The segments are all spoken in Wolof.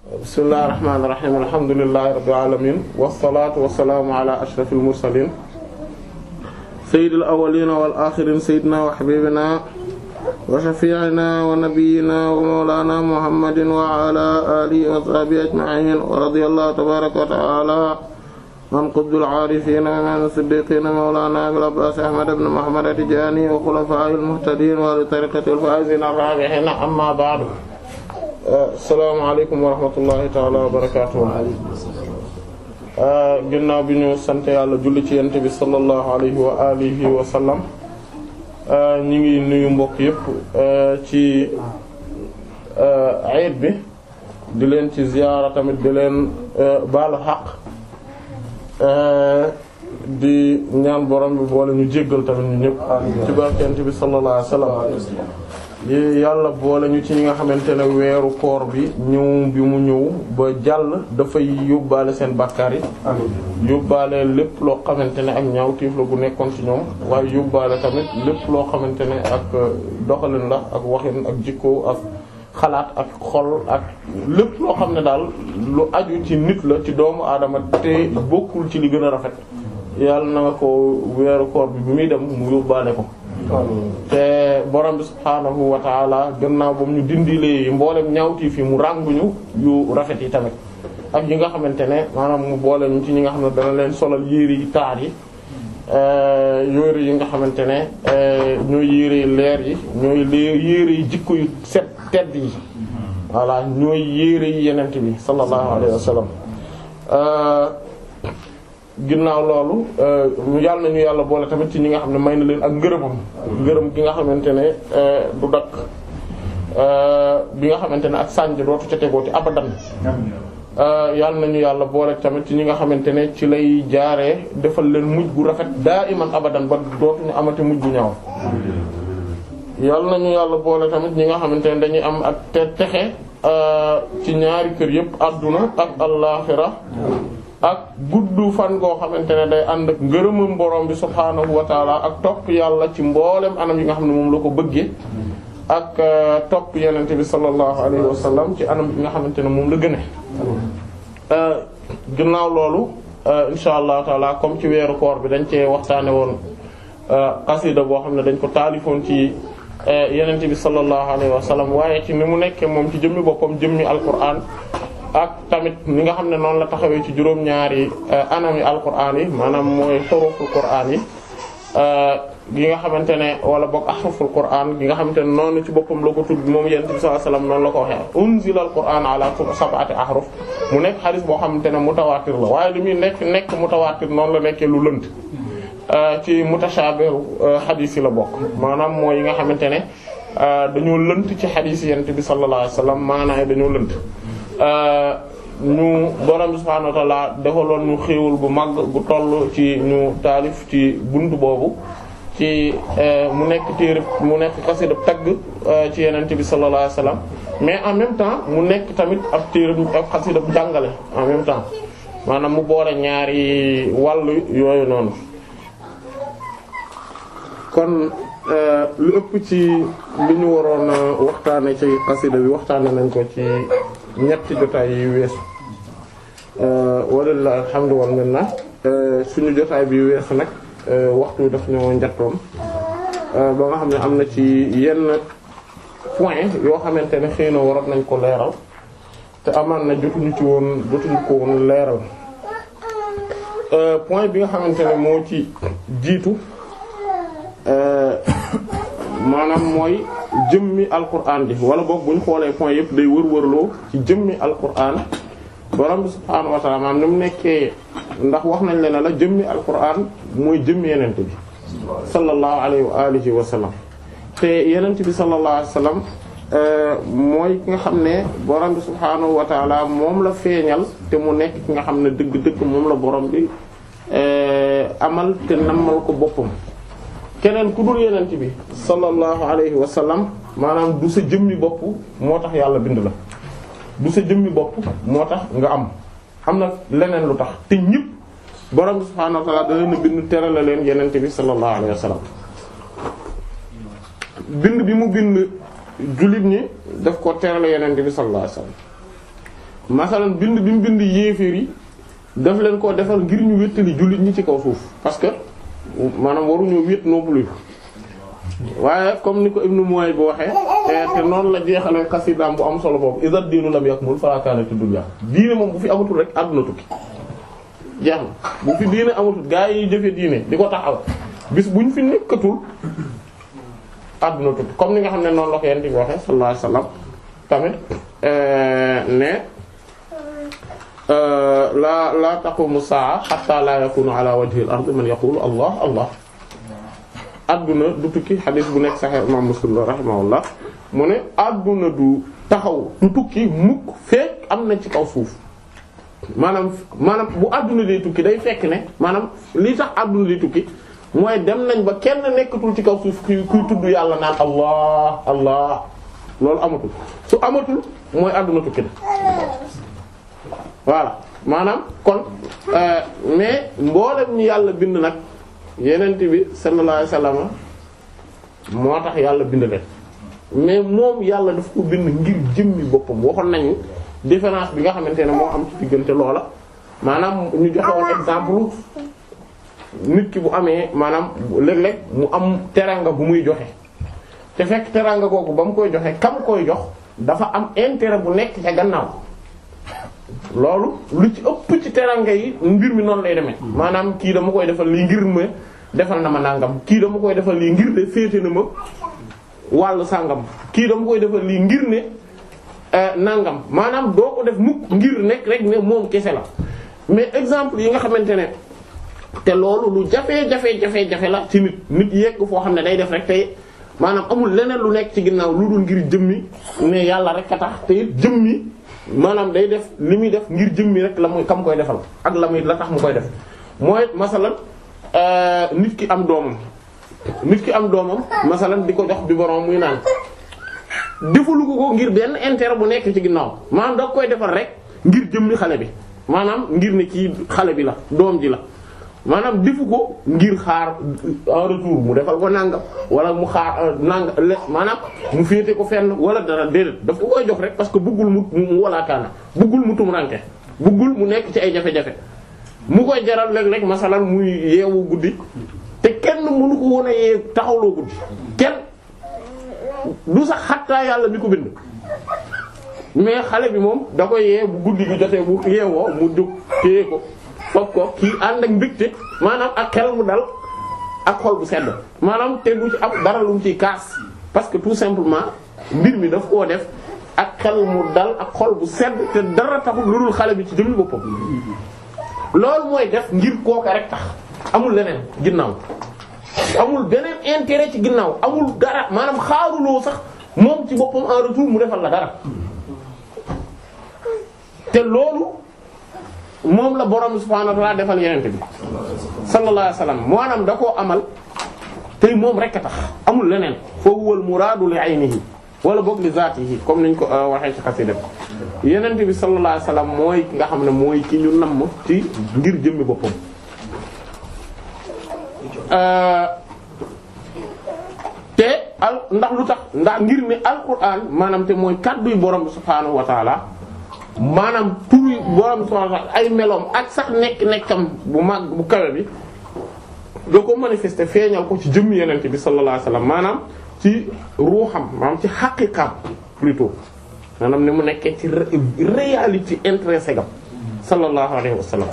bismillahir rahmanir rahim alhamdulillahi rabbil alamin wassalatu wassalamu ala ashrafil mursalin sayyidil awwalin wal akhirin sayyidina wa habibina wa shafi'ina wa nabiyyina wa mawlana muhammadin wa ala alihi wa sahbihi ajma'in wa radiyallahu tabaraka wa ta'ala an qutbil aarifin wa imaam as-siddiqin mawlana abil abbaas ahmad ibn muhammad at-tijaani wa khulafaa'il muhtadiin wa li tariqatil faa'iziin ar-raabihiin amma ba'du salaamaaleykum wa rahmatullahi taala wa barakaatuh ah, ginnaaw bi ñu sant yàlla julli ci yent bi sallallahu alayhi wa alihi wa sallam ah, ñu ngi nuyu mbokk yépp ah, ci ayit bi di leen ci ziyaara tamit di leen baalu xaq di ñaan borom bi boole ñu jéggal tamit ñu ñëpp ci barkent bi sallallahu wa sallam yàlla boole ñu ci ñi nga xamante ne weeru koor bi ñëw bi mu ñëw ba jàll dafay yóbbaale seen bàkkaar yi yóbbaale lépp loo xamante ne ak ñaawteef la bu nekkoon ci ñoom waaye yóbbaale tamit lépp loo xamante ne ak euh, doxalin la ak waxin ak jikko ak xalaat ak xol ak lépp loo xam ne daal lu aju ci nit la ci doomu aadama te bokkul ci li gën a rafet yàlla na nga ko weeru koor bi bi muy dem mu yóbbaale ko te borom bi subhaanahu wa taala gannaaw bam ñu dindilee mboolem ñaawtii fii mu rànguñu yu rafet yi tamit ak yi nga xamante ne maanaam mu boole ñu ci ñi nga xam ne dana leen solal yére yi taar yi euh, yére yi nga xamante ne euh, ñooy yére yi leer yi ñooy yére yi jikk yu set tedd yi voilà ñooy yére yi yenent bi sallallahu alayhi wa ginnaaw loolu euh, yàlla nañu yàlla boole tamit ci ñi nga xam ne may na leen ak ngërëmam ngërëm gi nga xamante ne euh, du dakk euh, bi nga xamante ne ak sànj dootu ca tegooti abadan yàlla nañu yàlla boole tamit ci ñi nga xamante ne ci lay jaaree defal leen mujj gu rafet daa iman abadan amati mujj gu ñaaw yàlla yàlla boole tamit ñi nga xamante ne dañuy am ak te texe ci ñaari kër yëpp adduna ak allaaxira ak gudd fan goo xamante ne day ànd ak ngërëmam borom bi subhaanahu wa ak topp yàlla ci mboolem anam yi nga xam ne moom la ko bëggee ak euh, topp yenente bi sallallahu alayhi wa ci anam yi nga xamante ne moom la gëne euh, ginnaaw loolu euh, insha allah taala comme ci weeru koor bi dañ cee waxtaane woon xasida boo xam ne dañ ko taalifoon ci yenente bi sallallahu alayhi wa sallam waaye ci ni mu nekkee moom ci jëmmi boppam jëmmi alquran ak tamit ni nga xam ne noonu la taxawee ci juróom-ñaari euh, anam yi alquran yi maanaam mooy xuruful quran yi euh, gi nga xamante ne wala boog ahruful quran gi nga xamante ne noonu ci boppam la ko tudd moom yonent bi sallallahu alayhi wasallam noonu la ko waxee unzila al quran ala sab'ati boo xamante ne mutawaatir la waaye li muy nekk mu mutawaatir noonu la nekkee lu lënt euh, ci mutashaabih xadis yi la bokk maanaam mooy yi nga xamante ne dañoo lënt ci xadis yonent bi sallallahu alayhi wasallam maanaam dañoo lënt Euh, ñu borom subhaanahu wa ta'aala defaloon ñu xéewal gu mag gu toll ci ñu taalif ci bunt boobu ci euh, mu nekk téere mu nekk xasida tagg euh, ci yenente bi sallallahu alayhi mais en même temps mu nekk tamit ab téere ab xasida jàngale en même temps maanaam mu boole ñaari wàll yooyu noonu kon lu ëpp ci lu ñu waroon waxtaane ci xasida bi waxtaane nañ ko ci ñett ñetti jotaay yi weesu euh, walilah alhamdu wal minna euh, suñu jotaay bi weesu nag euh, waxtu daf ñoo njattoon ba nga xam ne am na ci yenn point yoo xamante ne xëy na waroon nañ ko leeral te amaan na jotuñu ci woon jotuñu ko woon leeral point bi nga xamante ne moo ci jiitu maanaam mooy jëmmi alquran ji wala boog bu ñu xoolee point yëpp day wër-wërloo ci jëmmi alquran borom bi subhaanahu wa taala maanaam mu nekkee ndax wax nañ leen la jëmmi alquran mooy jëmmi yenent bi sallallahu alayhi wa alihi wa bi sallallahu alayhi euh, mooy ki nga xam ne borom bi subhaanahu wa moom la feeñal te mu nekk ki nga xam ne dëgg-dëgg moom la borom bi euh, amal te nammal ko boppam keneen ku dul yenent bi sallallahu alayhi wa sallam maanaam du sa jëmmi bopp moo tax yàlla bind la du sa jëmmi bopp moo tax nga am am na leneen lu tax te ñëpp borom subhaanahu wa ta'ala leen bind tere la leen yenent bi sallallahu alayhi wa bind bi mu bind jullit ñi daf ko tere la yenent bi sallallahu alayhi wa sallam bind bi mu bind yéeféer yi daf leen koo defal ngir ñu wéttali jullit ñi ci kaw suuf maanaam waruñoo wéet non plus waaye comme ni ko Ibnu Muwayb bu waxee oh, oh, oh. noonu la jeexalee xasidaam bu am solo boobu izat diinu lam yakmul falaa kaanati dunya diine moom bu fi amatul rek àdduna tukki jeex na bu fi diine amatul gaa yi jëfe diine di ko taxaw bis buñ fi nekkatul àdduna tukki comme ni nga xam ne noonu la ko yéen di waxee sallallahu alayhi wasallam tamit eh, ne Euh, laa laa taqumu saa hatta laa yakunu ala wajhi al ardi man allah allah adduna du tukki xadis bu nekk saxee imam muslim la rahimahullah mu ne adduna du taxaw du tukki mukk fekk am nañ ci kaw suuf maanaam maanaam bu adduna day tukki day fekk ne maanaam lii tax adduna day tukki mooy dem nañ ba kenn nekkatul ci kaw suuf kuy kuy tudd yàlla naan allah allah loolu amatul su amatul mooy adduna tukki na voilà maanaam kon euh, mais mboolem ñu yàlla bind nag yenent bi sallallahu alayhi moo tax yàlla bind leen mais moom yàlla daf ko bind ngir jëmmi boppam waxoon nañu différence bi nga xamante ne moo am ci diggante loola maanaam ñu joxewoon exemple nit ki bu amee maanaam léeg-léeg mu am teranga bu muy joxe te fekk teranga googu ba mu koy joxe kam koy jox dafa am intérêt bu nekk ca gannaaw loolu lu ci ëpp ci teranga yi mbir mi noonu lay demee hmm. maanaam kii dama koy defal lii ngir ma defal na ma nangam kii dama koy defal lii ngir ne féete na ma wàll sàngam kii dama koy defal lii ngir ne euh, nangam maanaam doo ko def mukk ngir nekk rek ne moom kese la mais exemple yi nga xamante ne te loolu lu jafe jafe jafe la ci nit nit yegg foo xam ne day def rek tey maanaam amul leneen lu nekk ci ginnaaw lu dul ngir jëmmi ne yàlla rek a tax te jëmmi maanaam day def li muy def ngir jëmmi rek la muy kam koy defal ak la muy la tax mu koy def mooy masalan euh, nit ki am doomam nit ki am doomam masalan di ko jox bi borom muy naan defalu ko ko ngir benn intérêt bu nekk ci ginnaaw maanaam da koy defal rek ngir jëmmi xale bi maanaam ngir ne kii xale bi la doom ji la maanaam defu ko ngir xaar en retour mu defal ko nangam wala mu xaar nang le maanaam mu féete ko fenn wala dara déedéet daf ko koy jox rek parce que bëggul mu mu walaakaana bëggul mu tumurànke buggul mu nekk ci ay jafe-jafe mu koy jaral léeg-léeg masalan muy yeewu guddi te kenn mënu ko woon yee taxawloo guddi kenn du sax xattaa yàlla mi ko bind mais xale bi moom da koy yee bu guddi gi jotee bu yeewoo mu jóg téye ko foog ko kii ànd ak mbégte maanaam ak xel mu dal ak xol bu sedd maanaam te du ci am dara lu mu ciy kaas parce que tout simplement mbir mi daf koo def ak xel mu dal ak xol bu sedd te dara taxul lu dul xale bi ci jëmmi boppam loolu mooy def ngir kooka rek tax amul leneen ginnaaw amul beneen intéret ci ginnaaw amul dara maanaam xaaruloo sax moom ci boppam en retour mu defal la dara te loolu moom la borom subhaanahu wa ta'aala defal yonent bi sallallahu alayhi wa maanaam da koo amal tey moom rek a tax amul leneen fa huwa al muraadu li aynihi wala boog li zaatihi comme niñ ko euh, waxee ci xasida yonent bi sallallahu alayhi wa sallam mooy nga xam ne mooy ki ñu namm ci ngir jëmmi boppam. Euh, te al ndax lu tax ndax ngir ne alquran maanaam te mooy kàdduy borom subhaanahu wa ta'aala. maanaam turu borom subhanahu ay meloom ak sax nekk nekkam bu mag bu kawe bi doo ko manifester feeñal ko ci jëmm yeneen bi sallallahu alayhi wasallam maanaam ci ruuxam maanaam ci xaqiqaam plutôt maanaam ne mu nekkee ci réalité intrinsèque am sallallahu alayhi wasallam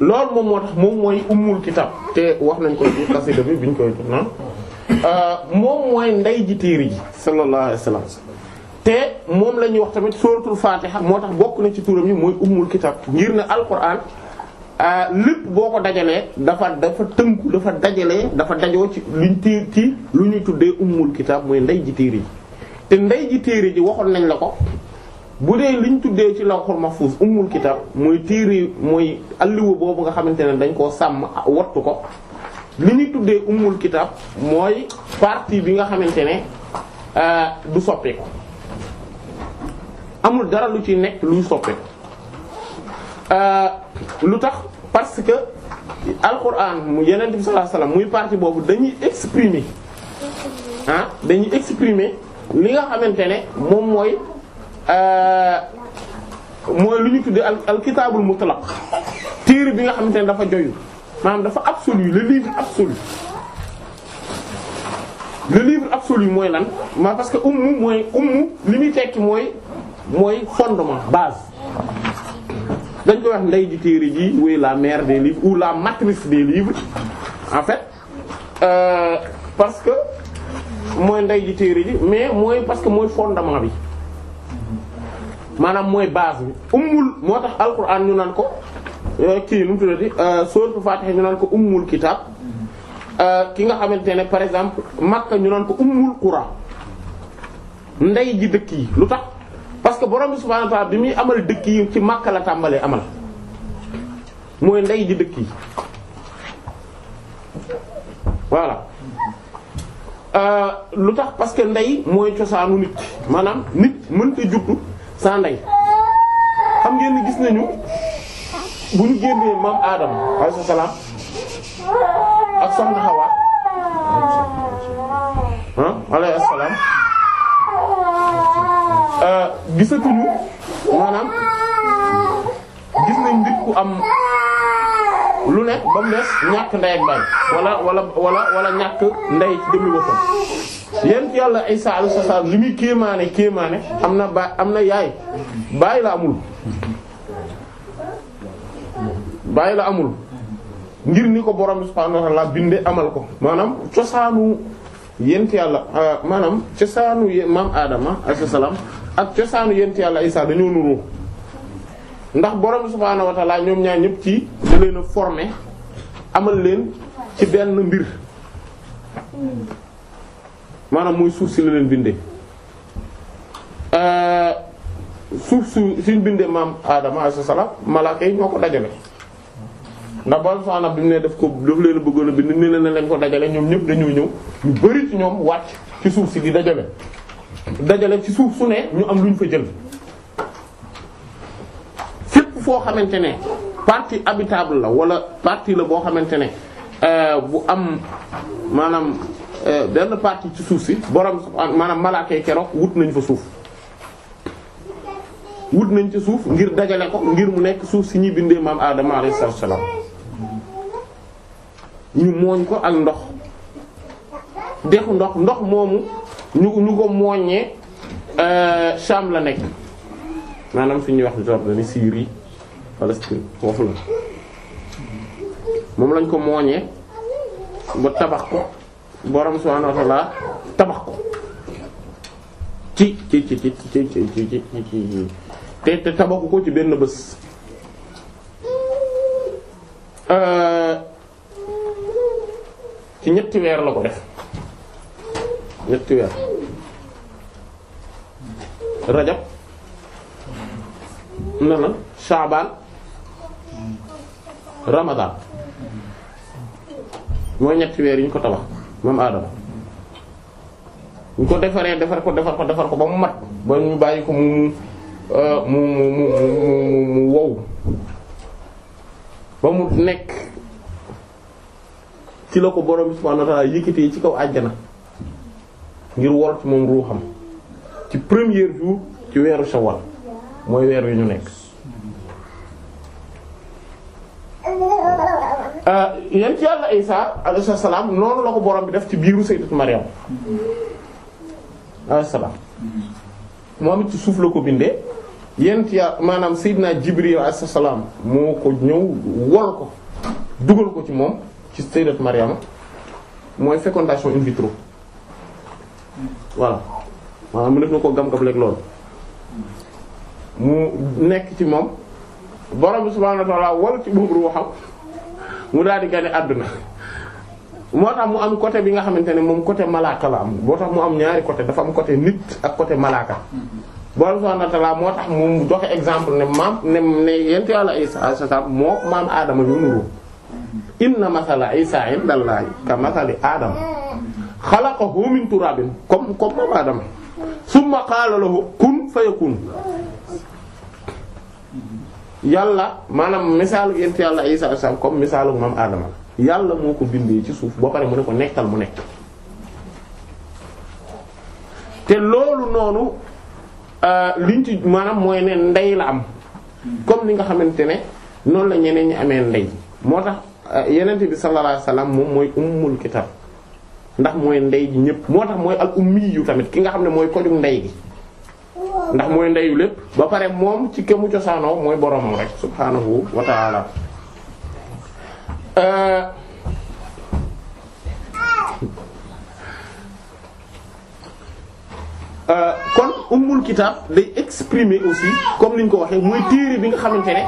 loolu moom moo tax moom mooy ummul kitab te wax nañ koy ci xasida bi biñ koy tut na ah, moom mooy ndey ji téere ji sallallahu alayhi wasallam te moom la ñuy wax tamit suratul fatiha moo tax bokk na ci turam yi mooy ummul kitab ngir ne alquran euh, lépp boo ko dajalee dafa dafa tënku dafa dajale dafa dajoo ci luñ tiir ci lu ñuy tuddee umul kitab mooy ndey ji téere te ndey ji téere waxoon nañ la ko bu dee liñ tuddee ci lawhul mahfuz ummul kitab mooy téere mooy alliwa boobu nga xamante ne dañ koo sàmm wattu ko li ñuy tuddee umul kitab mooy partie bi nga xamante ne euh, du soppeeku amul dara lu ci nekk luy soppe euh, lu tax parce que alquran mu yeneen bi sallallahu alayhi wasallam muy partie boobu dañuy exprimer ah dañuy exprimer li nga xamante ne moom mooy euh, mooy lu ñu tuddee al alkitaabul mutlaq téere bi nga xamante ne dafa joyu maanaam dafa absolu le livre absolu le livre absolu mooy lan ma parce que mooy ummu li muy tekki mooy mooy fondement base dañ koy wax ndey ji téere ji wéy la maire des livres ou la matrice des livres en fait euh, parce que mooy ndey ji téere ji mais mooy parce que mooy fondement bi maanaam mooy base bi ummul moo tax alquran ñu naan ko euh, kii nu mu tuddati euh, sourate Fatiha ñu naan ko ummul kitab euh, ki nga xamante ne par exemple Makka ñu naan ko ummul qura ndey ji dëkk yi lu tax parce que borom bi subhaanahu wa bi muy amal dëkk yi ci Makka la tàmbalee amal mooy ndey di dëkk yi voilà euh, lu tax parce que ndey mooy cosaanu nit maanaam nit mënta juddu sa ndey xam ngeen gis nañu bu ñu génnee maam Adama alayhi salaam ak soxna Hawa ah alayhi salaam euh, gisatuñu maanaam gis nañ nit am lu ne ba mu des ñàkk ndey ak baay wala wala wala wala ñàkk ndey ci demi boppam yent yàlla Isa alayhi salaam li muy kéemaane kéemaane am na baay am na yaay baay la amul baay la amul ngir ni ko borom subhaanahu wa ta'aala amal ko maanaam cosaanu yent yàlla euh, maanaam cosaanu maam Adama alayhi salaam ak cosaanu yent yàlla Isaa dañoo nuru ndax borom subhaanahu wa ta'ala ñoom ñaar ñëpp ci da leen a formé amal leen ci benn mbir maanaam muy suuf si la leen bindee euh, suuf su suñ bindee maam Adama alayhi salaam malaaka yi ñoo ko dajale ndax borom subhaanahu bi mu ne daf ko daf leen a bëggoon a bind ne leen leen ko dajale ñoom ñëpp dañoo ñëw ñu bari ñoom wàcc ci suuf si di dajale. dajale ci suuf su ne ñu am lu ñu fa jël fépp foo xamante ne partie habitable la wala partie la boo xamante ne euh, bu am maanaam euh, benn partie ci suuf si borom maanaam malaakay keroog wut nañ fa suuf wut nañ ci suuf ngir dajale ko ngir mu nekk suuf si ñuy bindee maam Adama alayhi salaam ñu mooñ ko ak ndox dexu ndox ndox moomu. ñu ñu ko mooñee Sham euh, la nekk maanaam fi ñuy wax Jordanie Syrie Palestine foofu la moom lañ ko mooñee ba tabax ko borom subhanahu wa tabax ko ci ci ci ci ci ci ci ci te te tabaxu ko ci benn bés. Euh, ci ñetti weer la ko def. ñetti weer rajab na na ramadaan mooy ñetti weer yi ñu ko tabax moom aadama ñu ko defaree defar ko defar ko defar ko ba mu mat ba ñu bàyyi ko mu euh, mu mu mu mu wow ba mu nekk ci la ko borom subhaanahu wa ta'aala ci kaw àjjana ngir wol ci moom ruuxam ci premier jour ci weeru shawal mooy weer yu ñu nekk euh, yent yàlla Isa alayhi salaam noonu la ko borom bi def ci biiru sayyidatu Maryam alayhi salaam moom it ci suuf la ko bindee yent ya maanaam sayyidina Jibril alayhi salaam moo ko ñëw wol ko dugal ko ci moom ci sayyidatu Maryam mooy fécondation in vitro voilà maanaam mu def na ko gam-gam leeg loolu mu nekk ci moom borom bi subhaanahu wa ta'aala wal ci boobu ruuxam mu daal di gane àdduna moo tax mu am côté bi nga xamante ne moom côté malaaka la am mu am ñaari côté dafa am côté nit ak côté malaaka borom subhaanahu wa ta'aala moo tax mu joxe exemple ne maam ne ne yent yàlla Isaa sa moo maam aadama ñu nuru inna masala Isaa indallaahi ka masali aadama xalaqahu min turabin comme comme moom aadama summa qaala lahu kun fayakun yàlla maanaam misaalu yent yàlla Isa alayhi comme misaalu moom aadama yàlla moo ko bindee ci suuf boo pare mu ne ko nekkal mu nekk te loolu noonu euh, liñ ci maanaam mooy ne ndey la am comme ni nga xamante ne noonu la ñeneen ñi amee ndey moo tax euh, yenente bi sallallahu alayhi moom mooy ummul kitab ndax mooy ndey ji ñëpp moo tax mooy al ummi yu tamit ki nga xam ne mooy kojug ndey gi ndax mooy ndeyu lépp ba pare moom ci kemu cosaanoo mooy boromam rek subhaanahu wa ta'ala euh, euh, kon ummul kitab day exprimer aussi comme ni ñu ko waxee mooy téere bi nga xamante ne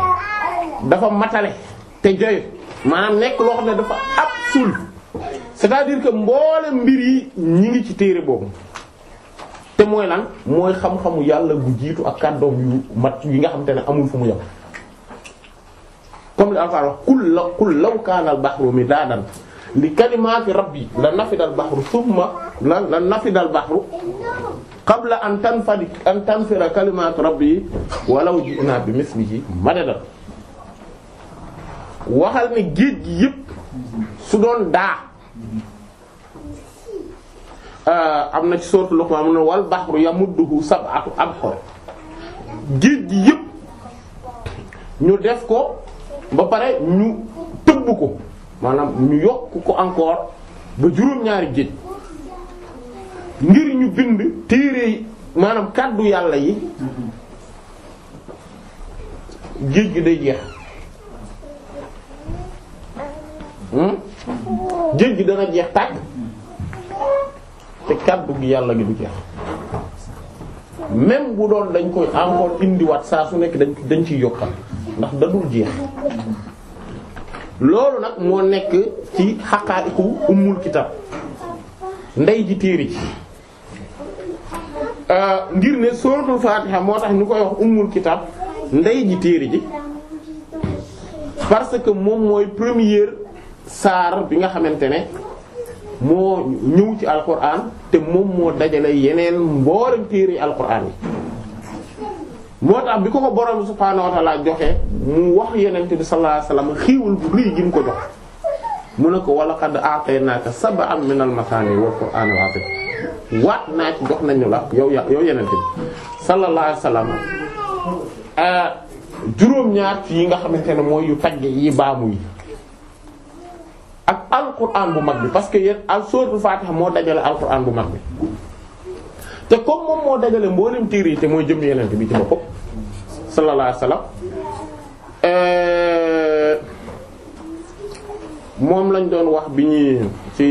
dafa matale te joy maanaam nekk loo xam ne dafa suul c'est-à-dire que mboolem mbir yi ñi ngi ci téere boobu te mooy lan mooy xam-xamu yàlla gu jiitu ak kàddoom yu mat yi nga xam te ne amul fu mu yem comme li Alxuraan wax qul law qul law kaana al-bahru midaadan li kalimaati rabbi la nafida al-bahru thumma la la nafida al-bahru qabla an tanfadi an tanfira kalimaatu rabbi walaw ji'naa bi mislihi madadan waxal ne géej gi yépp su doon daa Euh, am na ci sourate Luqman mu ne wal baxru yamudduhu sab'atu abhur géej gi yëpp ñu def ko ba pare ñu tëbb ko maanaam ñu yokk ko encore ba juróom-ñaari géej ngir ñu bind téere maanaam kàddu yàlla yi géej gi day jeex hmm? géej gi dana jeex tàkk te kàddu gi yàlla gi du jeex même bu doon dañ koy encore indiwaat saa su nekk dañ dañ ciy yokkal ndax dadul jeex loolu nag moo nekk ci xaqaa'iqu ummul kitab ndey ji téere euh, ngir ne suratul ñu koy wax ummul kitab ji téere ji parce que moom mooy première saar bi nga xamante ne moo ñëw ci alquran te moom moo dajale yeneen mboolem téere yi alquran yi moo tax bi ko ko borom subhaanahu joxe mu wax yonent bi sallallahu alayhi wasallam xiiwul bu rëy gi mu ko jox mu ne ko wala qad a'taynaaka sab'an minal mathani waat naa ci jox nañu la yow yow yonent bi sallallahu alayhi ah, juróom-ñaar yi nga xamante ne mooy yu tagge yi baamu yi. ak alquran bu mag bi parce que yéen al suratul fatiha moo dajale alquran bu mag bi te comme moom moo dajale mboolem tiir yi te mooy jëm yeneen bi ci boppam sallallahu alayhi euh, moom lañ doon wax bi ñuy ci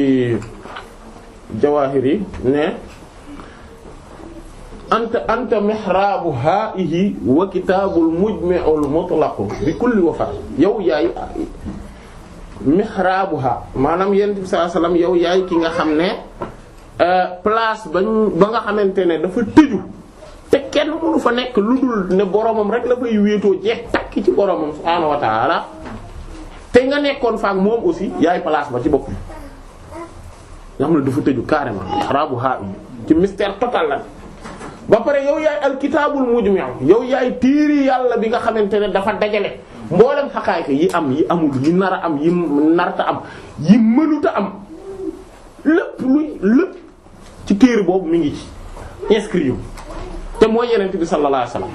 jawaahir yi ne anta anta mihraabu haa'ihi wa kitaabul mujmi'ul mutlaq bi kulli wafa yow yaay mihraabuha maanaam yonent bi sallallahu alayhi wasallam yow yaay ki nga xam ne euh, place bañ ba nga xamante ne dafa tëju te kenn mënu fa nekk lu dul ne boromam rek la fay wéetoo jeex takk ci boromam subhaanahu wa te nga nekkoon faak moom aussi yaay place ba ci bopp nga xam ne dafa tëju carrément mihraabuha ci mystère total la ba pare yow yaay alkitaabul mujmi' yow yaay téere yàlla bi nga xamante ne dafa dajale mboolem xaqaay yi am yi amul yi nar a am yi narta am yi mënuta am lépp luy lépp ci téere boobu mu ngi ci inscrit yu te mooy yenent bi sallallahu alayhi wasallam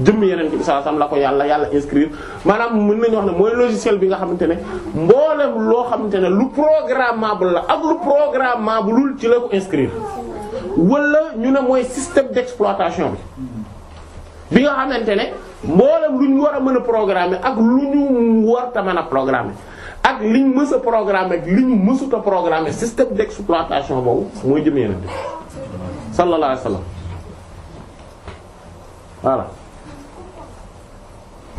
jëmm yenent bi sallallahu alayhi la ko yàlla yàlla inscrire maanaam mën nañu wax ne mooy logiciel bi nga xamante ne mboolem loo xamante ne lu programmable la ak lu programmablul ci la ko inscrire wala ñu ne mooy système d'exploitation bi bi nga xamante ne mboolem lu ñu war a mën a programmer ak lu ñu war ta a programme ak liñ mës a programmer li ñu mësut programme programmer système d'exploitation boobu mooy jëm yeneen bi sallallahu alayhi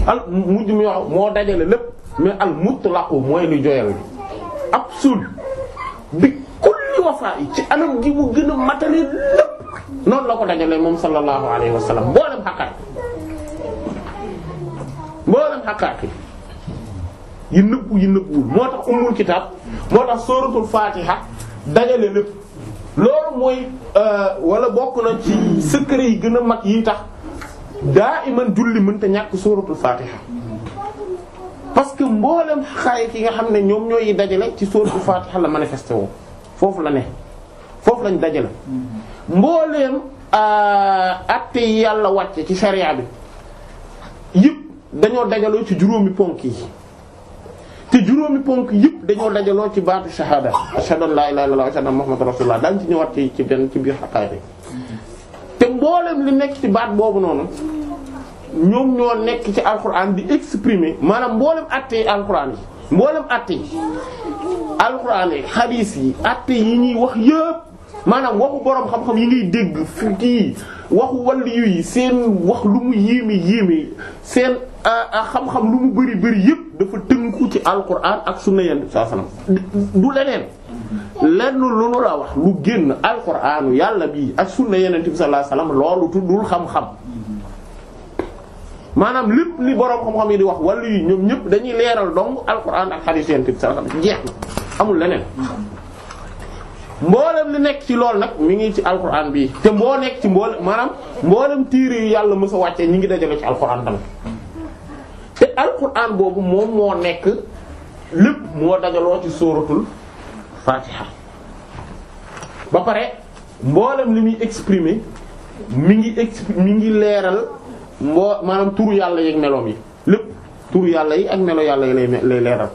al mujj moo dajale lépp mais al mutlaq mooy lu joyal bi absolu bi kulli wafa ci anam gi mu gën a matériel lépp noonu la ko dajale moom sallallahu alayhi wasallam mboolem xaqaay mboolem xàqaat yi nëbbu yi nëbbuwul moo tax umul kitaab moo tax sóoratul faatiha dajale lépp loolu mooy euh, wala bokk na ci secret yi gën a mag yi tax daa iman julli mënta ñàkk sóoratul faatiha parce que mboolem xaay ki nga xam ne ñoom ñooy dajale ci sóoratul faatiha la manifesté woo foofu la ne foofu lañ dajale mbooleem euh, atte yi yàlla wàcce ci sharia bi dañoo dajaloo ci juróomi ponk yi te juróomi ponk yëpp dañoo dajaloo ci baatu shahada ashhadu an la ilaha illallah wa ashhadu anna muhammadan rasulullah dañ ci ñëwaat ci ci biir xaqaay te mboolem li nekk ci baat boobu noonu ñoom ñoo nekk ci alquran di exprimer maanaam mboolem àttee alquran yi mboolem àtte yi alquran yi xadiis yi àtte yi ñuy wax yëpp maanaam waxu boroom xam-xam yi ngay dégg fii waxu wàllu yu seen wax lu mu yéeme yéeme seen xam-xam lu mu bari bari yépp dafa tënku ci alquran ak sunna yenn saa salaam du leneen lenn lu nu la wax lu génn alquranu yàlla bi ak sunna yeneen bi sallallahu alayhi wasallam loolu tuddul xam-xam maanaam lépp li boroom xam-xam yi di wax wala yi ñoom ñëpp dañuy leeral dong alquran ak hadith yeneen bi sallallahu jeex na amul leneen mboolem li nekk ci lool nag mi ngi ci alquran bi te mboo nekk ci mboolem maanaam mboolem tiir yu yàlla mës a wàccee ñi ngi dajale ci alquran tamit te alquran boobu moom moo nekk lépp moo dajaloo ci sóoratul fatiha ba pare mboolem li muy exprimer mi ngi exp mi ngi leeral mboo maanaam turu yàlla yi ak yi lépp turu yàlla yi ak melo yàlla yi lay lay leeral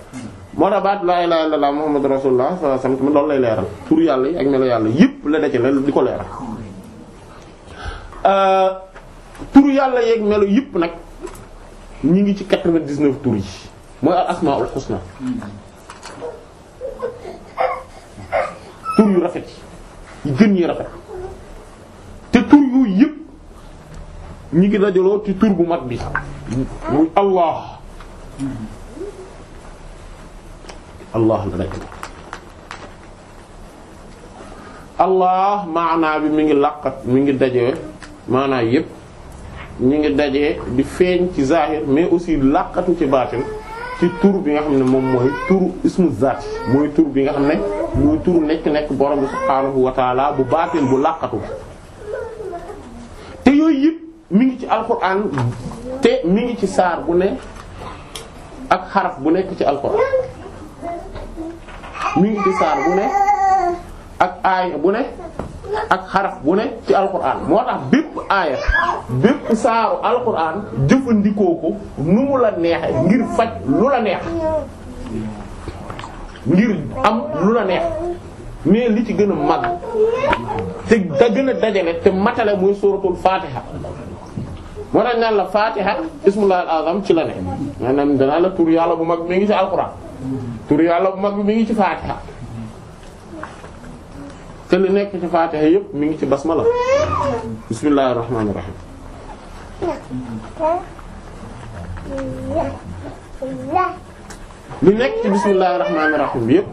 moo tax baat laa ilaaha illallaah muhammadu rasuulullaah sallallaahu alayhi wa sallam loolu lay leeral turu yàlla yi ak melo yàlla yépp la dece la di ko leeral euh, turu yàlla yi ak melo yépp nag ñu ngi ci quatre-vingt-dix-neuf tur yi mooy al asmaul husna tur yu rafet yi gën yi rafet te tur yooyu yëpp ñi ngi dajaloo ci tur bu mag bi muy allah allah la nekk allah maanaa bi mi ngi làqat mi ngi daje maanaa yëpp ñu ngi dajee di feeñ ci zahir mais aussi làqatu ci baatin ci turu bi nga xam ne moom mooy turu ismu zaat mooy tur bi nga xam ne mooy turu nekk-nekk borom bi subhaanahu wa taala bu baatin bu làqatu te yooyu yëpp mi ngi ci alquran te mi ngi ci saar bu ne ak xarab bu nekk ci alquran mu ngi ci saar bu ne ak aaya bu ne ak xaraf bu ne ci alquran moo tax bépp aaya bépp saaru alquran jëfandikoo ko nu mu la neexe ngir faj lu la neex ngir am lu la neex mais li ci gën a mag te da gën a dajale te matale muy suratul fatiha moo tax naan la fatiha ismullahi al-azam ci la ne maanaam danaa la tur yàlla bu mag mi ngi ci alquran tur yàlla bu mag bi ngi ci fatiha te li nekk ci Fatiha yëpp mu ngi ci basmala bismillahir rahmanir rahim li nekk ci bismillahir rahmanir rahim yëpp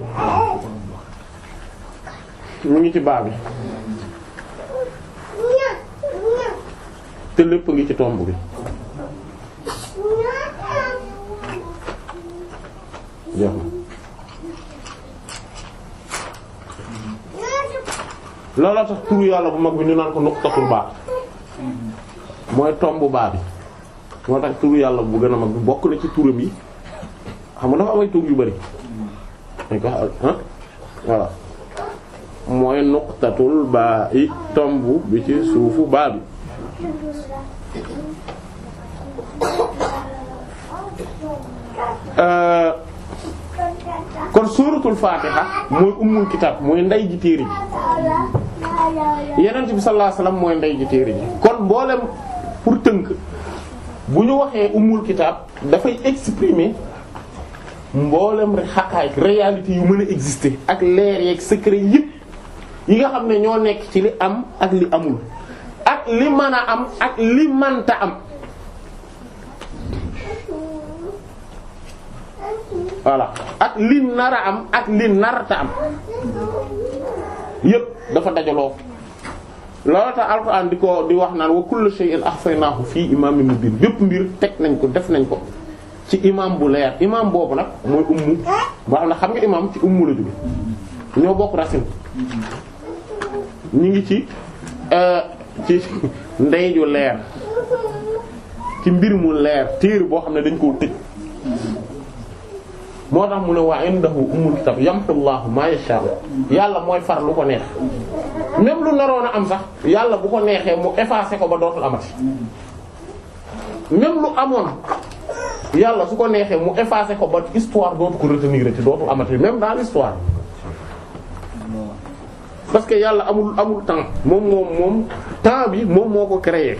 mu ngi ci baa bi te lépp ngi ci tomb bi la tax tur yàlla bu mag bi ñu naan ko nuqtatul baa mooy tombu baa bi moo tax tur yàlla bu gën a mag bi bokk na ci turam yi xam nga dafa am ay yu bari dañ ko ah voilà mooy nuqtatul baa i tombu bi ci suufu baa bi euh, kon suuratul faatiha mooy ummul kitaab mooy ndey ji téere ji yenent bi sallallahu alayhi mooy ndey ji téere ji kon mboolem pour tënk bu ñu waxee umul kitaab dafay exprimer mboolem rek xaqaay réalité yu mën a exister ak leer yeeg secret yëpp yi nga xam ne ñoo nekk ci li am ak li amul ak li mën a am ak li mënta am voilà ak li nar am ak li narta am yëpp dafa dajaloo loolu tax alxuraan di ko di wax naan wa kullu shay'in ahsaynaahu fii imaamin mubiin bépp mbir teg nañ ko def nañ ko ci imaam bu leer imaam boobu nag mooy ummu ba am na xam nga imaam ci ummu la jóge ñoo bokk racine ñu ngi ci euh, ci ndey ju leer ci mbir mu leer téer boo xam ne dañ koo tëj moo tax mu ne waa indahu ummul kitab yamhullaahu maa yashaa yàlla mooy far lu ko neex même lu naroon a am sax yàlla bu ko neexee mu effacer ko ba dootul amati même lu amoon yàlla su ko neexee mu effacer ko ba histoire dootu ko retenir ci dootul amati même dans l'histoire parce que yàlla amul amul temps moom moom temps bi moom moo ko créer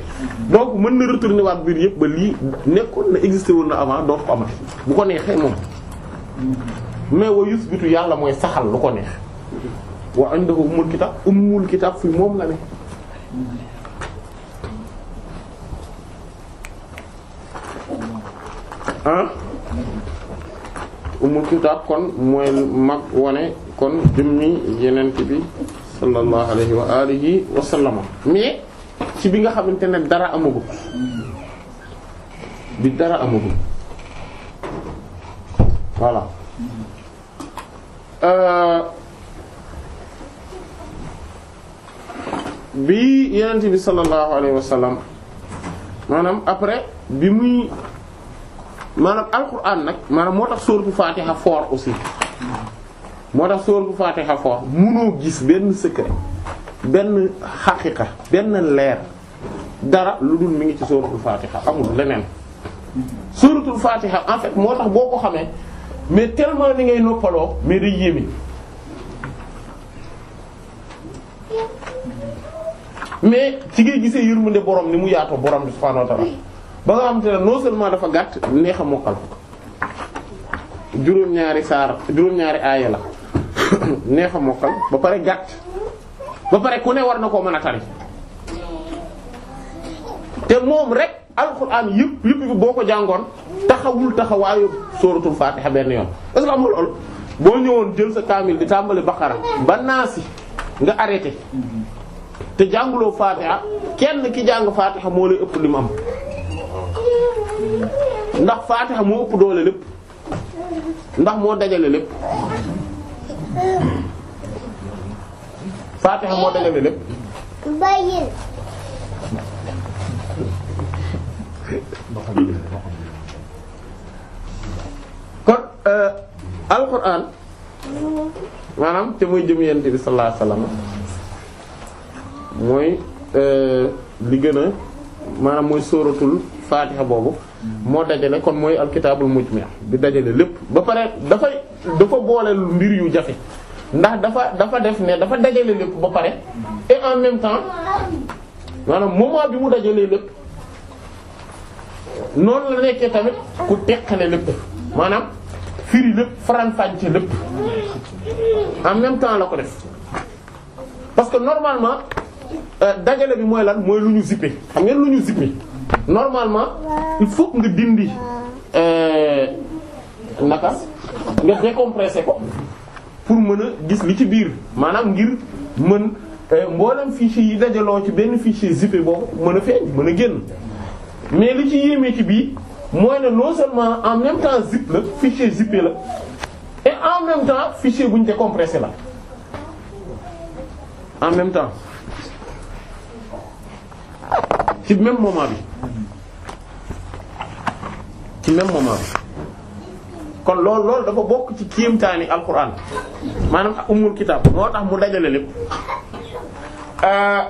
donc mën na retourner waat biir yëpp ba lii nekkoon na existé woon na avant dootu ko amati bu ko neexee moom. mais wa yusbitu yàlla mooy saxal lu ko neex wa indahu ummul kitab ummul kitab fii moom la ne ah umul kitaab kon mooy mag wane kon jëmmi yenent bi sallallahu alayhi wa mais ci bi nga xamante ne dara amagul bi dara amagul voilà euh, bi Yonent bi sallallahu alayhi wa sallam maanaam après bi muy maanaam alquran nag maanaam moo tax sóoratu Fatiha fort aussi moo tax sóoratu Fatiha fort munoo gis benn secret benn xaqiqa benn leer dara lu dul mu ngi ci sóoratu Fatiha amul leneen sóoratu Fatiha en fait moo tax boo ko xamee. mais tellement ni ngay noppaloo mais day yéeme mais ci ngay gisee yërmande borom ni mu yaatoo borom bi subhaanahu wa ta'aala ba nga xamante ne non seulement dafa gàtt neex a mokkal juróom-ñaari saar juróom-ñaari aaya la neex a mokkal ba pare gàtt ba pare ku ne war na koo mën a tari te moom rek alxuraan yëpp yëpp boo ko jàngoon. taxawul taxawaayu sóoratul Fatiha benn yoon est-ce que boo ñëwoon jël sa kaamil di tàmbali Baqara ba naasi nga arrêté te jànguloo Fatiha kenn ki jàng Fatiha moo lay ëpp li mu am ndax Fatiha moo ëpp doole lépp ndax moo dajale lépp Fatiha moo dajale lépp. kon euh, alquran maanaam te mooy jëm yent bi sallallahu alayhi mooy li gën a maanaam mooy sóoratul faatiha boobu moo dajale kon mooy alkitaabul mujmi' di dajale lépp ba pare dafay dafa boole mbir yu jafe ndax dafa dafa def ne dafa dajale lépp ba pare et en même temps maanaam moment bi mu dajalee lépp noonu la nekkee tamit ku teqale lépp maanaam firi lépp faramfàcce lépp en même temps la ko def parce que normalement euh, dajale bi mooy lan mooy lu ñu zippé xam ngeen lu ñu zippé normalement il faut nga dindi euh, naka nga décompressé ko pour mën a gis li ci biir maanaam ngir mën euh, mboolem fichier yi dajaloo ci benn fichier zippé boobu mën a feeñ mën a génn mais li ci yéeme ci bii. mooy ne non seulement en même temps zip la fichier zippé la et en même temps fichier bu ñu décompressé la en même temps ci même moment bi ci même moment bi. kon loolu loolu dafa bokk ci kéemtaani alquran maanaam umul kitaab moo tax mu dajale lépp euh,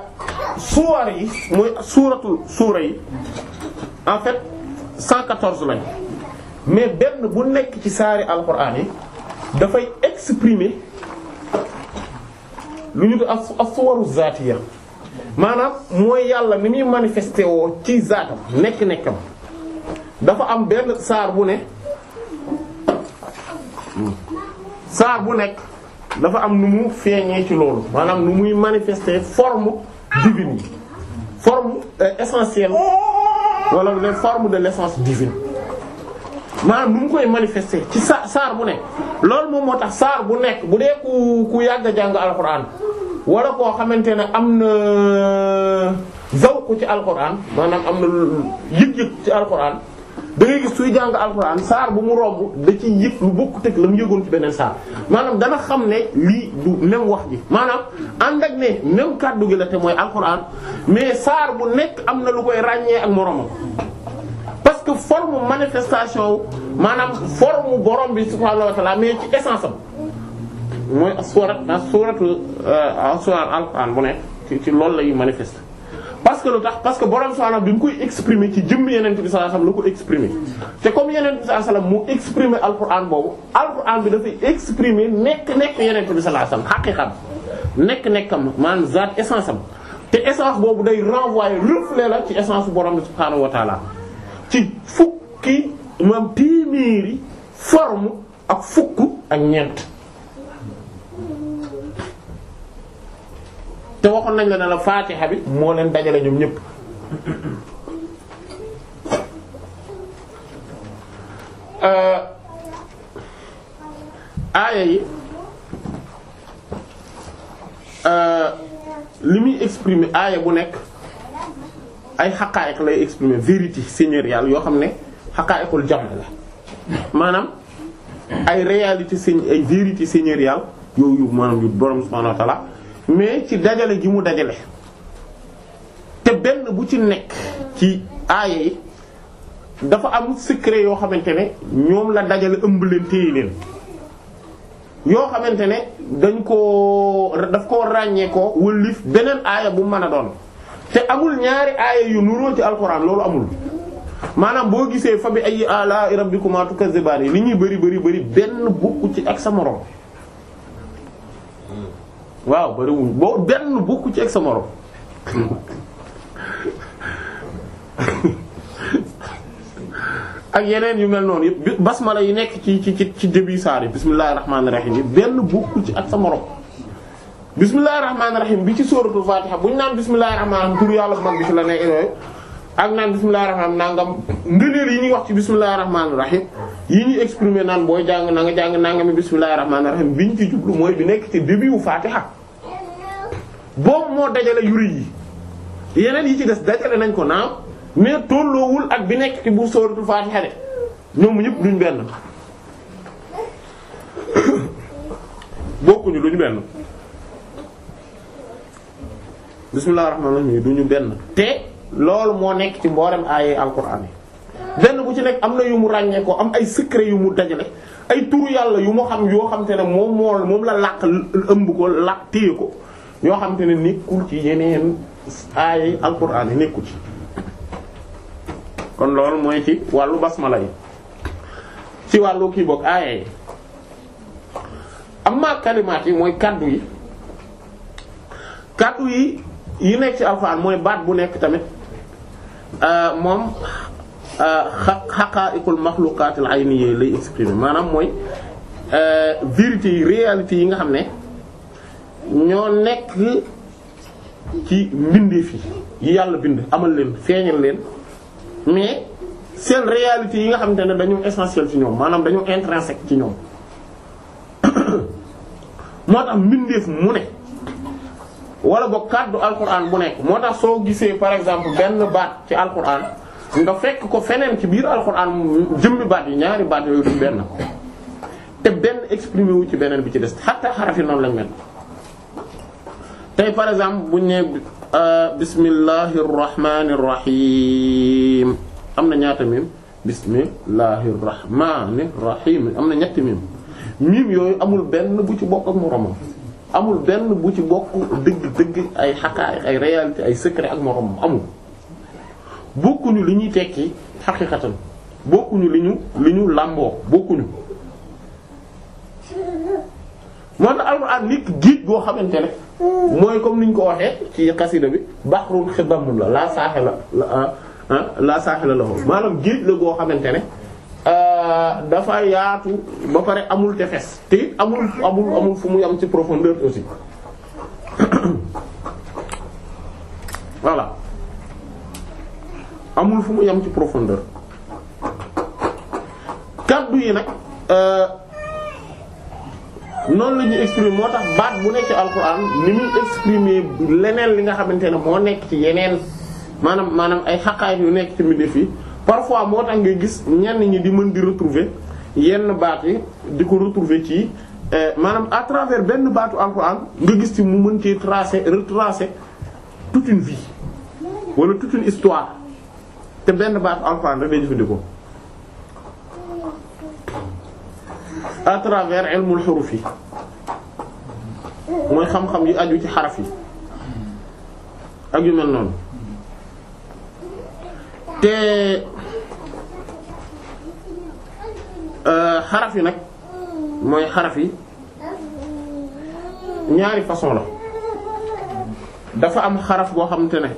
suwar yi mooy suuratul suura yi en fait. cent 114 lañ mais benn bu nekk ci saari alxuraan yi dafay exprimé lu ñu ko as-suwaru zaatiya maanaam mooy yàlla ni muy manifesté woo ci zaatam nekk-nekkam dafa am benn saar bu ne saar bu nekk dafa am nu mu feeñee ci loolu maanaam nu muy manifesté forme divine yi forme euh, wala les formes de l'essence divine maanaam nu mu koy manifester ci sa saar bu ne loolu moom moo tax saar bu nekk bu dee ku ku yàgg a jàng alxuraan wala koo xamante ne am na zawq ci alxuraan maanaam am na yëg-yëg ci alxuraan da ngay gis suy jàng alxuraan saar bu mu romb da ci yëg lu bokk teg la mu yëgoon ci beneen saar maanaam dana xam ne lii du même wax ji maanaam ànd ak ne même kàddu gi la te mooy alxuraan mais saar bu nekk am na lu koy ràññee ak moroomam parce que forme manifestation maanaam forme borom bi subhaanahu wa ta'ala mais ci essence am mooy suurat suuratu euh, alxuraan bu nekk ci loolu lay manifester parce que lu tax parce que borom subhaanahu bi mu koy exprimer ci jëmm yenent bi sallallahu alayhi wasallam la ko exprimer te comme yenent bi sallallahu alayhi wasallam mu exprimer alquran boobu alquran bi dafay exprimer nekk nekk yenent bi sallallahu alayhi wasallam xaqiiqam nekk nekkam maanaam zaat essence am te essence boobu day renvoyer reflet la ci essence borom bi subhaanahu wa ci fukki maam téeméeri forme ak fukk ak ñeent te waxoon nañ la ne la faatiha bi moo leen dajale ñoom ñëpp euh, aaya yi euh, li muy exprimer aaya bu nekk ay xaqaayiq lay exprimer vérité seigneuriale yoo xam ne xaqaayiqul jam la maanaam ay réalité seign ay vérité seigneuriale yooyu maanaam yu borom subhanahu wa mais ci dajale gi mu dajale te benn bu ci nekk ci aaya yi dafa am secret yoo xamante ne ñoom la dajale ëmb leen téye leen yoo xamante ne dañ koo daf koo ràññee ko wëllif beneen aaya bu mën a doon te amul ñaari aaya yu nuroo ci alxuraan loolu amul maanaam boo gisee fa bi ay ala rabbikuma yi li ñuy bëri bari bari benn bokku ci ak sa morom waaw bariwuñ boo benn bukk ci ak sa morom ak yeneen yu mel noonu yëpp basmala yi nekk ci ci ci début saar yi bismillahir rahmanir rahim yi benn bukk ci ak sa morom bismillahir rahmanir rahim bi ci sóoratul fatiha bu ñu naan bismillahir rahmanir rahim tur yàlla bu mag bi ci la nekk yooyu ak naan bismillahir rahmanir nangam ngëneel yi ñuy wax ci bismillahir rahmanir rahim yi ñuy exprimer jàng na nga jàng nangami bismillahir rahmanir rahim bi ñu ci jublu mooy bi nekk ci début wu boobu moo dajale yu rëy yi yeneen yi ci des dajale nañ ko naam mais tolloowul ak bi nekk ci bu sóoratul Faatiha de ñoom ñëpp duñ benn bokkuñu duñ benn bismillahir rahmanir rahim duñu benn te loolu moo nekk ci mboolem aayee alquran yi benn bu ci nekk am na yu mu ràññee ko am ay secret yu mu dajale ay turu yàlla yu mu xam yoo xam te ne moom moo moom la làq ëmb ko làq téye ko yoo xamante ne nekkul ci yeneen aay alquran yi nekkul ci kon loolu mooy ci wàllu basmala yi ci wàllu kii boog aaya yi amma kalimaat yi mooy kaddu yi kaddu yi yi nekk ci alxuraan mooy baat bu nekk tamit euh, moom euh, xaqaa'iqul maxluqaatil ayni yi lay exprimer maanaam mooy euh, vérité yi réalité yi nga xam ne ñoo nekk ci mbindeef yi yi yàlla bind amal leen feeñal leen mais seen réalité yi nga xamante ne dañu essentiel ci ñoom maanaam dañu intrinsèque ci ñoom moo tax mbindeef mu ne wala boog kàddu alquran bu nekk moo tax soo gisee par exemple benn baat ci alquran nga fekk ko feneen ci biir alquran jëmmi baat yi ñaari baat yooyu du benn te benn exprimé wu ci beneen bi ci des xatta xarafi noonu lañ mel. tey par exemple bu ñu nee euh, bismillahir rahmanir rahim am na ñaata mim bismillahir rahmanir rahim am na ñetti mim mim yooyu amul benn bu ci bokk ak moromam amul benn bu ci bokk dëgg-dëgg ay xaqaay ay réalité ay secret ak moromam amul bokkuñu li ñuy tekki xaqiqatan bokkuñu li ñu li ñu làmboo bokkuñu. man alxuraan nit géej goo xamante ne mooy comme niñ ko waxee ci xasida bi baxrun xidamul la laa saaxila la laa saaxila la moom ah, ah, maanaam géej la goo xamante ne ah, dafa yaatu ba pare amul tefes te it amul amul amul fu mu am ci profondeur aussi voilà amul fu muy am ci profondeur kaddu yi nag. Euh, noonu la ñuy exprimer moo tax baat bu nekk ci alquran ni muy exprimer leneen li nga xamante ne moo nekk ci yeneen maanaam maanaam ay xaqaay yu nekk ci mbindeef yi parfois moo tax ngay gis ñenn ñi di mën di retrouver yenn baat yi di ko retrouver ci euh, maanaam à travers benn baatu alquran nga gis ci mu mën cee tracer retracer toute une vie wala toute une histoire te benn baatu alquran rek lay jëfandikoo. à travers ilmul xuruf yi mooy xam-xam yu aju ci xaraf yi ak yu mel noonu te euh, xaraf yi nag mooy xaraf yi ñaari façon la dafa am xaraf boo xamante ne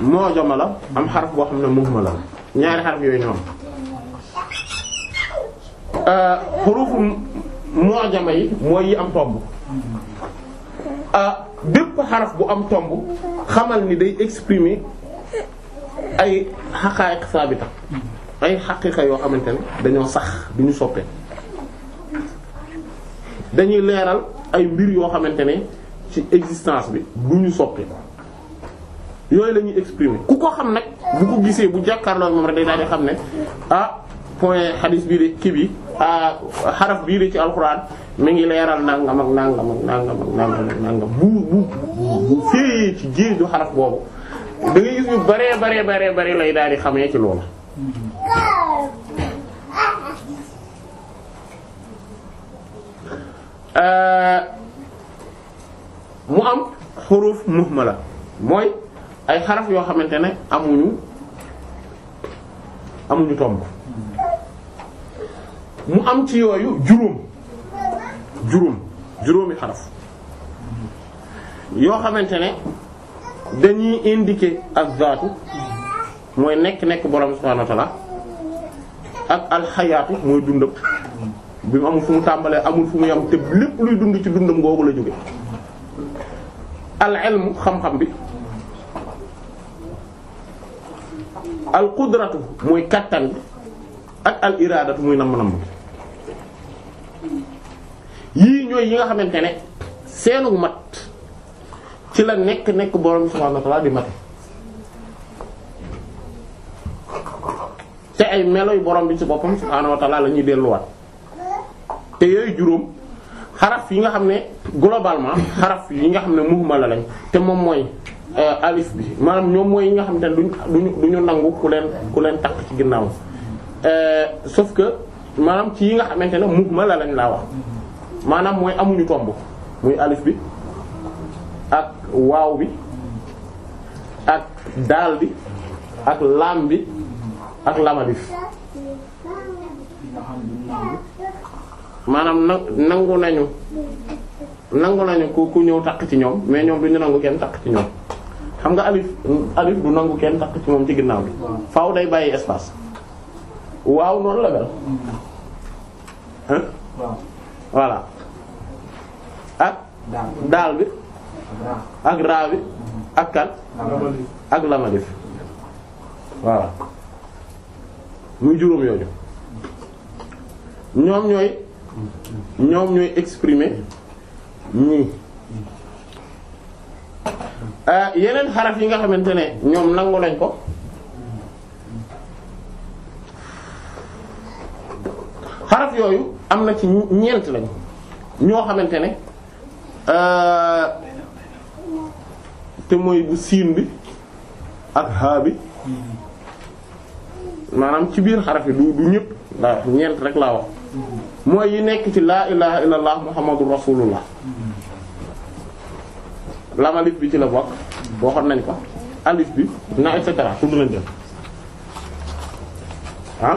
moojama la am xaraf boo xam ne muhmala la ñaari xaraf yooyu ñoom Euh, xurufu mu'jama yi mooy yi am tomb euh, bépp xaraf bu am tomb xamal ni day exprimer ay xaqaayiq saabita ay xaqiiqa yoo xamante ne dañoo sax du ñu soppee dañuy leeral ay mbir yoo xamante ne ci existence bi du ñu soppee yooyu la ñuy ku ko xam nag bu ko gisee bu jàkkaarloo moom rek day daal di xam ne ah, point xadis bii de kii bi xaraf bii de ci alxuraan mi ngi leeral nangam ak nangam nanga nangam ak nangam ak nangam bu bu bu féeyee ci géeju xaraf boobu da ngay gis ñu baree baree lay daal di xamee ci loolu. mu am xuruf muhmala mooy ay xaraf yoo xamante ne amuñu amuñu tomb. mu am ci yooyu juróom juróom juróomi xaraf yoo xamante ne dañuy indiquer ak zaatu mooy nekk-nekk borom subhaanahu wa ak alxayaatu mooy dundam bi mu amul fu mu tàmbalee amul fu mu yam te lépp luy dund ci dundam googu la jóge al ilmu xam-xam bi al qudratu mooy kattan bi ak al iraadatu muy namm-namm yii ñooy yi nga xamante ne seenu mat ci la nekk nekk borom subhaanahu wa di mat te ay melo yu borom bi ci boppam subhaanahu wa ta'ala la ñuy delluwaat te yooyu juróom xaraf yi nga xam ne globalement xaraf yi nga xam ne muhmala lañ te moom mooy euh, alif bi maanaam ñoom mooy yi nga xam ne duñ duñu duñu nangu ku leen ku leen takk ci ginnaaw euh, sauf que maanaam ci yi nga xamante ne muhmala lañ laa wax. maanaam mooy amuñu tomb muy alif bi ak waaw bi ak daal bi ak laam bi ak lamalif maanaam na nangu nañu nangu nañu ku ku ñëw takk ci ñoom mais ñoom du ñu nangu kenn takk ci ñoom xam nga alif alif du nangu kenn takk ci moom ci ginnaaw bi faw day bàyyi espace waaw noonu la mel voilà daal bi ak raa bi ak kan ak lamalif waaw muy juróom yooyu ñoom ñooy ñoom ñooy exprimer ñii euh, yeneen xaraf yi nga xamante ne ñoom nangu lañ ko xaraf yooyu am na ci ñeent lañ ñoo xamante ne Euh, te mooy bu siin bi ak haa maanaam ci biir xarafe yi du du ñëpp waaw ñeent rek laa wax mooy yi nekk ci laa ilaha illallah muhammadu rasulullah lam bi ci la bokk waxoon nañ ko alif bi na et cetera tudd nañ dem ah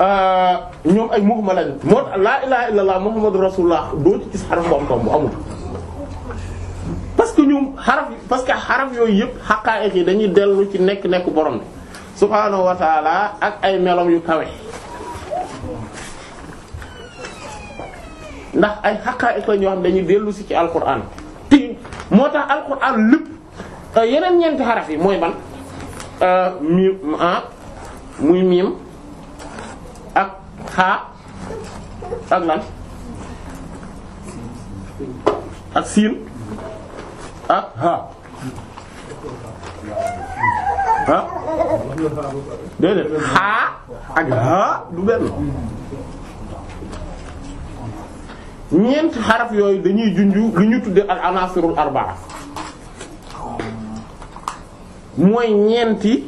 ñoom ay muhmal lañu moo laa ilaha illallah muhammadu rasulullah doo ci gis xaraf bu am tomb amul parce que ñoom xaraf parce que xaraf yooyu yëpp xaqaa'iq yi dañuy dellu ci nekk nekk borom bi subhaanahu wa ak ay melom yu tawe ndax ay xaqaa'iq la ñoo xam dañuy dellu si ci alquran te moo tax alquran lépp yeneen ñeenti xaraf yi mooy ban euh, ah, muy miim xaa ak lan ak siin ak ha ah déedéet xaa ak ha du benn ñeent xaraf yooyu dañuy junju lu ñu tudde al anasirul arbaa mooy ñeenti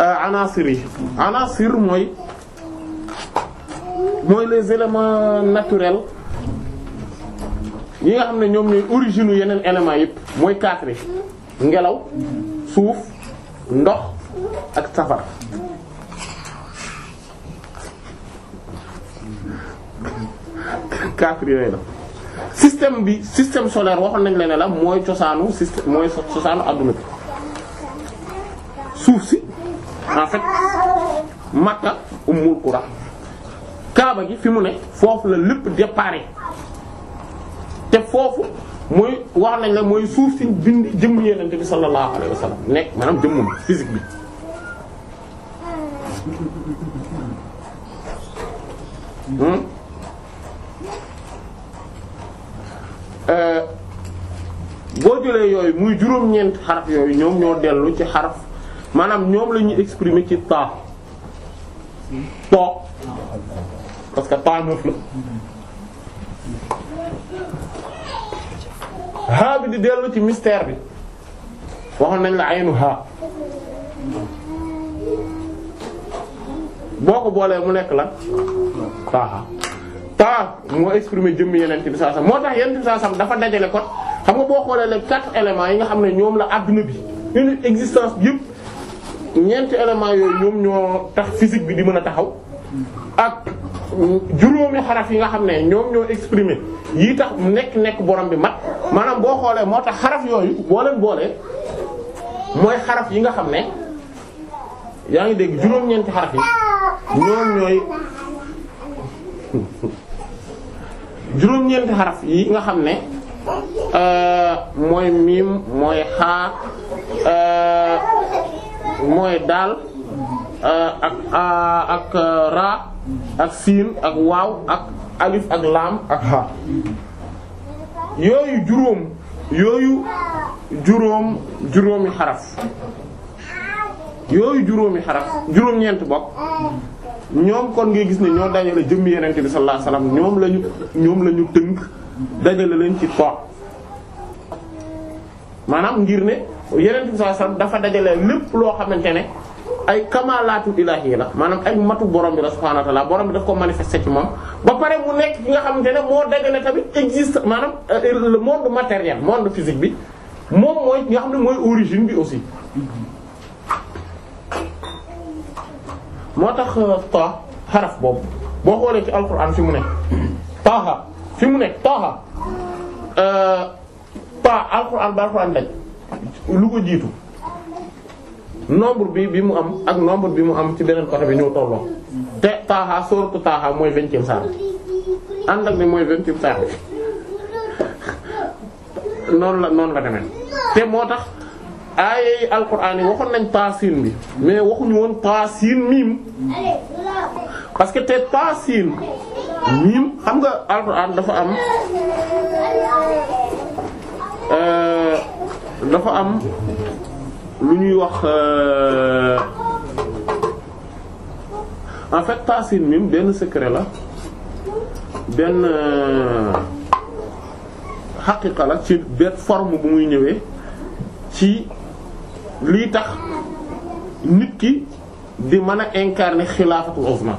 euh, anasir yi anasir mooy mooy les éléments naturels yi nga xam ne ñoom ñooy origine yeneen éléments yëpp mooy quatre yi ngelaw suuf ndox ak safara quatre yooyu la système bi système solaire waxoon nañ la ne la mooy cosaanu système mooy cosaanu adduna bi suuf si en fait Makka Ummul Qura kaaba gi fi mu ne foofu la lépp départ te foofu mooy wax nañ ne mooy suuf si bind jëmm yenente bi sallallahu alayhi wa sallam nekk maanaam jëmmum physique bi hmm? euh, boo jëlee yooyu muy juróom-ñeent xaraf yooyu ñoom ñoo dellu ci xaraf maanaam ñoom lañuy ñuy ci ta to parce que temps la haa bi di dellu ci mystère bi waxoon nañ la aynu haa boo ko boolee mu nekk la taaha taa moo exprimer jëmm yeneen bi saa sam moo tax yeneen bi saa sam dafa dajale kon xam nga boo xoolee les quatre élément yi nga xam ne ñoom la adduna bi une existence bi yëpp ñeenti éléments yooyu ñoom ñoo tax physique bi di mën a taxaw ak juróomi xaraf yi nga xam ne ñoom ñoo exprimer yi tax nekk nekk borom bi mat maanaam boo xoolee moo tax xaraf yooyu boo leen boolee mooy xaraf yi nga xam ne yaa ngi dégg juróom-ñeenti yi ñoom ñooy yi nga xam ne euh, mooy miim mooy xaa euh, mooy daal euh, ak ak ak siin ak waaw ak alif ak laam ak ha yooyu juróom yooyu juróom juróomi xaraf yooyu juróomi xaraf juróom-ñeent bokk ñoom kon ngay gis ni ñoo dajale jëmm yenente bi sallallahu alayhi wasallam ñoom lañu ñoom la ñu tënk dajale leen ci to maanaam ngir ne yenente bi sallallahu dafa dajale lépp loo xamante ne ay kamalaatul ilaahi la maanaam ay matu borom bi la subhaanahu wa ta'aala borom bi daf ko manifester ci moom ba pare mu nekk ki nga xamante ne moo dajale tamit existe maanaam euh, le monde matériel monde physique bi moom mooy nga xam ne mooy origine bi aussi. moo tax euh, ta xaraf boobu boo xoolee ci alquran fi mu nekk taaha fi mu nekk taaha euh, ta alquran ba alquran lu ko jiitu. nombre bi bi mu am ak nombre bi mu am ci beneen côté bi ñoo tolloo te Taaha sooratu Taaha mooy vingtième saar ànd ak ni mooy vingtième saar noonu la noonu la demee te moo tax aaya yi alquran yi waxoon nañ taasiin bi mais waxuñu woon taasiin miim parce que te taasiin miim xam nga alquran dafa am euh, dafa am lu ñuy wax euh, en fait taasin mim benn secret la benn xaqiqa euh, la ci benn forme bu muy ñëwee ci lii tax nit ki di mën a incarner xilaafatul uzma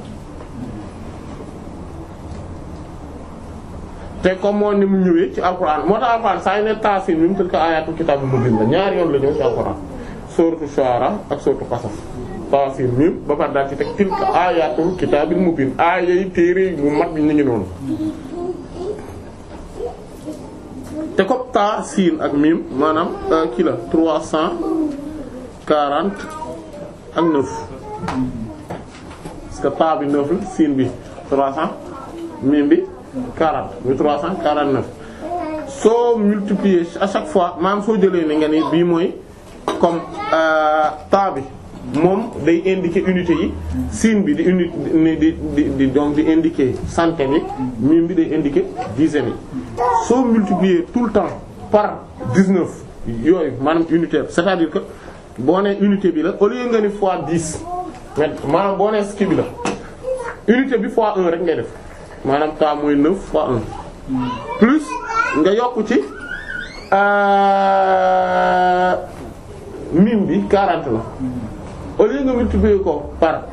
te comme moo ni mu ñëwee ci alquran moo tax alquran saa yu ne taasin mim tilka ayatul kitabil mubin la ñaari yoon la ñëw ci alquran sooratu Shu'ara ak sooratu Qasas Taasiin miim ba pare daal ci teg tilka aayaatul kitaabil mubiin aaya yi téere mu mat bi ñu ngi noonu te ko siin ak miim maanaam euh, kii la trois cent quarante ak neuf parce que taa bi neuf la siin bi trois cent miim bi quarante bi trois cent quarante neuf soo multiplier à chaque fois maanaam soo jëlee ne nga ni bii mooy comme euh, taa bi moom day indiquer unité yi siin bi di unité di di di donc di indiquer bi day indiquer dizaine yi soo multiplier tout le temps par dix-neuf yooyu maanaam unité c'est-à-dire que boo nee unité bi la au lieu nga ni fois dis mais maanaam boo ski bi la unité bi fois un rek ngay def maanaam taa mooy neuf fois un hmm. plus nga yokk ci. Euh, mim bi 40 la au lieu nga multiplier ko par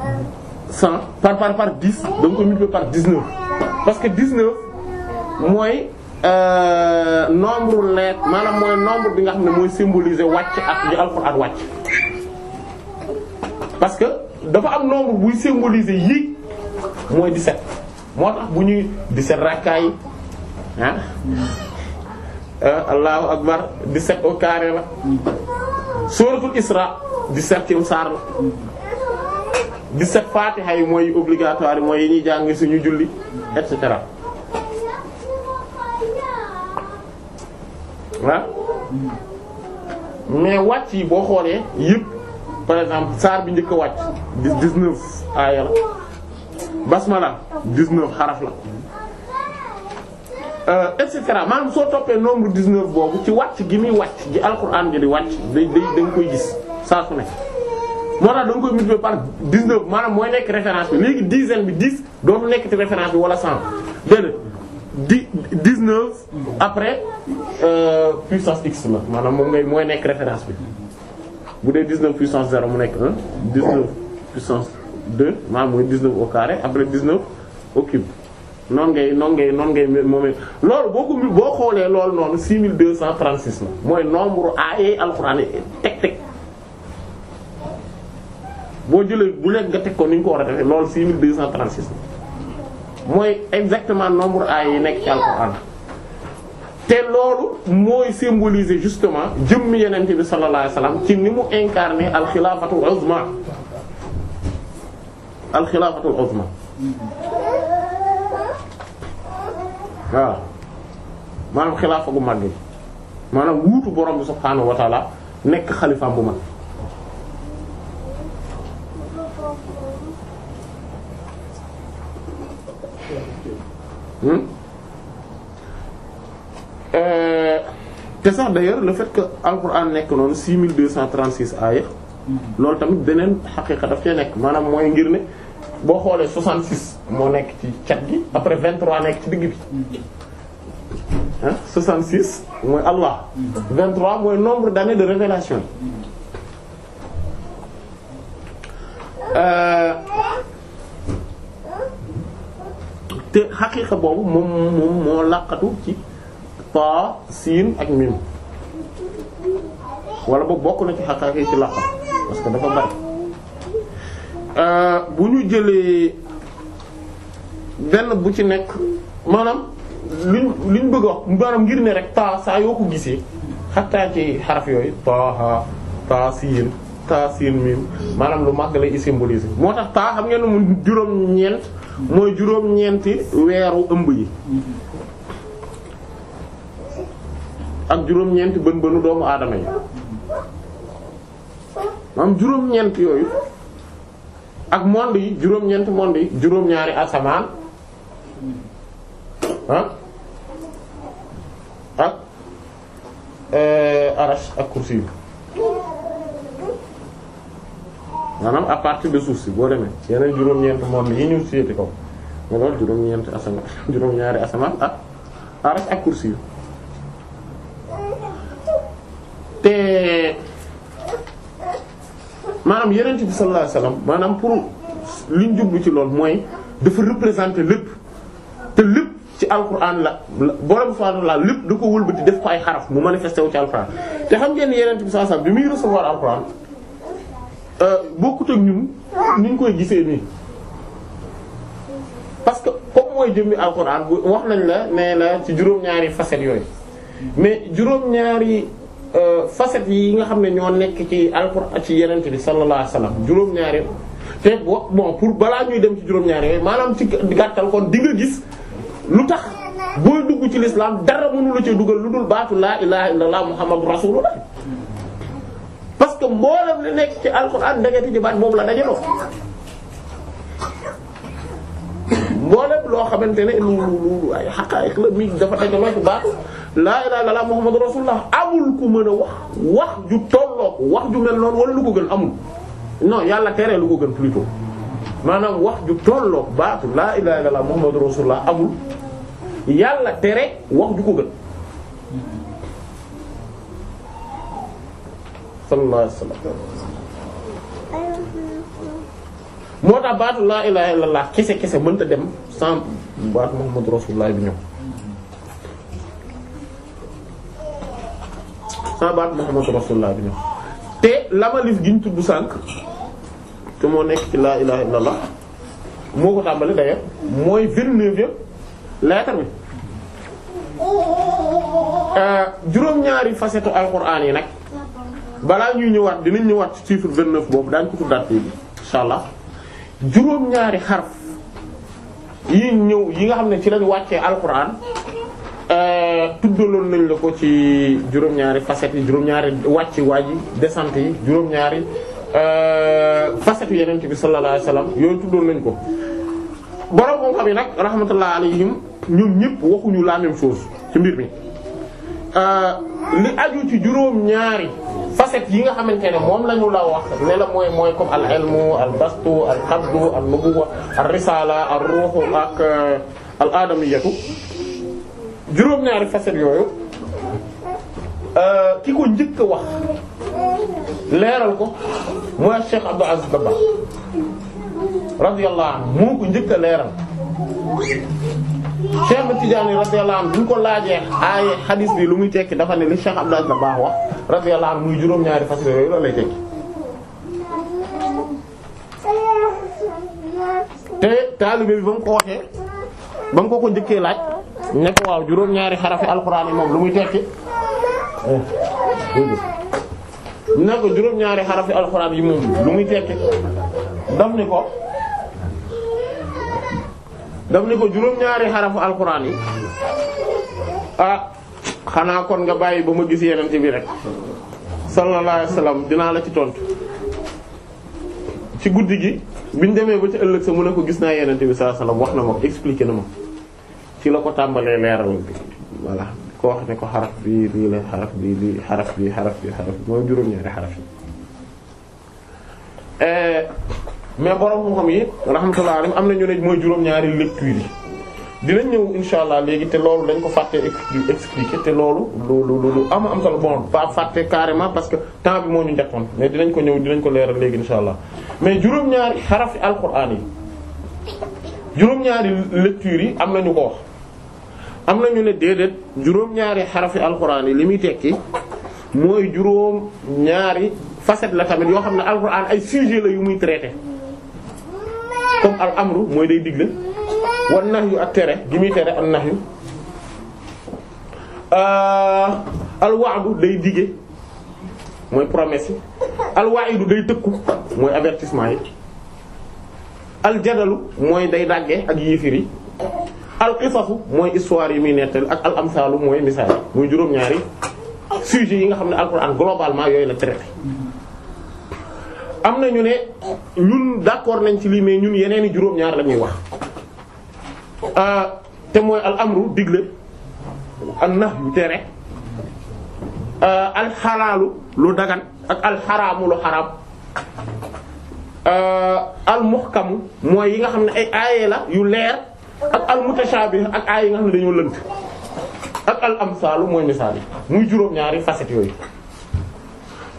100 par par par 10 da nga ko multiplier par 19 parce que 19 mooy euh, nombre lettre maanaam mooy nombre bi nga xam ne mooy symboliser wàcc ak di alxuraan wàcc parce que dafa am nombre buy symboliser yi mooy 17 moo tax bu ñuy 17 rakkaay ah. Euh, allahu akbar 17 au carré la. sóoratul Isra 17e saar la 17 faatiha yi mooy obligatoire mooy yi ñuy jàng suñu julli et cetera ah mais wàcc yi boo xoolee yëpp par exemple saar bi njëkk a wàcc 19 aaya la basmala 19 xaraf la. Euh, et cetera maanaam soo toppee nombre 19 boobu ci wàcc gi muy wàcc gi alxuraan gi di wàcc day da nga koy gis saa su ne moo tax da nga koy multiplier par 19 maanaam mooy nekk référence bi léegi dizaine bi 10 doon nekk ci référence bi wala 100 déedéet di 19 après euh, puissance x la maanaam moom ngay mooy nekk référence bi bu dee 19 puissance 0 mu nekk 1 19 puissance 2 maanaam mooy 19 au carré après 19 au noonu ngay noonu ngay noonu ngay moomee loolu boo ko boo xoolee loolu noonu 6236 la mooy nombre aayee alxuraan teg teg boo jëlee bu nekk nga teg ko ni ñu ko war a defee loolu 6236 la mooy exactement nombre aayee nekk ci alxuraan te loolu mooy symboliser justement jëmm yeneen bi sallallahu alayhi ci ni mu incarner alxilaafatul uzma alxilaafatul uzma waaw maanaam xilaafa gu màgg maanaam wuutu borom bi subhaanahu wa taala nekk xalifaam bu mag hmm? euh, te sax d'ailleurs le fait que alquran nekk noonu 6236 aaya loolu tamit beneen xaqiqa daf cee nekk maanaam mooy ngir ne boo xoolee 66 moo nekk ci cat gi après 23 nekk ci digg bi ah 66 mooy Allah 23 mooy nombre d'années de révélation euh, te xaqiiqa boobu moom moom moo làqatu ci pa siin ak mim wala boobu bokk na ci xaqiiqa yi ci làqatu parce que dafa bari Euh, bu ñu jëlee benn bu ci nekk maanaam luñ luñ bëgg wax maanaam ngir ne rek taa saa yoo ko gisee xattaa ci xaraf yooyu taaha taa siin taa siin miim maanaam lu màgg lay symboliser moo tax taa xam ngeen mu juróom-ñeent mooy juróom-ñeenti weeru ëmb yi ak juróom-ñeenti bën bënu doomu aadama yi maanaam juróom-ñeent yooyu ak monde yi juróom-ñeenti monde yi juróom-ñaari asamaan ah ak euh, arash ak kursi yi maanaam de suuf si boo demee yeneen juróom-ñeenti monde yi ñu seeti kaw nga loolu juróom-ñeenti asamaan juróom-ñaari asamaan ak arash ak kursi te maanaam yenent bi sallallahu alayhi wasallam maanaam pour liñ jublu ci loolu mooy dafa représenter lépp te lépp ci alquran la borom subhanahu wa ta'ala lépp da ko wëlbati def ko ay xaraf mu manifesté wu ci alquran te xam ngeen yenent bi sallallahu alayhi wasallam bi muy recevoir alquran euh, bokkut ak ñun nuñ koy gisee nii parce que comme mooy jëmmi alquran bu wax nañ la nee la ci juróom-ñaari facettes yooyu mais juróom-ñaari Euh, facettes yi nga xam ne ñoo nekk ci alxuraan ci yeneen bi sallallahu alayhi wasallam juróom-ñaari te bon pour balaa ñuy dem ci juróom-ñaari maanaam ci gàttal kon di gis lu tax booy dugg ci lislaam dara mënu la ci dugal lu dul baatu laa la illallah muhammadu rasulullah parce que mboolem li nekk ci alxuraan dagati ci baat boobu la dajaloo. mboolem loo xamante ne lu lu lu ay xaqaayiq la mi dafa dajaloo ci baatu laa ilaaha illallaah muhammadu rasuulullaah amul ku mën a wax wax ju tollook wax ju mel noonu wala lu ko gën amul noo yàlla tere lu ko gën plutôt maanaam wax ju tollook baatu laa ilaaha illallaah muhammadu rasuulullaah amul yàlla tere wax ju ko gën sallallaahu moo tax baat laa ilaaha illallaah kese kese mënta dem sans baatu Muhammadu Rasuulullaah bi ñëw sans baatu Muhammadu Rasuulullaah bi ñëw te lamalif gi ñu tudd sànq te moo nekk ci laa ilaaha illallaah moo ko tàmbali d'ailleurs mooy vingt-neuvième lettre bi euh, juróom-ñaari facettes alxuraan yi nag balaa ñuy ñëwaat dinañ ñëwaat ci chiffre vingt-neuf boobu daañu ko tuddaat bi insha allah juróom-ñaari xaraf yi ñëw yi nga xam ne ci lañ wàccee alquran euh, tuddaloon nañ la ko ci juróom-ñaari facettes yi juróom-ñaari wàcc waaj yi desant yi juróom-ñaari euh, facettes yeneen bi sallallahu alayhi yooyu tuddoon nañ ko borom xam-xam yi nag rahmatullah alayhim ñoom ñëpp waxuñu la même chose ci mbir mi. li aju ci juróom ñaari facettes yi nga xamante ne moom lañu ñu la wax ne la mooy mooy comme al ilmu al bastu al qabdu al nubuwa al risala al ruuxu euh, juróom ñaari facettes yooyu euh, ki ko njëkk a wax leeral ko mooy Cheikh Abdou Aziz Dabakh radiyallahu anhu moo ko njëkk leeral Cheikh Ahmad Tidiane radiyallahu anhu bu ñu ko laajee aaye xadis bi lu muy tekki dafa ne li Cheikh Abdou la baax wax radiyallahu anhu muy juróom-ñaari fas yooyu la lay tekki. ko ko ko njëkkee laaj juróom-ñaari xarafi alxuraan yi moom lu muy tekki. ne ko juróom-ñaari xarafi alxuraan yi moom lu muy tekki daf ni ko. daf ni ko juróom-ñaari xarafu alxuraan yi ah xanaa kon nga bàyyi ba ma gis yenente bi rek sallallahu alayhi wasallam dinaa la ci tontu ci guddi gi biñ demee ba ci ëllëg sa mu ne ko gis naa yenente bi sa alayhi wasallam wax na ma expliqué na ma ci la ko tàmbalee leeral bi voilà ko wax ne ko xaraf bi lii la xaraf bi lii xaraf bi xaraf bi xaraf bi mooy juróom-ñaari xaraf yi eh, mais borom xam-xam yi rahmatullahi alayhim am na ñu ne mooy juróom-ñaari lecture yi dinañ ñëw insha allah léegi te loolu lañ ko fàtte expliqué te loolu lu lu lu am am solo bon fàtte carrément parce que temps bi moo ñu njëkkoon mais dinañ ko ñëw dinañ ko leeral léegi insha allah mais juróom-ñaari xarafi alquran yi juróom-ñaari lecture yi am na ñu ko wax am na ñu ne déedéet juróom-ñaari xarafi alquran yi li muy tekki mooy juróom-ñaari facette la tamit yoo xam ne alquran ay sujet yu muy traité. comme al amru mooy day digle wan yu ak tere gi muy tere an nax yu euh, al wa'du day dige mooy promesse yi al wa'idu day tëkku mooy avertissement yi al jadalu mooy day dàggee ak yéefir yi al qisasu mooy histoire yi muy nettali ak al amsaalu mooy misaal yi muy juróom-ñaari sujet yi nga xam ne alxuraan globalement yooyu la traité am na ñu ne ñun d'accord nañ ci lii mais ñun yeneen i juróom-ñaar la ñuy wax euh, te mooy al amru digle an nahyu tere euh, al xalaalu lu dagan ak al xaraamu lu xaraam euh, al muhkamu mooy yi nga xam ne ay aaye la yu leer ak al mutashaabih ak aaye yi nga xam ne dañoo lënt ak al amsaalu mooy misaal yi muy juróom-ñaari facettes yooyu.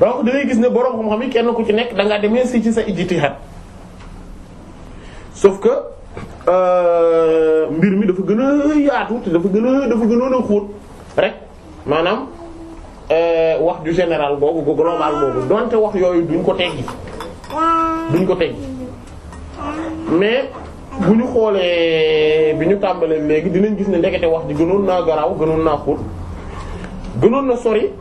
donc da ngay gis ne borom xam-xam yi kenn ku ci nekk da ngaa demee si ci sa ijtihad sauf que euh, mbir mi dafa gën a yaatu te dafa gën a dafa gënoon a xóot rek maanaam euh, wax ju général boobu bu global boobu donte wax yooyu duñ ko teggi duñ ko teggi mais bu ñu xoolee bi ñu tàmbalee léegi dinañ gis ne ndekete wax ji gënoon naa garaaw gënoon naa xóot gënoon na sori.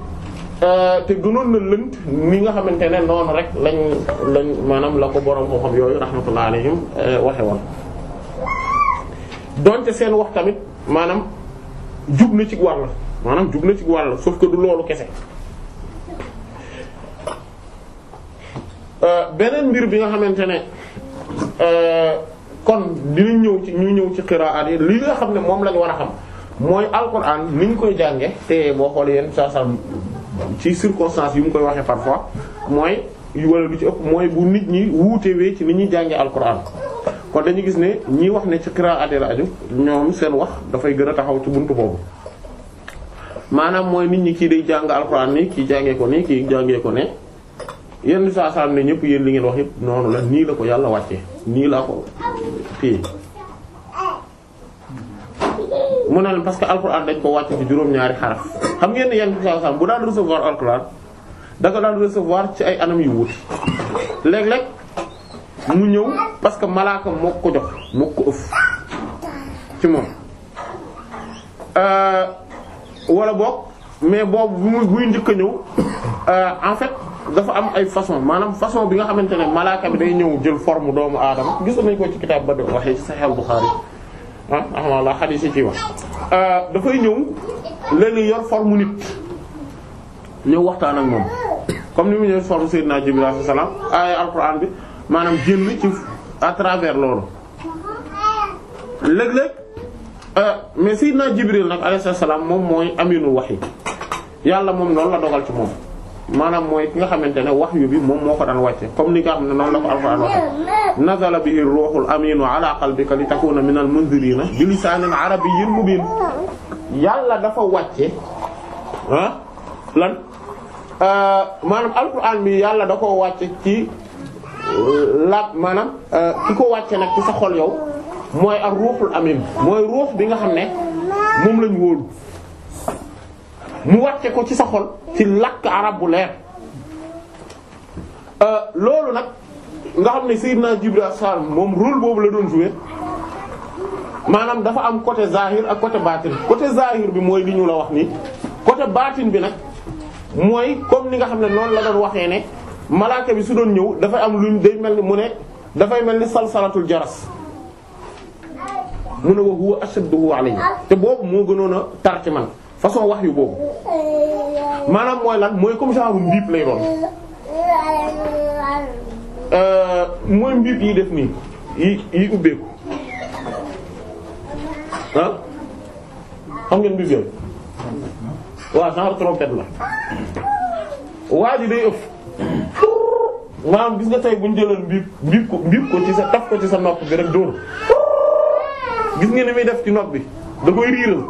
Euh, te gënoon na lënt ni nga xamante ne noonu rek lañu lañ maanaam la ko boroom koo xam yooyu rahmatullah alayhim euh, waxe woon donte seen wax tamit maanaam jub na ci war la maanaam jub na ci war la sauf que du loolu kese euh, beneen mbir bi nga xamante ne kon dinañ ñëw ci ñu ñëw ci xiraat yi li nga xam ne moom lañ war a xam mooy alquran ni ñu koy jànge te boo xool yéen saa saa ci circonstances yi mu koy waxee parfois mooy wala lu ci ëpp mooy bu nit ñi wuutewee ci ni ñuy jàngee alquran kon dañu gis ne ñi wax ne ci qiraa'at la ñoom seen wax dafay gën a taxaw ci bunt boobu maanaam mooy nit ñi kii day jàng alquran nii kii jàngee ko nii kii jàngee ko ne yenn saa saa ne ñëpp yéen li ngeen wax yëpp noonu la nii la ko yàlla wàccee nii laa ko téye mu ne parce que alxuraan dañ ko wàcc ci juróom-ñaari xaraf xam ngeen ne yan saa bu daan recevoir alxuraan da ko daan recevoir ci ay anam yu wuti léeg-léeg mu ñëw parce que malaaka moo ko jox moo ko ëf ci moom euh, wala boog mais boobu bu muy buy a ñëw euh, en fait dafa am ay façon maanaam façon bi nga xamante ne malaaka bi day ñëw jël forme doomu aadama gis nañ ko ci kitaab ba do waxee ci Sahih Bukhari ah alhamdulilah xadis yi ciy wax. dafay ñëw léegi yor forme nit ñëw waxtaan ak moom comme ni mu ñëw forme naa Jibril alayhi salaam ay alquran bi maanaam génn ci à travers loolu léeg-léeg euh, mais Seydina Jibril nag alayhi salaam moom mooy aminul wahyi yàlla moom loolu la dogal ci moom. maanaam mooy ki nga xamante ne wax yu bi moom moo ko daan wàcce comme ni nga xam ne noonu la ko alxuraan waxe nazala bihi ruuxul amiinu ala qalbika li bi lisaanin arabiyyin mubiin yàlla dafa wàcce ah lan euh, maanaam alxuraan bi yàlla da koo wàcce ci euh, laab maanaam euh, ki ko wàcce nag ci sa xool yow mooy ar ruuxul amiin mooy ruux bi nga xam ne moom lañ wóolu mu wàcce ko ci sa xol ci làkk arab bu leer euh, loolu nag nga xam ne Seydina Jibril salam moom rôle boobu la doon jouer maanaam dafa am côté zahir ak côté batin côté zahir bi mooy li ñu la wax nii côté baatin bi nag mooy comme ni nga xam ne noonu la doon waxee ne malaaka bi su doon ñëw dafay am luñ day mel ni mu ne dafay mel ni salsalatul jaras mu ne wa huwa ashaddu alayhi te boobu moo gënoon a tar ci man façon wax yu boobu maanaam mooy lan mooy comme genre mbiip lay doon euh, mooy mbiip yi def nii yi yi ubbeeku ah ngeen mbiip yooyu waaw genre trompette la waa ji day ëff maanaam gis nga tey bu ñu mbiip mbiip ko mbiip ko ci sa taf ko ci sa nopp bi rek dóor gis nga ni def ci nopp bi da koy riiral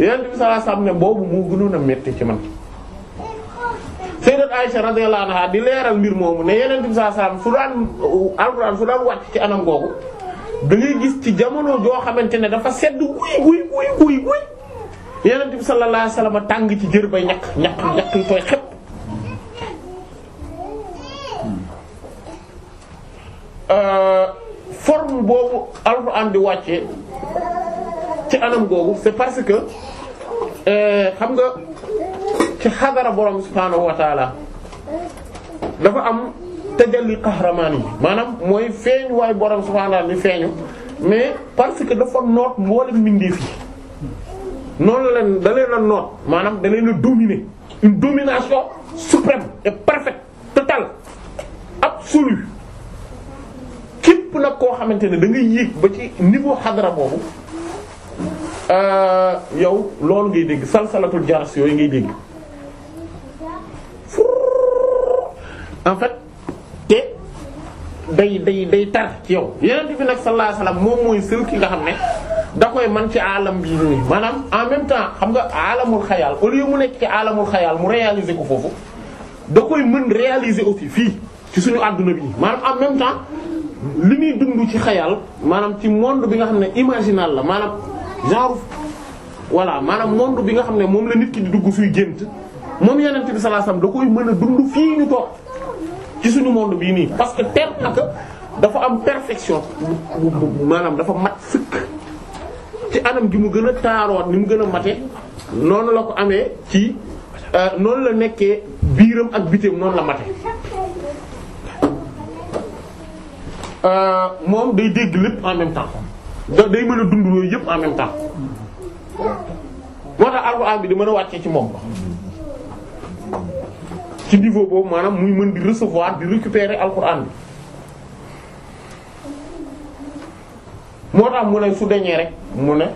Yonent bi sallallahu alayhi ne boobu moo gënoon a metti ci man. Sayyidat Aisha radiyallahu anha di leeral mbir moomu ne Yonent bi sallallahu alayhi wasallam su daan alxuraan su daan wàcc ci anam googu da gis ci jamono joo xamante ne dafa sedd wuy wuy wuy wuy wuy Yonent bi sallallahu alayhi tàng ci jër bay ñaq ñaq ñaq yu tooy xëpp. Euh, forme boobu alxuraan di wàcce ci anam googu c'est parce que euh, xam nga ci xadara borom subhaanahu wa dafa am tajalli qahramaan yi maanaam mooy feeñ waaye borom subhaanahu wa ni feeñu mais parce que dafa noot mboolem mbindeef yi noonu leen da leen noot maanaam da leen a dominer une domination suprême et parfaite totale absolue képp nag koo xamante ne da ngay yéeg ba ci niveau xadara boobu Euh, yow loolu ngay dégg salsalatul jaras yooyu ngay dégg en fait te day day day tar ci yow yeneen fi nag sallallahu alayhi wasallam moom mooy sew ki nga xam ne da koy man ci alam bi nii maanaam en même temps xam nga alamul xayaal au lieu mu nekk ci alamul xayaal mu réaliser ko foofu da koy mën réaliser aussi fii ci suñu àdduna bi maanaam en même temps li muy dund ci xayaal maanaam ci monde bi nga xam ne imaginal la maanaam genre voilà maanaam monde bi nga xam ne moom la nit ki di dugg suy gént moom yonent bi sallallahu alayhi da koy mën a dund fii ñu toog ci suñu monde bii nii parce que ter ak dafa am perfection maanaam dafa mat sëkk ci anam gi mu gën a taaroot ni mu gën a mate noonu la ko amee ci euh, noonu la nekkee biiram ak bitam noonu la mate euh, moom day dégg lépp en même temps da day mën a dund yooyu yëpp en même temps moo tax alxuraan bi di mën a wàccee ci moom ci niveau boobu maanaam muy mën di recevoir di récupérer alxuraan bi moo tax mu ne su deñee rek mu ne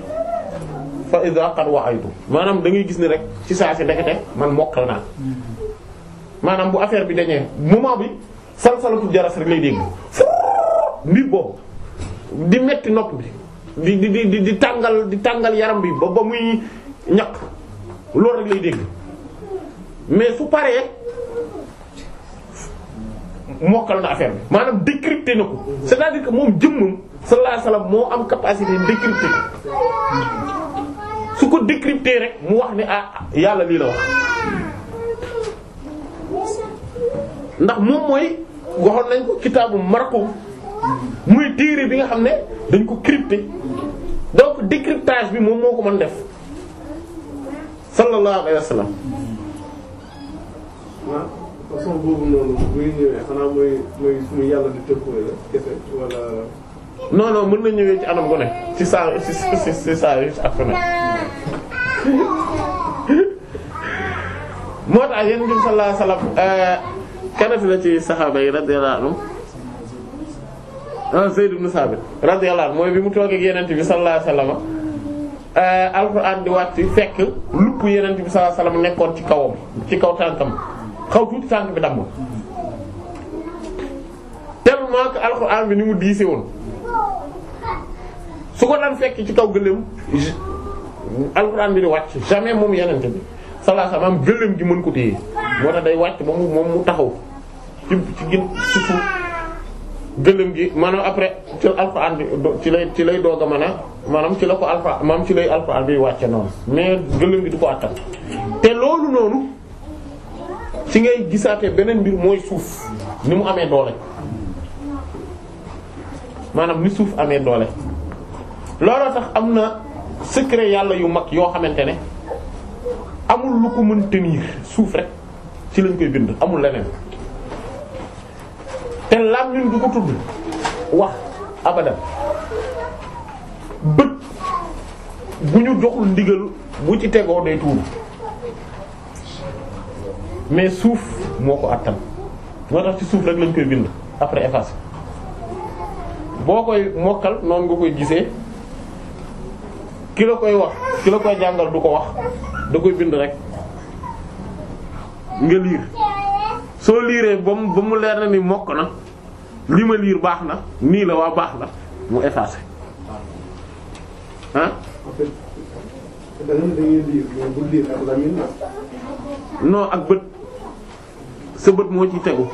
fa iza qad wa'aytu maanaam da ngay gis ni rek ci saa si ndekete man mokkal naa maanaam bu affaire bi dañee moment bi salsalatul jaras rek lay dégg mbir boobu di metti nopp bi di di di di tàngal di tàngal yaram bi ba ba muy ñaq loolu rek lay dégg mais su paree mokkal na affaire maanaam décrypter na ko cest moom jëmmam sallallahu alayhi wasallam moo am capacité décrypter su ko décrypter rek mu wax ni ah yàlla lii la wax ndax moom mooy waxoon nañ ko kitaabu marko muy téere bi nga xam ne dañ ko crypté décryptage bi moom moo ko mën def sallallahu alayhi wa sallam. waaw façon boobu noonu buy ñëwee xanaa mooy mooy suñu yàlla di tëkkoo kese wala. non non mën na ñëwee ci anam gu ne ci saa ci ci ci saa yu ak fu ne. moo tax yéen bi sallallahu alayhi wa sallam euh, kenn fi la ci saxaaba yi radiyallahu anhum ah Zayd ibn Sabit radiyallahu mooy bi mu toogee ak Yonent bi sallallahu alayhi wasallam eh, alxuraan di wàcc fekk lupp Yonent bi sallallahu alayhi wasallam nekkoon ci kawam ci kaw tànkam xaw tuuti tànk bi damm tellement que alxuraan bi ni mu diise woon su ko daan fekk ci kaw gëléem alxuraan bi di wàcc jamais moom Yonent bi sallallahu gëléem gi mën ko téye moo tax day wàcc moom moom mu taxaw ci gin suuf gëlëm gi maanaam après ci alxuraan bi ci lay ci lay doog a mën a maanaam ci la ko alxuraan maanaam ci lay alxuraan bi wàcce noonu mais gëlëm gi du ko attan te loolu noonu ci ngay gisaatee beneen mbir mooy suuf ni mu amee doole maanaam ni suuf amee doole looloo tax am na secret yàlla yu mag yoo xamante ne amul lu ko mën tenir suuf rek ci lañ koy bind amul leneen. te làmmiñ du ko tudd wax abadan bët bu ñu joxul ndigal bu ci tegoo day tuur mais suuf moo ko attan moo tax ci suuf rek lañ koy bind après effacer boo koy mokkal noonu nga koy gisee ki la koy wax ki la koy jàngal du ko wax da koy bind rek nga liir soo liiree ba mu ba mu leer na ni mokk na li ma liir baax na nii la waa baax na mu effacé ah. non ak bët sa bët moo ci tegu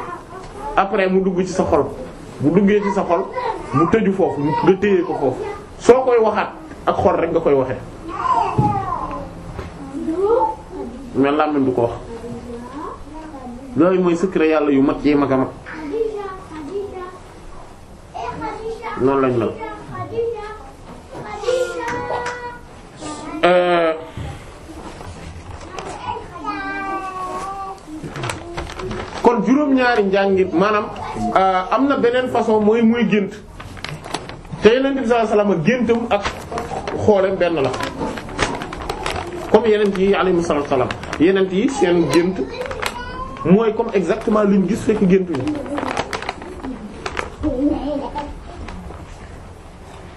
après mu dugg ci sa xol bu duggee ci sa xol mu tëju foofu nga téye ko foofu soo koy waxaat ak xol rek nga koy waxee mais làmmiñ du ko wax. yooyu mooy secret yàlla yu mag yi mag a mag eh, noonu lañ mel euh, kon juróom-ñaari njàngit maanaam euh, am na beneen façon mooy muy gént te yeneen bi sallallahu alayhi wasallam géntam ak xoolem benn la comme yeneen yi alayhi salaam yeneen yi seen gént mooy comme exactement liñ gis fekk géntuñu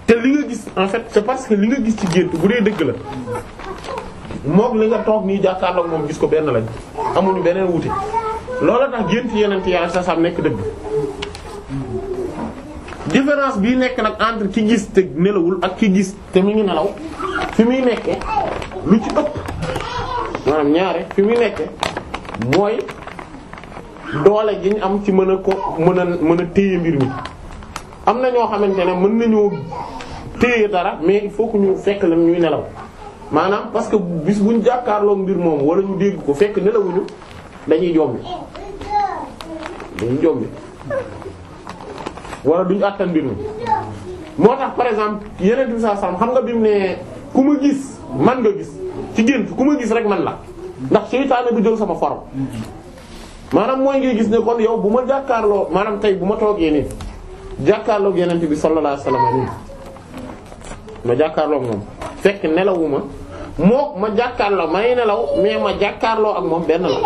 te li nga gis en fait c'est parce que li nga gis ci gént bu dee dëgg la moom li nga toog nii jàkkaarloog moom gis ko benn lañ amuñu beneen wuute loola tax gént yeneen yaa sa sam nekk dëgg différence bii nekk nag entre ki gis te nelawul ak ki gis te mu ngi nelaw fi muy nekke lu ci ëpp maanaam ñaare fi muy nekke mooy doole gi ñu am ci mën a ko mën a mën a téye mbir mi am na ñoo xamante ne mën nañoo téye dara mais il faut ñu fekk la ñuy nelaw maanaam parce que bis bu ñu jàkkaarloog mbir moom wala ñu dégg ko fekk nelawuñu dañuy jombi dañuy jombi wala duñu àttan mbir mi moo tax par exemple yeneen bi saa xam nga bi mu ne ku ma gis man nga gis ci gént ku ma gis rek man la ndax seytaane du jël sama forom maanaam mooy ngay gis ne kon yow bu ma jàkkaarloo maanaam tey bu ma toogee nii jàkkaarloog yenente bi sallallahu alayhi wasallam nii ma jàkkaarloog moom fekk nelawuma moo ma jàkkaarloo may nelaw mais ma jàkkaarloo ak moom benn la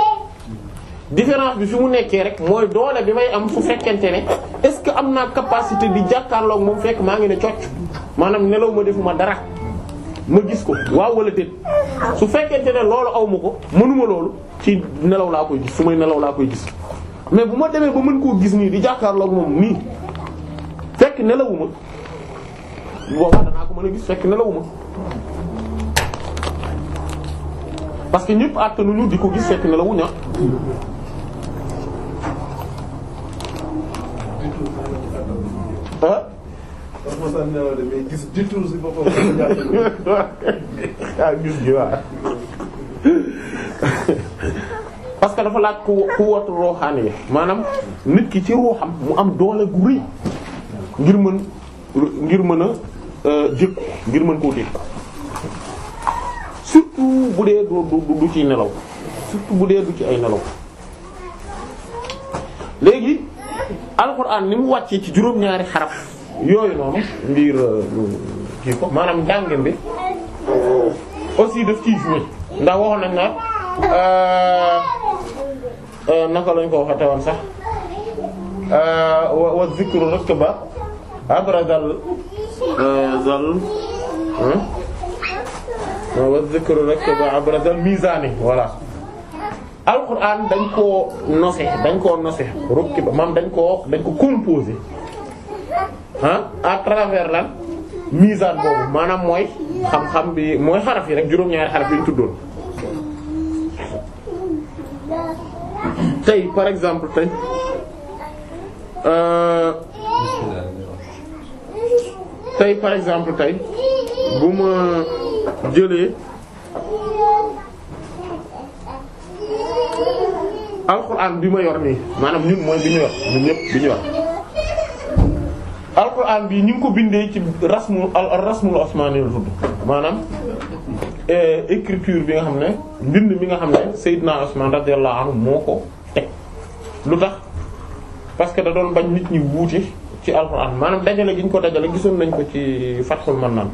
différence bi fi mu nekkee rek mooy doole bi may am fu fekkente ne est-ce que am naa capacité di jàkkaarloog moom fekk maa ngi ne cocc maanaam nelaw ma defuma dara ma gis ko waaw wala déet su fekkente ne loolu aw ma ko mënuma loolu ci nelaw laa koy gis su may nelaw laa koy gis mais bu ma demee ba mën koo gis nii di jàkkaarloog moom nii fekk nelawuma boobaa danaa ko mën a gis fekk nelawuma parce que ñëpp àttanuñu di ko gis fekk nelawuñu ah. parce que gis détour si gi waaw parce que dafa laaj ku ku watu yi maanaam nit ki ci ruuxam mu am doole gu rëy ngir mën ngir mën a euh, jëkku ngir mën koo dékku surtout bu dee du du ci nelaw surtout bu dee du ci ay nelaw léegi alxuraan ni mu wàccee ci juróom-ñaari xaraf yooyu noonu mbir euh, kii ko maanaam njàngin bi aussi daf ciy jouer ndax waxoon nañ na euh, euh, naka lañ ko waxate woon sax wa zikru rek ba abrazal zal hmm? wa zikru rek ba voilà alquran dañ koo nose dañ koo nose rukki ba maam dañ koo dañ ko composé ah à travers lan misaan boobu maanaam mooy xam-xam bi mooy xaraf yi rek juróom-ñaari xaraf yi tuddoon. tey par exemple tey. Euh, tey par exemple tey bu ma jëlee alxuraan bi ma yor nii maanaam ñun mooy bi ñu yor ñun ñëpp bi ñu yor. alquran bi ñu ngi ko bindee ci rasmu al rasmul osmani la tudd maanaam eh, écriture bi nga xam ne mbind mi nga xam ne Seydina Usman radiyallahu anhu moo ko teg lu tax parce que da doon bañ nit ñi wuute ci alquran maanaam dajale gi ñu ko dajale gisoon nañ ko ci Fathul Mannan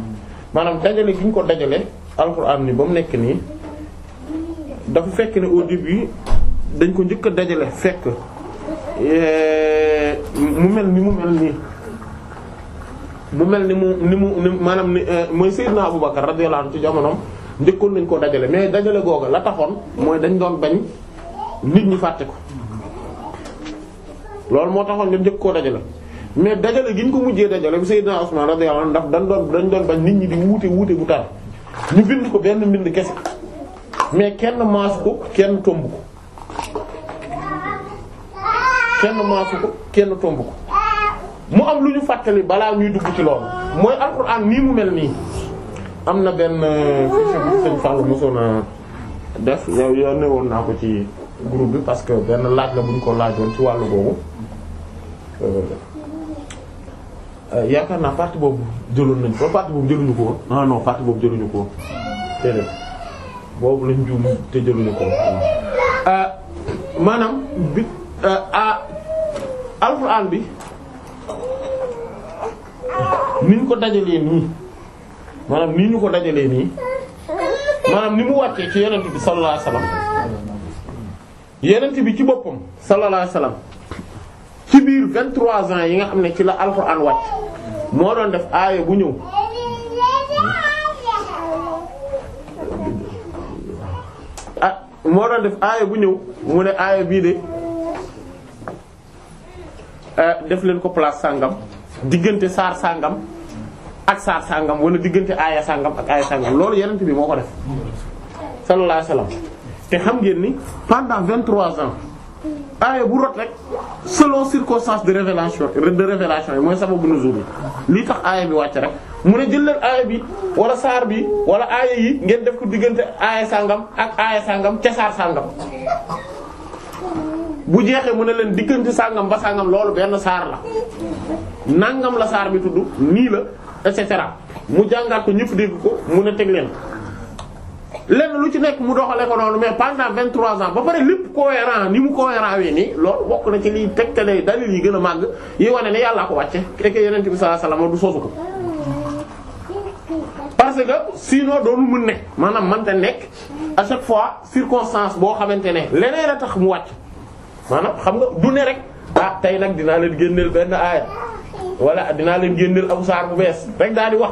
maanaam dajale gi ñu ko dajale alquran ni ba mu nekk nii dafa fekk ne au dañ ko njëkk a dajale fekk eh, mu mel ni mu mel nii mu mel ni mu ni mu maanaam ni euh, mooy Seydina Aboubacar radiyallahu anhu ci jamonoom njëkkoon nañ koo dajale mais dajale googa la taxoon mooy dañ doon bañ nit ñi fàtte ko loolu moo taxoon ñu njëkk koo dajale mais dajale gi ñu ko mujjee dajale bi Seydina Usman radiyallahu anhu ndax dañ doon dañ doon bañ nit ñi di wuute wuute bu tar ñu bind ko benn mbind kese mais kenn maasu ko kenn tomb ko kenn maasu ko kenn tomb ko mu am lu ñu fàttali balaa ñuy dugg ci loolu mooy alxuraan nii mu mel nii am na benn fichier euh, bu sëñ Fallou mosoon a def yow yónnee woon naa ko ci group bi parce que benn laaj la bu ñu ko laajoon ci wàllu boobu euh, euh, yaakaar naa partie boobu jëloon nañ ko partie boobu jëluñu ko woon ah non partie boobu jëluñu ko woon boobu lañ juum te jëluñu ko woon maanaam ah, alxuraan bi ni ñu ko dajalee nii maanaam ni ñu ko dajalee nii maanaam ni mu wàccee ci yonent bi sallallahu alayhi wasallam yonent bi ci boppam sallallahu alayhi ci biir 23 ans yi nga xam ne ci la alxuraan wàcc moo doon def aaya bu ñëw. ah def aaya bu ñëw mu ne aaya bii de ah, def leen ko place sàngam diggante saar sàngam. ak saar sàngam wala diggante aaya sàngam ak aaya sàngam loolu yenent bi moo ko def sallallahu alayhi wasallam te xam ngeen ni pendant 23 ans aaya bu rot rek selon circonstance de révélation de révélation yi mooy sababu nuzul yi lii tax aaya bi wàcc rek mu ne jël leen aaya bi wala saar bi wala aaya yi ngeen def ko diggante aaya sàngam ak aaya sàngam ca saar sàngam bu jeexee mu ne leen diggante sàngam ba sàngam loolu benn saar la nangam la saar bi tudd et cetera mu jàngaat ko ñëpp dégg ko mu ne teg leen lenn lu ci nekk mu doxalee ko noonu mais pendant 23 ans ba pare lépp cohérent ni mu cohérent wee nii loolu bokk na ci liy tegtale dalil yi gën a màgg yi wane ne yàllaa ko wàcce keke yeneen bi sallallahu alayhi wasallam du sosu ko parce que sinon doonu mën ne maanaam mante nekk à chaque fois circonstance boo xamante ne leneen a tax mu wàcc maanaam xam nga du ne rek ah tey nag dinaa leen génneel voilà dinaa leen génneel aw saar bu bees rek daal di wax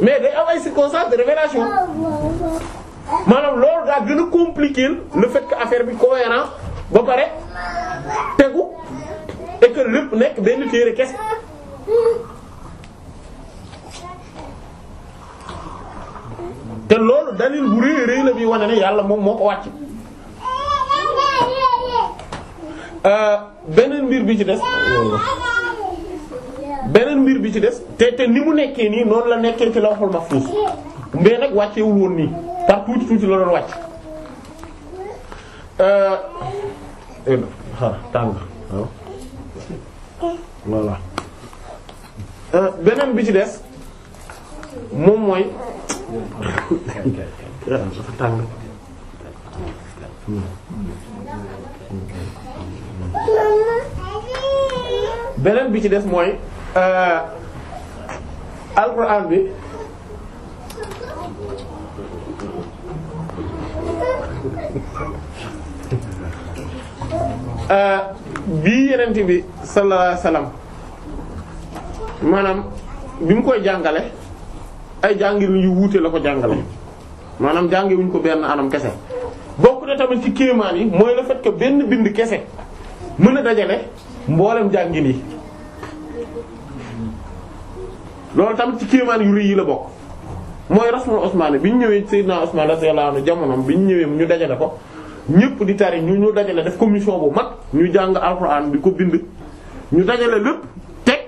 mais day am ay circonstances de révélation maanaam loolu daa gën a compliquer le fekk affaire bi cohérent ba pare tegu et que lépp nekk benn téere kes te loolu dalil bu rëy rëy la bi wane na yàlla moom moo ko wàcc euh, beneen mbir bi ci des. beneen mbir bi ci des te te ni mu nekkee nii noonu la nekkee ci lawhul mahfuz mais nag wàccewul woon nii par tuuti tuuti la doon wàcc. xanaa euh, euh, euh, beneen bi ci des moom mooy. tàng. beneen bi ci des mooy. Euh, alxuraan bi euh, bii yenent bi sallallahu alayhi maanaam bi mu koy jàngale ay jàngin yu wuute la ko jàngale maanaam jànge wuñ ko benn anam kese bokk na tamit ci kéemaan yi mooy le fait benn bind kese mën a dajale mboolem jàngin yi loolu tamit ci kéemaan yu rëy yi la bokk mooy rasmul osmaani bi ñu ñëwee Seydina Osmaan radiyallahu anhu jamono bi ñu ñëwee ñu dajale ko ñëpp di tari ñu ñu dajale def commission bu mag ñu jàng alxuraan bi ko bind ñu dajale lépp teg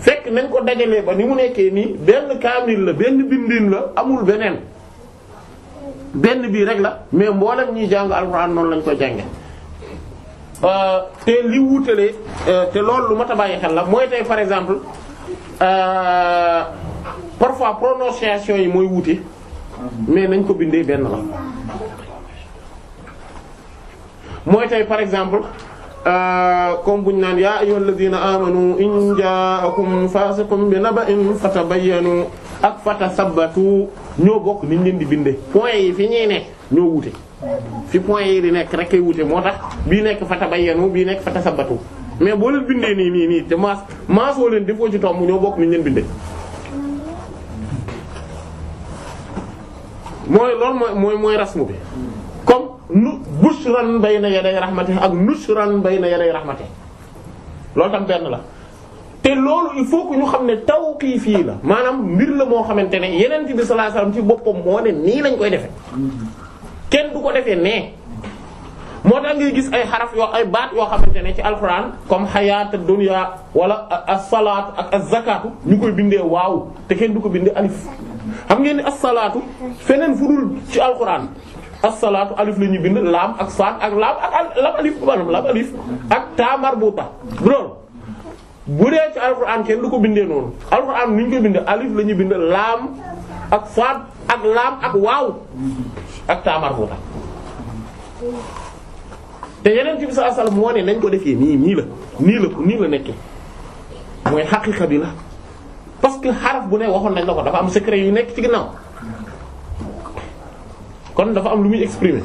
fekk nañ ko dajale ba ni mu nekkee nii benn kaamil la benn bindin la amul beneen benn bii rek la mais mboolem ñuy jàng alxuraan noonu lañ ko jànge euh, te li wuutale euh, te loolu lu mat a bàyyi xel la mooy tey par exemple Euh, parfois prononciation yi mooy wuute mais nañ ko bindee benn la mooy tey par exemple euh, comme buñ naan yaa ayyuhal ladina amanu in ja'akum fasiqun bi naba'in fatabayyanu ak fatasabbatu ñoo bokk niñ leen di bindee point yi fi ñuy ne ñoo wuute fi point yi di nekk rek kay wuute moo tax bii nekk fata fatabayyanu bii nekk fatasabbatu mais boo leen bindee nii nii nii te maas maasoo leen defoo ci tomb ñoo bokk ni ñu leen bindee. mooy loolu mooy mooy mooy rasmu bi comme nu bushran bayna yaday rahmati ak nushran na yaday rahmati loolu tam benn la. te loolu il faut que ñu xam ne taw tawqiif fii la maanaam mbir la moo xamante ne yeneen bi sallallahu alayhi ci boppam moo ne nii lañ koy defee kenn du ko defee nee. moo tax ngay gis ay xaraf yoo ay baat yoo xamante ne ci alxuraan comme xayaat dunya wala as-salaat ak zakaatu ñu koy bindee waaw te kenn du ko bindee alif ngeen ni as-salaatu feneen ci alxuraan as-salaatu alif la laam ak saad ak laam ak bu dee ci ko bindee noonu alxuraan ni ñu koy bindee bind laam ak ak laam ak waaw ak taa marbuuta te yeneen ci bi sallallahu alayhi wasallam nañ ko defee nii nii la nii la ko nii la nekkee mooy xaqiqa bi la parce que xaraf bu ne waxoon nañ la ko dafa am secret yu nekk ci ginnaaw kon dafa am lu muy exprimer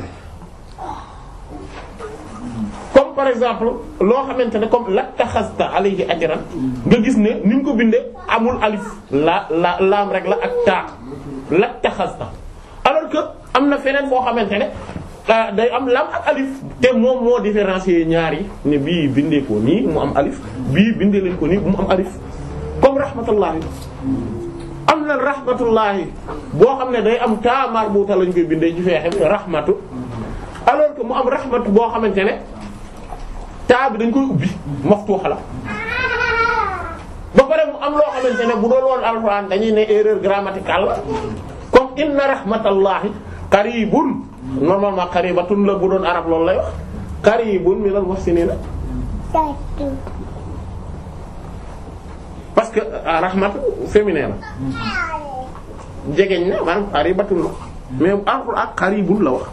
comme par exemple loo xamante ne comme lattaxasta alayhi ajran nga gis ne ni mu ko bindee amul alif laa la laam rek la ak taa lattaxasta alors que am na feneen foo xamante ne Ah, day am lam ak alif te moom moo différencier ñaar yi ne bii bindee ko nii mu am alif bii bindee leen ko nii mu am alif comme rahmatullahi am na rahmatullahi boo xam ne day am taa marbuta lañ koy bindee ci feexe rahmatu alors que mu am rahmatu boo xamante ne taa bi dañ koy ubbi maftuha la ba pare mu am loo xamante ne bu doon woon alxuraan dañuy ne erreur grammaticale comme inna rahmatallahi qaribun normalement qaribatun la bu doon arab loolu lay wax qaribun minal muhsinin parce que euh, ah, rahmat féminin la jegeñ na maanaam qaribatun la mais alxuraan qaribun la wax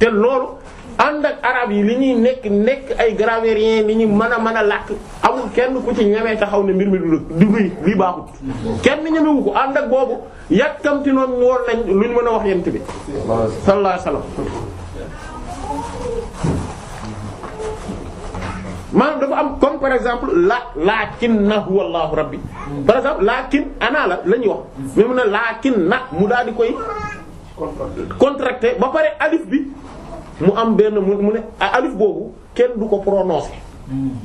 te loolu ànd ak arab yi li ñuy nekk nekk ay grammairien li ñuy mën a mën a làkk amul kenn ku ci ñemee taxaw ne mbir mi du du luy lii baaxut kenn ñemewu ko ànd ak boobu yàkkamti noonu woon nañ lu mën a wax yent bi sallallahu alayhi wasallam maanaam dafa am comme par exemple la laakin na huwa allahu rabbi par exemple laakin ana la la ñuy wax mais mu ne na mu daal di koy contracté ba pare alif bi mu am benn mu mu ne alif boobu kenn du ko prononcer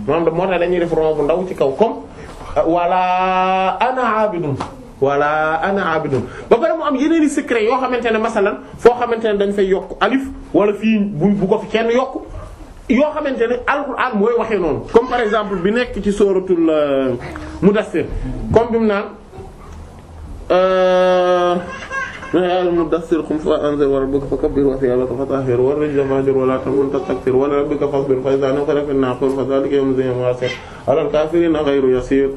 maanaam moo tax dañuy def ron bu ndaw ci kaw comme euh, wala ana abidun wala ana abidun ba pare mu am yeneen i yoo xamante ne masalan foo xamante ne dañ fay yokk alif wala fii bu bu ko fi kenn yokk yoo xamante ne alxuraan mooy waxee noonu comme par exemple bi nekk ci sóoratul euh, mudassir comme bi mu naan euh, yaa ayyuhal muddaththir qum fa anzir wa rabbaka fakabbir wa thiyaabaka fatahhir wa rijza fahjur wa laa tamnun tastakthir wa li rabbika fasbir fa idhaa nuqira fin naaqur fa dhaalika yawma'idhin yawmun 'asiir 'alal kaafiriina ghayru yasiir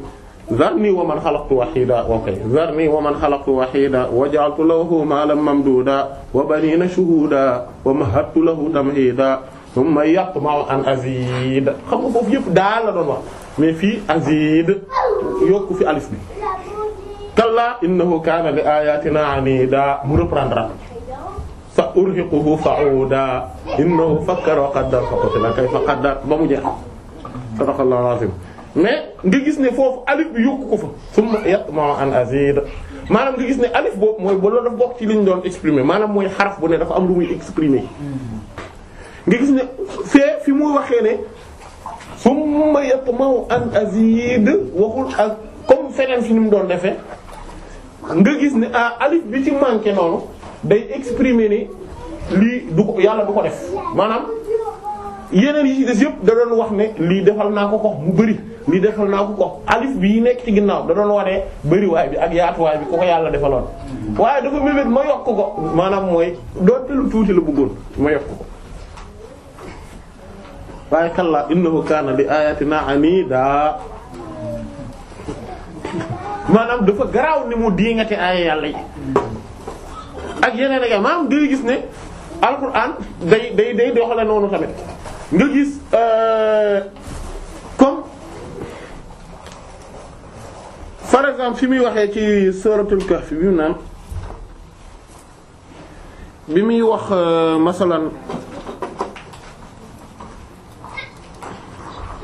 zarnii wa man xalaqtu wahiidan okay zarnii wa man xalaqtu wahiidan wa ja'altu lahu maalan mamduudan wa baniina shuhuudan wa mahhadtu lahu tamhiidan thumma yatma'u an aziid xam nga foofu yëpp daal la doon wax mais fii aziid yokku fi alif bi kalla innahu kaana li ayatina anida mu reprendre sa urhiquhu fa'uda innahu fakkara wa qaddara fa qutila kayfa qaddara ba mu jeex sadaqallahu azim mais nga gis ne foofu alif bi yokku ko fa summa yatma an azid maanaam nga gis ne alif boobu mooy ba loolu daf bokk ci li ñu doon exprimer maanaam mooy xaraf bu ne dafa am lu muy exprimer nga gis ne fee fi muy waxee ne summa yatma an azid waxul ak comme feneen fi ni mu doon defee nga gis ni ah alif bi ci manqué noonu day exprimer ni lii du ko yàlla du ko def maanaam yeneen yi ci des yëpp da doon wax ne lii defal naa ko ko mu bëri lii defal naa ko ko alif bi nekk ci ginnaaw da doon waree bëriwaay bi ak yaatuwaay bi ko ko yàlla defaloon. waaye dafa mébét ma yokk ko maanaam mooy doonte lu tuuti la bëggoon ma yokk ko. waaye kallaa innahu kaana li ayatina anida maanaam dafa garaaw ni mu diingate ay yàlla yi ak yeneen ak maanaam day gis ne alxuraan day day day doxale noonu tamit nga gis euh, comme par exemple fi muy waxee ci suratul kahf bi mu naan bi muy wax euh, masalan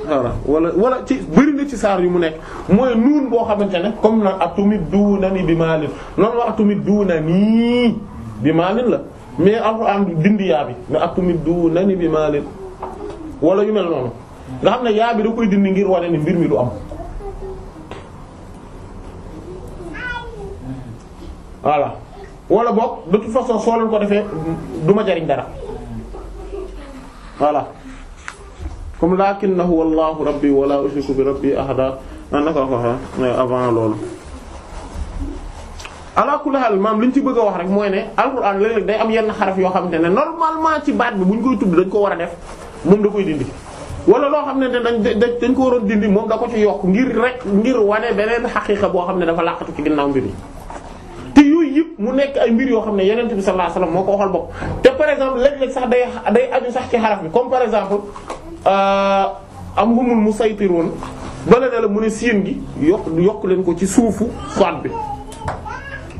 dara wala wala ci bëri ci saar yi mu nekk mooy nuun boo xamante ne comme nag atumit duuna ni bi maalin noonu wax atumit duuna nii bi maalin la mais alxuraan dindi yaa bi mais atumit duuna ni bi maalin wala yu mel noonu nga xam ne yaa da koy dindi ngir wane ni mbir mi du am voilà wala boog de toute façon soo ko defee du jariñ dara voilà comme na lakinnahu wallahu rabbi wala ushriku bi rabbi ahada naka waxa ah, avant loolu ala kulli haal maam li ñu ci bëgg a wax rek mooy ne alxuraan léeg-léeg day am yenn xaraf yoo xam ne normalement ci baat bi bu ñu koy tudd dañ ko war a def moom da koy dindi wala loo xam ne dañ dañ ko waroon dindi moom da ko ci yokk ngir rek ngir wane beneen xaqiiqa boo xam ne dafa laqatu ci ginnaaw mbir yi te yooyu yëpp mu nekk ay mbir yoo xam ne yeneen bi sallallahu alayhi wasallam moo ko waxal bopp te par exemple léeg-léeg sax day day Euh, am humul musaytiroon bala ne la mu ne siin gi yokk yokk leen ko ci suufu faat bi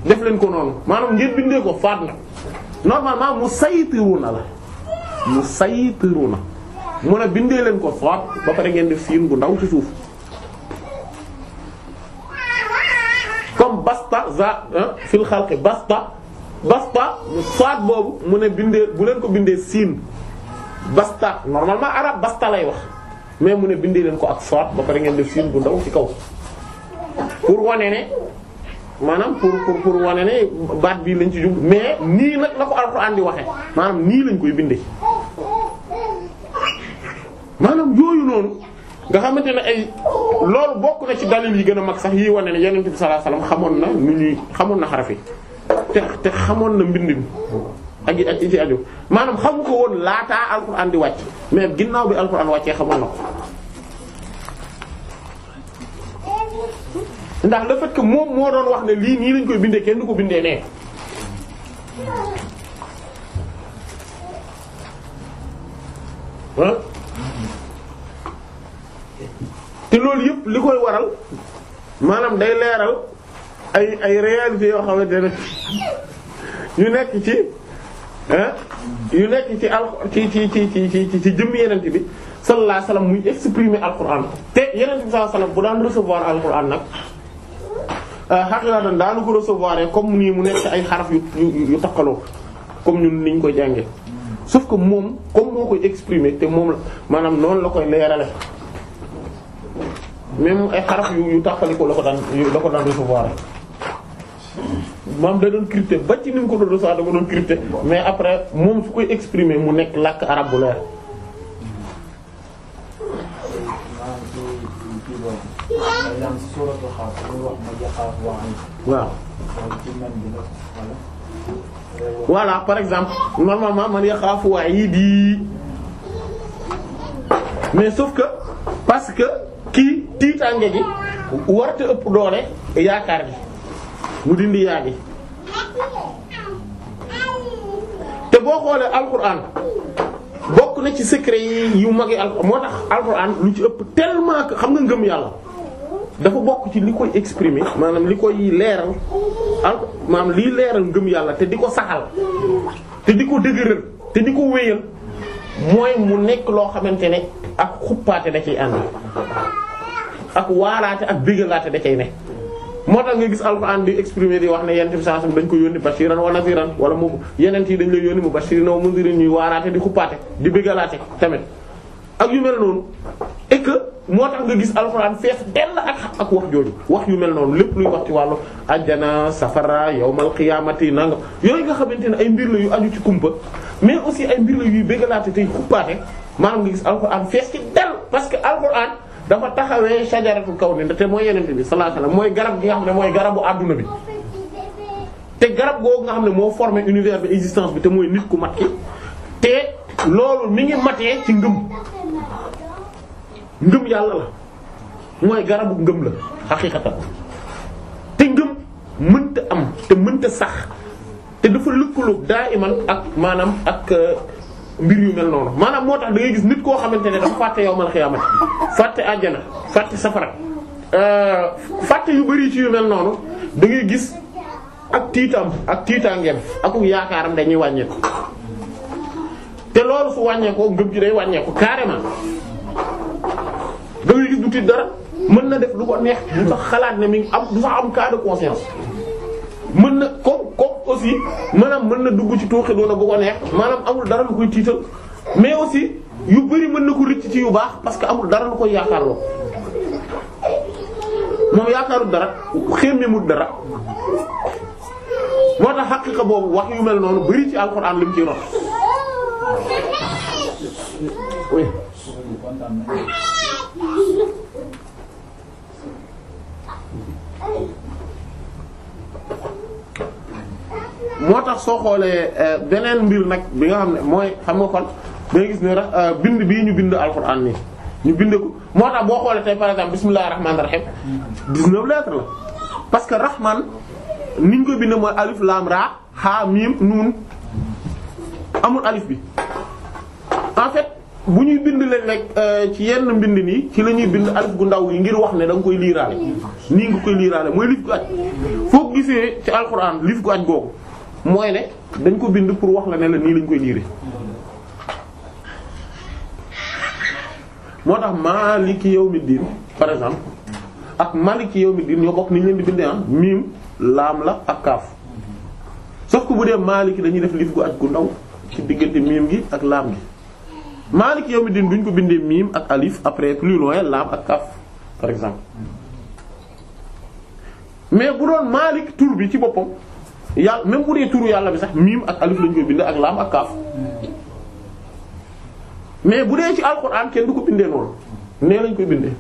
def leen ko noonu maanaam ngeen bindee ko faat na normalement musaytiruna la musaytiruna mu ne bindee leen ko faat ba pare ngeen def siin bu ndaw ci suuf comme basta za fil xalqi basta basta faat boobu mu ne bindee bu leen ko bindee siin basta normalement arab basta lay wax mais mu ne bindee leen ko ak soit ba pare ngeen def siin bu ndaw ci kaw pour wane ne maanaam pour pour pour wane ne baat bii lañ ci jug mais nii nag la ko alxuraan di waxe maanaam nii lañ koy bindee maanaam yooyu noonu nga xamante ne ay loolu bokk na ci dalil yi gën a mag sax yi wane ne yonent bi sallallahu alayhi xamoon na nu ñuy xamoon na xaraf yi te te xamoon na mbind mi ak yi ci aju maanaam xamu ko woon laataa alxuraan di wàcc mais ginnaaw bi alxuraan wàccee xamoon na ko ndax le fait que moom moo doon wax ne lii nii lañ koy bindee kenn du ko bindee nee te loolu yëpp li koy waral maanaam day leeral ay ay réalités yoo xamante ne ñu nekk ci yu nekk ci al ci ci ci ci ci ci jëmm yenent bi sallallahu alayhi wasallam muy exprimer alquran te yenent bi sallallahu alayhi wasallam bu daan recevoir alquran nag xaqiqatan euh, daanu ko recevoir comme nii mu nekk ay xarab yu yu takkaloo comme ñun ñu koy jànge sauf ko moom comme moo koy exprimer te moom la maanaam noonu la koy leerale même ay xaraf yu yu takkalikoo la ko daan la ko daan recevoir maam da doon crypté ba ci ni mu ko doon recevoir da ko doon crypté mais après moom su koy exprimer mu nekk làkk arab bu leer. waaw. voilà par exemple normalement man yaxaafu wa'iidi mais sauf que parce que tiitaange gi warta ëpp doole yaakaar gi mu dindi yaa gi te boo xoolee alquran bokk na ci secret yi yu mag yi al moo tax alquran lu ci ëpp tellement que xam nga ngëm yàlla dafa bokk ci li koy exprimé maanaam li koy leeral al maanaam liy leeral ngëm yàlla te di ko saxal te di ko dëgëral te di ko wéyal mooy mu nekk loo xamante ne ak xuppaate da ciy ànd ak waalaate ak bégalaate da cay ne moo tax nga gis alxuraan di exprimer di wax ne yenent bi sallallahu dañ ko yónni bashiran wa naziran wala mu yenent yi dañ lay yónni mu bashirin wa munzirin ñuy di xuppaate di bëggalaate tamit ak yu mel noonu et moo tax nga gis alxuraan fees dell ak ak wax jooju wax yu mel noonu lépp luy wax ci wàllu ajjana safara yawmal qiyaamati nanga yooyu nga xamante ne ay mbir la yu aju ci kumpa mais aussi ay mbir la yuy bëggalaate tey xuppaate maanaam nga gis alxuraan fees ci dell parce que alxuraan dafa taxawee sajaratul kaw ni te mooy yenente bi sallallahu alayhi mooy garab gi nga xam ne mooy garabu àdduna bi te garab googu nga xam ne moo formé univers bi existence bi te mooy nit ku mat ki te loolu mi ngi matee ci ngëm ngëm yàlla la mooy garabu ngëm la xaqiiqatan te ngëm mënta am te mënta sax te dafa lëkkaloo daa iman ak maanaam ak euh, mbir yu mel noonu maanaam moo tax da ngay gis nit koo xamante ne dafa fàtte yawmal xiyaamati fàtte àjjana fàtte safara euh, fàtte yu bari ci yu mel noonu dangay gis ak tiitam ak tiitaangeem ak yaakaaram dañuy wàññeeku. te loolu su wàññeekoo ngëm ji day wàññeeku carrément da ngay gis du tiit dara mën na def lu ko neex du sax xalaat ne mi ngi am du sax am cas de conscience. mën na comme comme aussi maanaam mën na dugg ci tooxi doona bu ko neex maanaam amul dara lu koy tiital mais aussi yu bari mën na ko rëcc ci yu baax parce que amul dara lu koy yaakaarloo moom yaakaarul dara xémmemul dara moo tax xaqiqa boobu wax yu mel noonu bari ci alxuraan lim ci rox moo tax soo xoolee euh, beneen mbir nag bi nga xam ne mooy xam nga kon day gis ne euh, bind bii ñu bind alxuraan nii ñu bind ko moo tax boo xoolee te par exemple bismillahir rahmanir rahim 19 lettres la parce que rahman niñ ko bind mooy alif lam ra ha mim nun amul alif bi en fait bu ñuy bind leen rek euh, ci yenn mbind nii ci la ñuy bind alif gu ndaw yi ngir wax ne da koy liiraale nii nga koy liiraale mooy lif gu aj foo gisee ci alxuraan lif gu aj googu mooy ne dañ ko bind pour wax la ne la nii lañ koy liire moo tax maaliki yawmiddin par exemple ak maaliki yawmiddin ñoo bokk ni ñu leen di am ah, miim laam la ak kaaf sauf que bu dee maaliki dañuy def lif gu at gu ndaw ci diggante miim gi ak laam gi maaliki yawmiddin duñ ko bindee miim ak alif après plus loin laam ak kaaf par exemple mais bu doon maalik tur bi ci boppam. yàlla même bu dee turu yàlla bi sax miim ak alif lañ koy bind ak laam ak kaaf mais bu dee ci alxuraan kenn du ko bindee noonu nee lañ koy bindee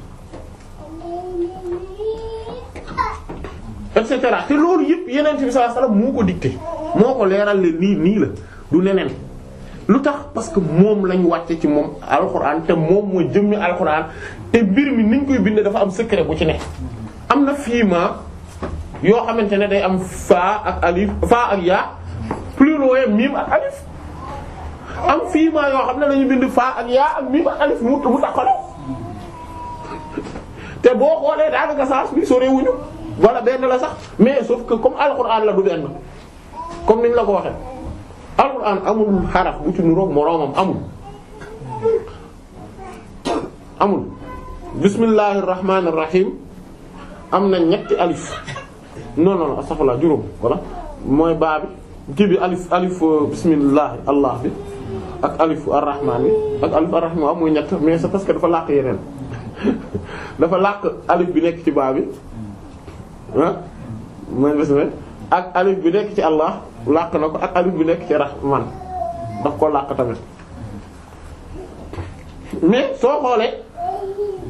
et cetera te loolu yëpp yeneen bi sallallahu alayhi wasallam moo ko dicté moo ko leeral leen nii nii la du neneen lu tax parce que moom lañ wàcce ci moom alxuraan te moom mooy jëmmi alxuraan te mbir mi niñ koy bindee dafa am secret bu ci ne am na fiima yoo xamante ne day am faa ak alif faa ak yaa plus loin miim ak alif am fii maa yoo xam ne dañu bind faa ak yaa ak miim ak alif mu mu takkale te boo xoolee daanaka saas bi sorewuñu wala benn la sax mais sauf que comme alxuraan la du benn comme niñ la ko waxee alxuraan amul xaraf bu ci nuroog moroomam amul amul bismillahir rahmanir rahim am na ñetti alif non non astaghfirullah juróom voilà mooy baa bi kii bi alif alif euh, bismillah allah bi ak alif arrahman bi ak alif arrahman muy ñett mais c'est parce que dafa làkk yeneen dafa làkk alif bi nekk ci baa bi ah mooy bismillah ak alif bi nekk ci allah làkk na ko ak alif bi nekk ci rahman daf koo làkk tamit mais soo xoolee.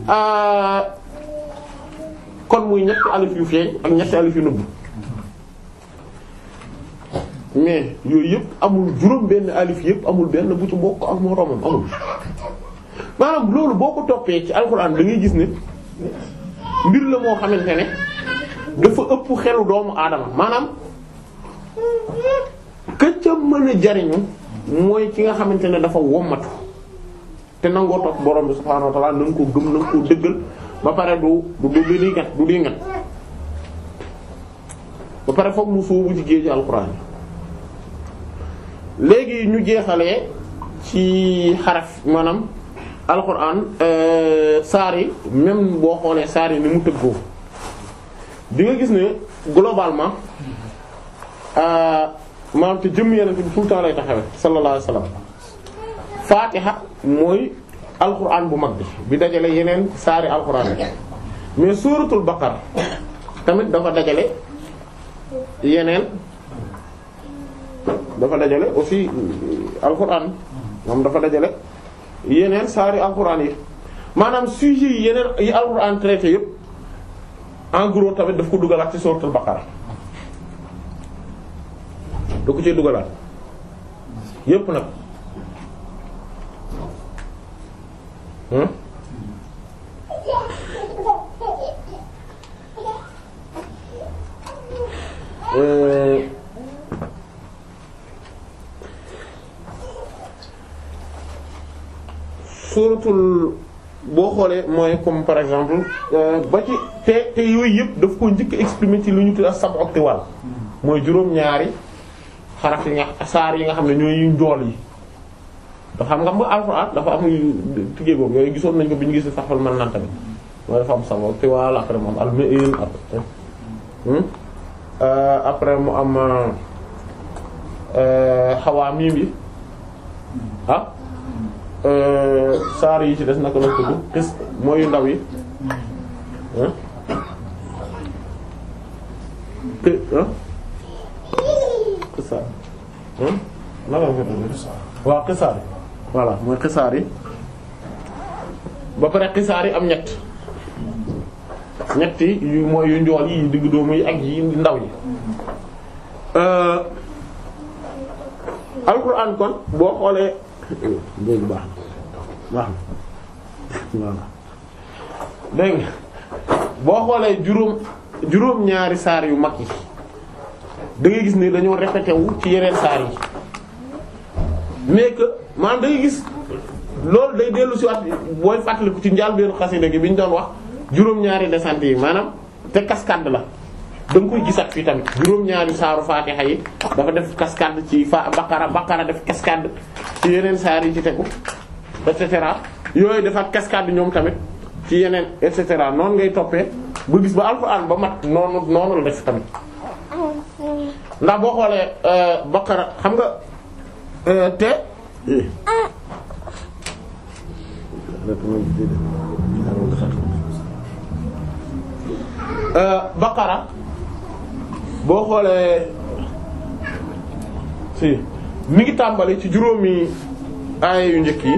Euh, kon muy ñetti alif yu feeñ ak ñetti alif yu nëbb mais yooyu yëpp amul juróom benn alif yëpp amul benn bu ci bokk ak moroomam amul maanaam loolu boo ko toppee ci alxuraan da ngay gis ne mbir la moo xamante ne dafa ëpp xelu doomu aadama maanaam këcca mën a jariñu mooy ki nga xamante ne dafa womatu te nangoo topp borom bi subhaanahu wa ta'aala na nga ko gëm na nga ko dëggal ba pare du du du di ngat du di ngat ba pare foog mu suubu ci géeju alxuraan léegi ñu jeexalee ci xaraf maanaam alxuraan euh, saar yi même boo xoolee saar yi ni mu tëggoo di nga gis ne globalement euh, maanaam te jëm yeneen bi tout le temps lay taxawee sallallahu alayhi wasallam faatiha mooy alquran bu mag bi bi dajale yeneen saari alquran bi mais suuratul baqara tamit dafa dajale yeneen dafa dajale aussi alquran moom dafa dajale yeneen saari alquran yi maanaam sujet yi yeneen yi alquran traité yëpp en tamit daf ko dugalaat ci suuratul baqara da ko ci dugalaat yëpp nag Uh, suuratul boo xoolee mooy comme par exemple euh, ba ci te te yooyu yëpp daf ko njëkk exprimer ci lu ñu tuddee sab'u tiwal mm. mooy juróom-ñaari xaraf yi nga saar yi nga xam ne ñooy yu njool yi dafa am xam nga alxuraan dafa am tigé boobu yooyu gisoon nañ ko bi ñu gisee saxal mën naan tamit mooy dafa am solo te après mu am almain ak hmm? euh, après mu am euh, euh, xawaa miim yi ah saar yi ci des naka la tudd xis mooy ndaw yi hmm? ah. waaw xisaar hmm? voilà mooy xisaar yi ba pare xisaar yi am ñett ñetti yi yu mooy yu njool yi yu digg yi ak yi ndaw yi euh, alxuraan kon boo xoolee dégg baax na boo xoolee juróom juróom ñaari saar yu mag yi da gis ni dañoo répété ci yeneen saar yi mais que maanaam day gis loolu day dellu si waat booy fàttaliku ci njàlbéenu xasida gi bi ñu doon wax juróom-ñaari descente yi maanaam te cascade la da nga koy gisaat fii tamit juróom-ñaari saaru faatiha yi dafa def cascade ci fa baqara baqara def cascade ci yeneen saar yi ci tegu et cetera yooyu dafa cascade ñoom tamit ci yeneen et cetera noonu ngay toppee ba gis ba alxuraan ba mat noonu noonu la def tamit ndax boo xoolee euh, baqara xam nga euh, te. Euh, baqara boo xoolee si mi ngi tàmbali ci juróomi aaya yu njëkk yi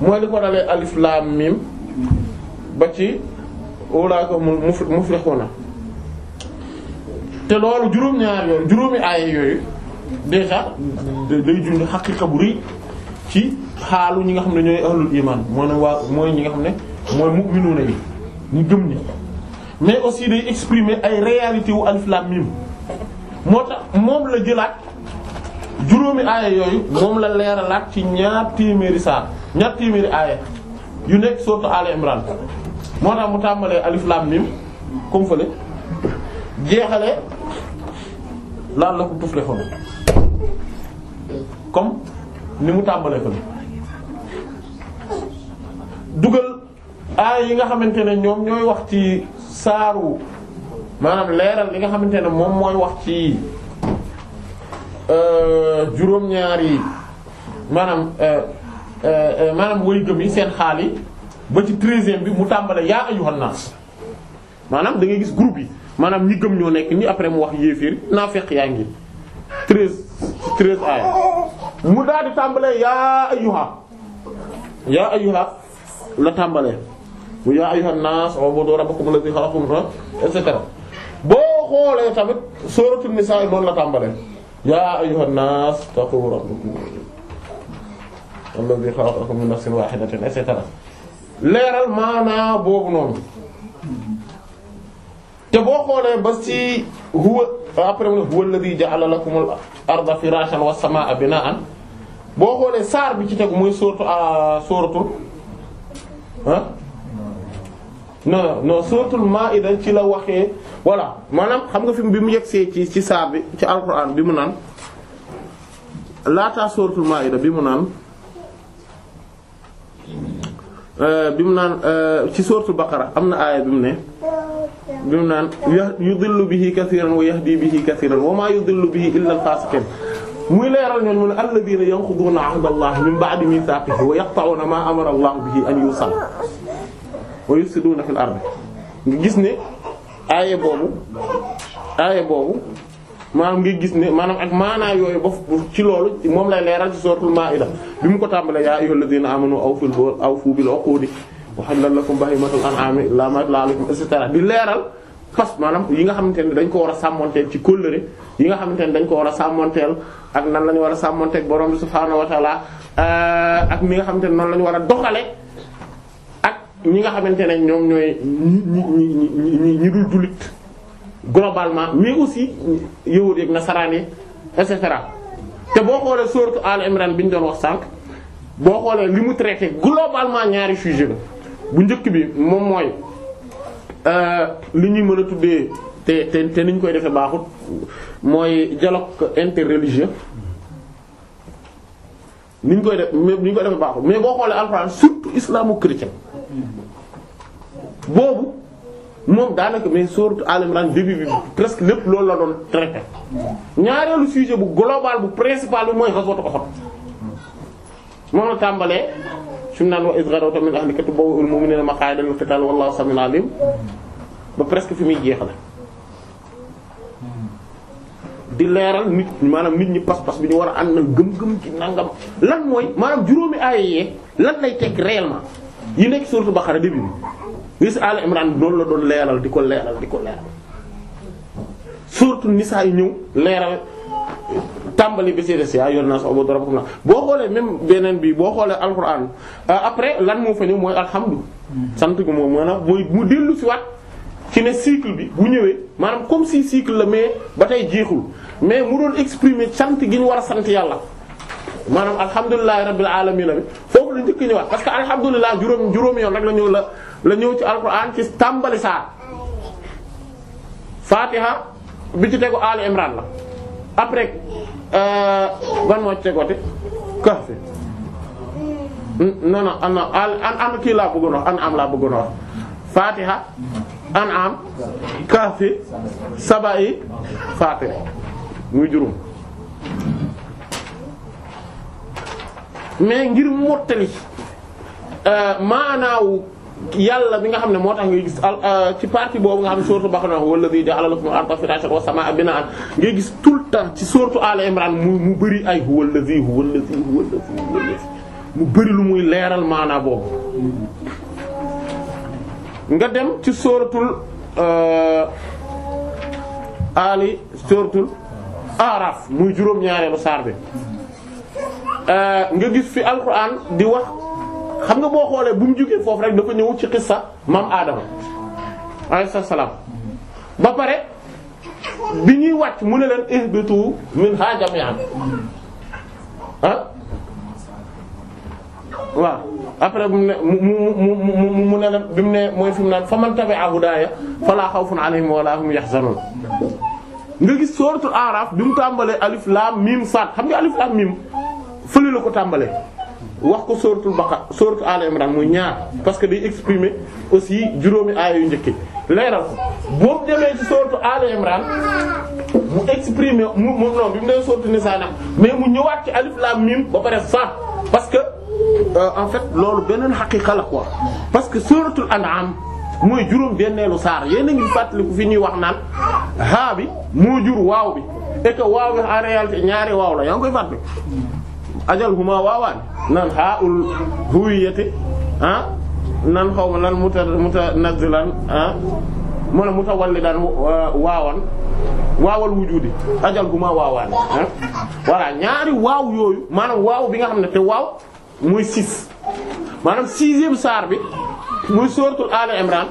mooy li ko dalee alif laam mim ba ci walaaka muflihuna te loolu juróom-ñaar yooyu juróomi aaya yooyu déjà day junj xaqiqa bu rëy ci xaalu ñi nga xam ne ñooy ahlul iman moo ne waa mooy ñi nga xam ne mooy mu'minuna yi ñu gëm ñi mais aussi day exprimer ay réalité wu alif lam mim moo tax moom la jëlaat juróomi aaya yooyu moom la leeralaat ci ñaar téeméeri saar ñaar téeméeri aaya yu nekk sourate Al Imran moo tax mu tàmbalee alif lam mim comme fële jeexale lan la ko tufle xool comme ni mu tàmbalee ko dugal aay yi nga xamante ne ñoom ñooy wax ci saaru maanaam leeral li nga xamante ne moom mooy wax ci euh, juróom-ñaar yi maanaam euh, euh, maanaam way gëm yi seen xaal yi ba ci treizième bi mu tàmbale yaa ay naas maanaam da gis groupe yi maanaam ñi gëm ñoo nekk ni après mu wax yéeféer naa fekk yaa ngi treize treize aaya mu daal di tàmbalee yaa ayyuha yaa ayyuha la tàmbalee bu yaa ayyuhan naas ubudu rabbakum alladhi khalaqakum et cetera boo xoolee tamit suratul nisaa noonu la tàmbalee yaa ayyuhan naas taqu rabbakum alladhi khalaqakum et cetera leeral maanaa boobu noonu. te boo xoolee ba ci huwa après mu ne huwa alladhi ja'ala lakumul arda firashan was samaa'a binaa'an boo xoolee saar bi ci tegu muy sooratu ah, sooratul ah non non sooratul maa'ida ci la waxee voilà maanaam xam nga fi bi mu yegsee ci ci saar bi ci alquran bi mu naan laataa sooratul maa'ida bi mu naan euh, bi mu naan euh, ci sooratul baqara am na aaya bi mu ne bi mu naan yudillu bihi kathiran wa yahdi bihi kathiran wa ma yudillu bihi illa al-fasiqin muy leeral ñoon mu ne alladhina yanquduna ahda Allah min ba'di mithaqihi wa Allah bihi an yusal wa yufsiduna fil ardi gis ne aaye boobu aaye boobu maanaam nga gis ni maanaam ak maanaa yooyu ba ci loolu moom lay leeral ci suratul Maa'ida bi mu ko tàmbalee yaa ayyuhalladhina amanu awfu bil uqudi uhillat lakum bahimatul an'ami illaa maa yutla alaykum et cetera di leeral pas maanaam yi nga xamante ne dañ ko war a sàmmonteel ci kóllëre yi nga xamante ne dañ ko war a sàmmonteel ak nan la ñu war a sàmmonteeg borom bi subhaanahu wa ta'ala euh, ak ni nga xamante ne noonu la ñu war a doxale ak ñi nga xamante ne ñoom ñooy ñi ñi ñi ñi dul jullit globalement mais aussi yahuud ak nasaraan yi et cetera te boo xoolee sourate Al Imran bi ñu doon wax sànq boo xoolee li mu traité globalement ñaari sujet la bu njëkk bi moom mooy euh, li ñuy mën a tuddee te te te niñ koy defee baaxut mooy dialogue interreligieux niñ koy def mais niñ koy defee baaxut mais boo xoolee alxuraan surtout islamo-chrétien boobu moom daanaka mais sourate Al-Imran début bi presque lépp loolu la doon traité ñaareelu sujet bu global bu principal bi mooy xas watu ko xot moo tàmbalee fi mu naan wa iz ghadawta min ahlika tubawwi'ul mu'minina maq'ada lil qital wallahu sami'un 'alim ba presque fi muy jeexale di leeral nit maanaam nit ñi pas-pas bi ñu war a na gëm-gëm ci nangam lan mooy maanaam juróomi aaya yee lan lay teg réellement yi nekk sourate Baqara début bi gis Al Imran noonu la doon leeral di ko leeral di ko leeral sourate Nisaa yi ñëw leeral tàmbali bi ci des yaa ayyuhan naas ubudu rabbakum la boo xoolee même beneen bi boo xoolee alxuraan euh, après lan moo fa ñëw mooy alhamdu sant gu moom maanaam mooy mu dellu ci waat ci ne cycle bi bu ñëwee maanaam comme si cycle la mais ba tey jeexul mais mu doon exprimer sant gi ñu war a sant yàlla maanaam alhamdulillahi rabbil alamin bi foofu la njëkk ñëwaat parce que alhamdulilah juróom juróomi yoon rek la ñëw la la ñëw ci alxuraan ci tàmbali saar Fatiha la Euh, ban moo tegooti Kahf non non an kii laa bëggoon wax an am laa bëggoon wax Fatiha an am Kahf Saba'i Fatir muy juróom mais ngir mottali euh, maanaawu yàlla bi nga xam ne moo tax ngay gis al euh, ci partie boobu nga xam ne sourate Baqara wallazi ja'ala lakumul arda firaashan was samaa'a binaa'an ngay gis tout le temps ci sourate Al Imran mu mu bëri ay wallazi wallazi wallazi mu bëri lu muy leeral maanaa boobu. nga dem ci sooratul Ali sooratul Araf muy juróom-ñaareelu saar bi euh, nga gis fi Alquran di wax. xam nga boo xoolee bu mu jógee foofu rek da ko ñëw ci xissa maam aadama alayhi salaam ba pare bi ñuy wàcc mu ne leen ihbitu minha jami'an ah waaw après mu ne mu mu mu mu ne leen bi mu ne mooy fi mu naan faman tabi'a hudaya xaw khawfun alayhim wala hum yahzanun nga gis suratul araf bi mu tàmbalee alif lam mim sad xam nga alif lam mim fële la ko tàmbalee. wax ko sóoratul Baqara sóoratu Al Imran muy ñaar parce que day exprimer aussi juróomi aaya yu njëkk leeral ko boobu demee ci sóoratu Al Imran mu exprimer mu mu non bi mu nee sóoratu Nisaa nag mais mu ñëwaat ci alif laam mim ba pare fa parce que euh, en fait loolu beneen xaqiqa la quoi parce que sóoratul An'am mooy juróom benneelu saar yéen a ngi fàttaliku fi ñuy wax naan haa bi moo jur waaw bi et waaw bi en réalité ñaari waaw la yaa ngi koy fàttali. ajal huma waawaan naan xaa ul huwiyati ah nan xaw ma lan muta muta nazilan ah mu ne mutawallidan waawan waawal wujudi ajal huma waawaan ah voilà ñaari waaw yooyu maanaam waaw bi nga xam ne te waaw mooy six maanaam sixième saar bi muy suratul Al Imran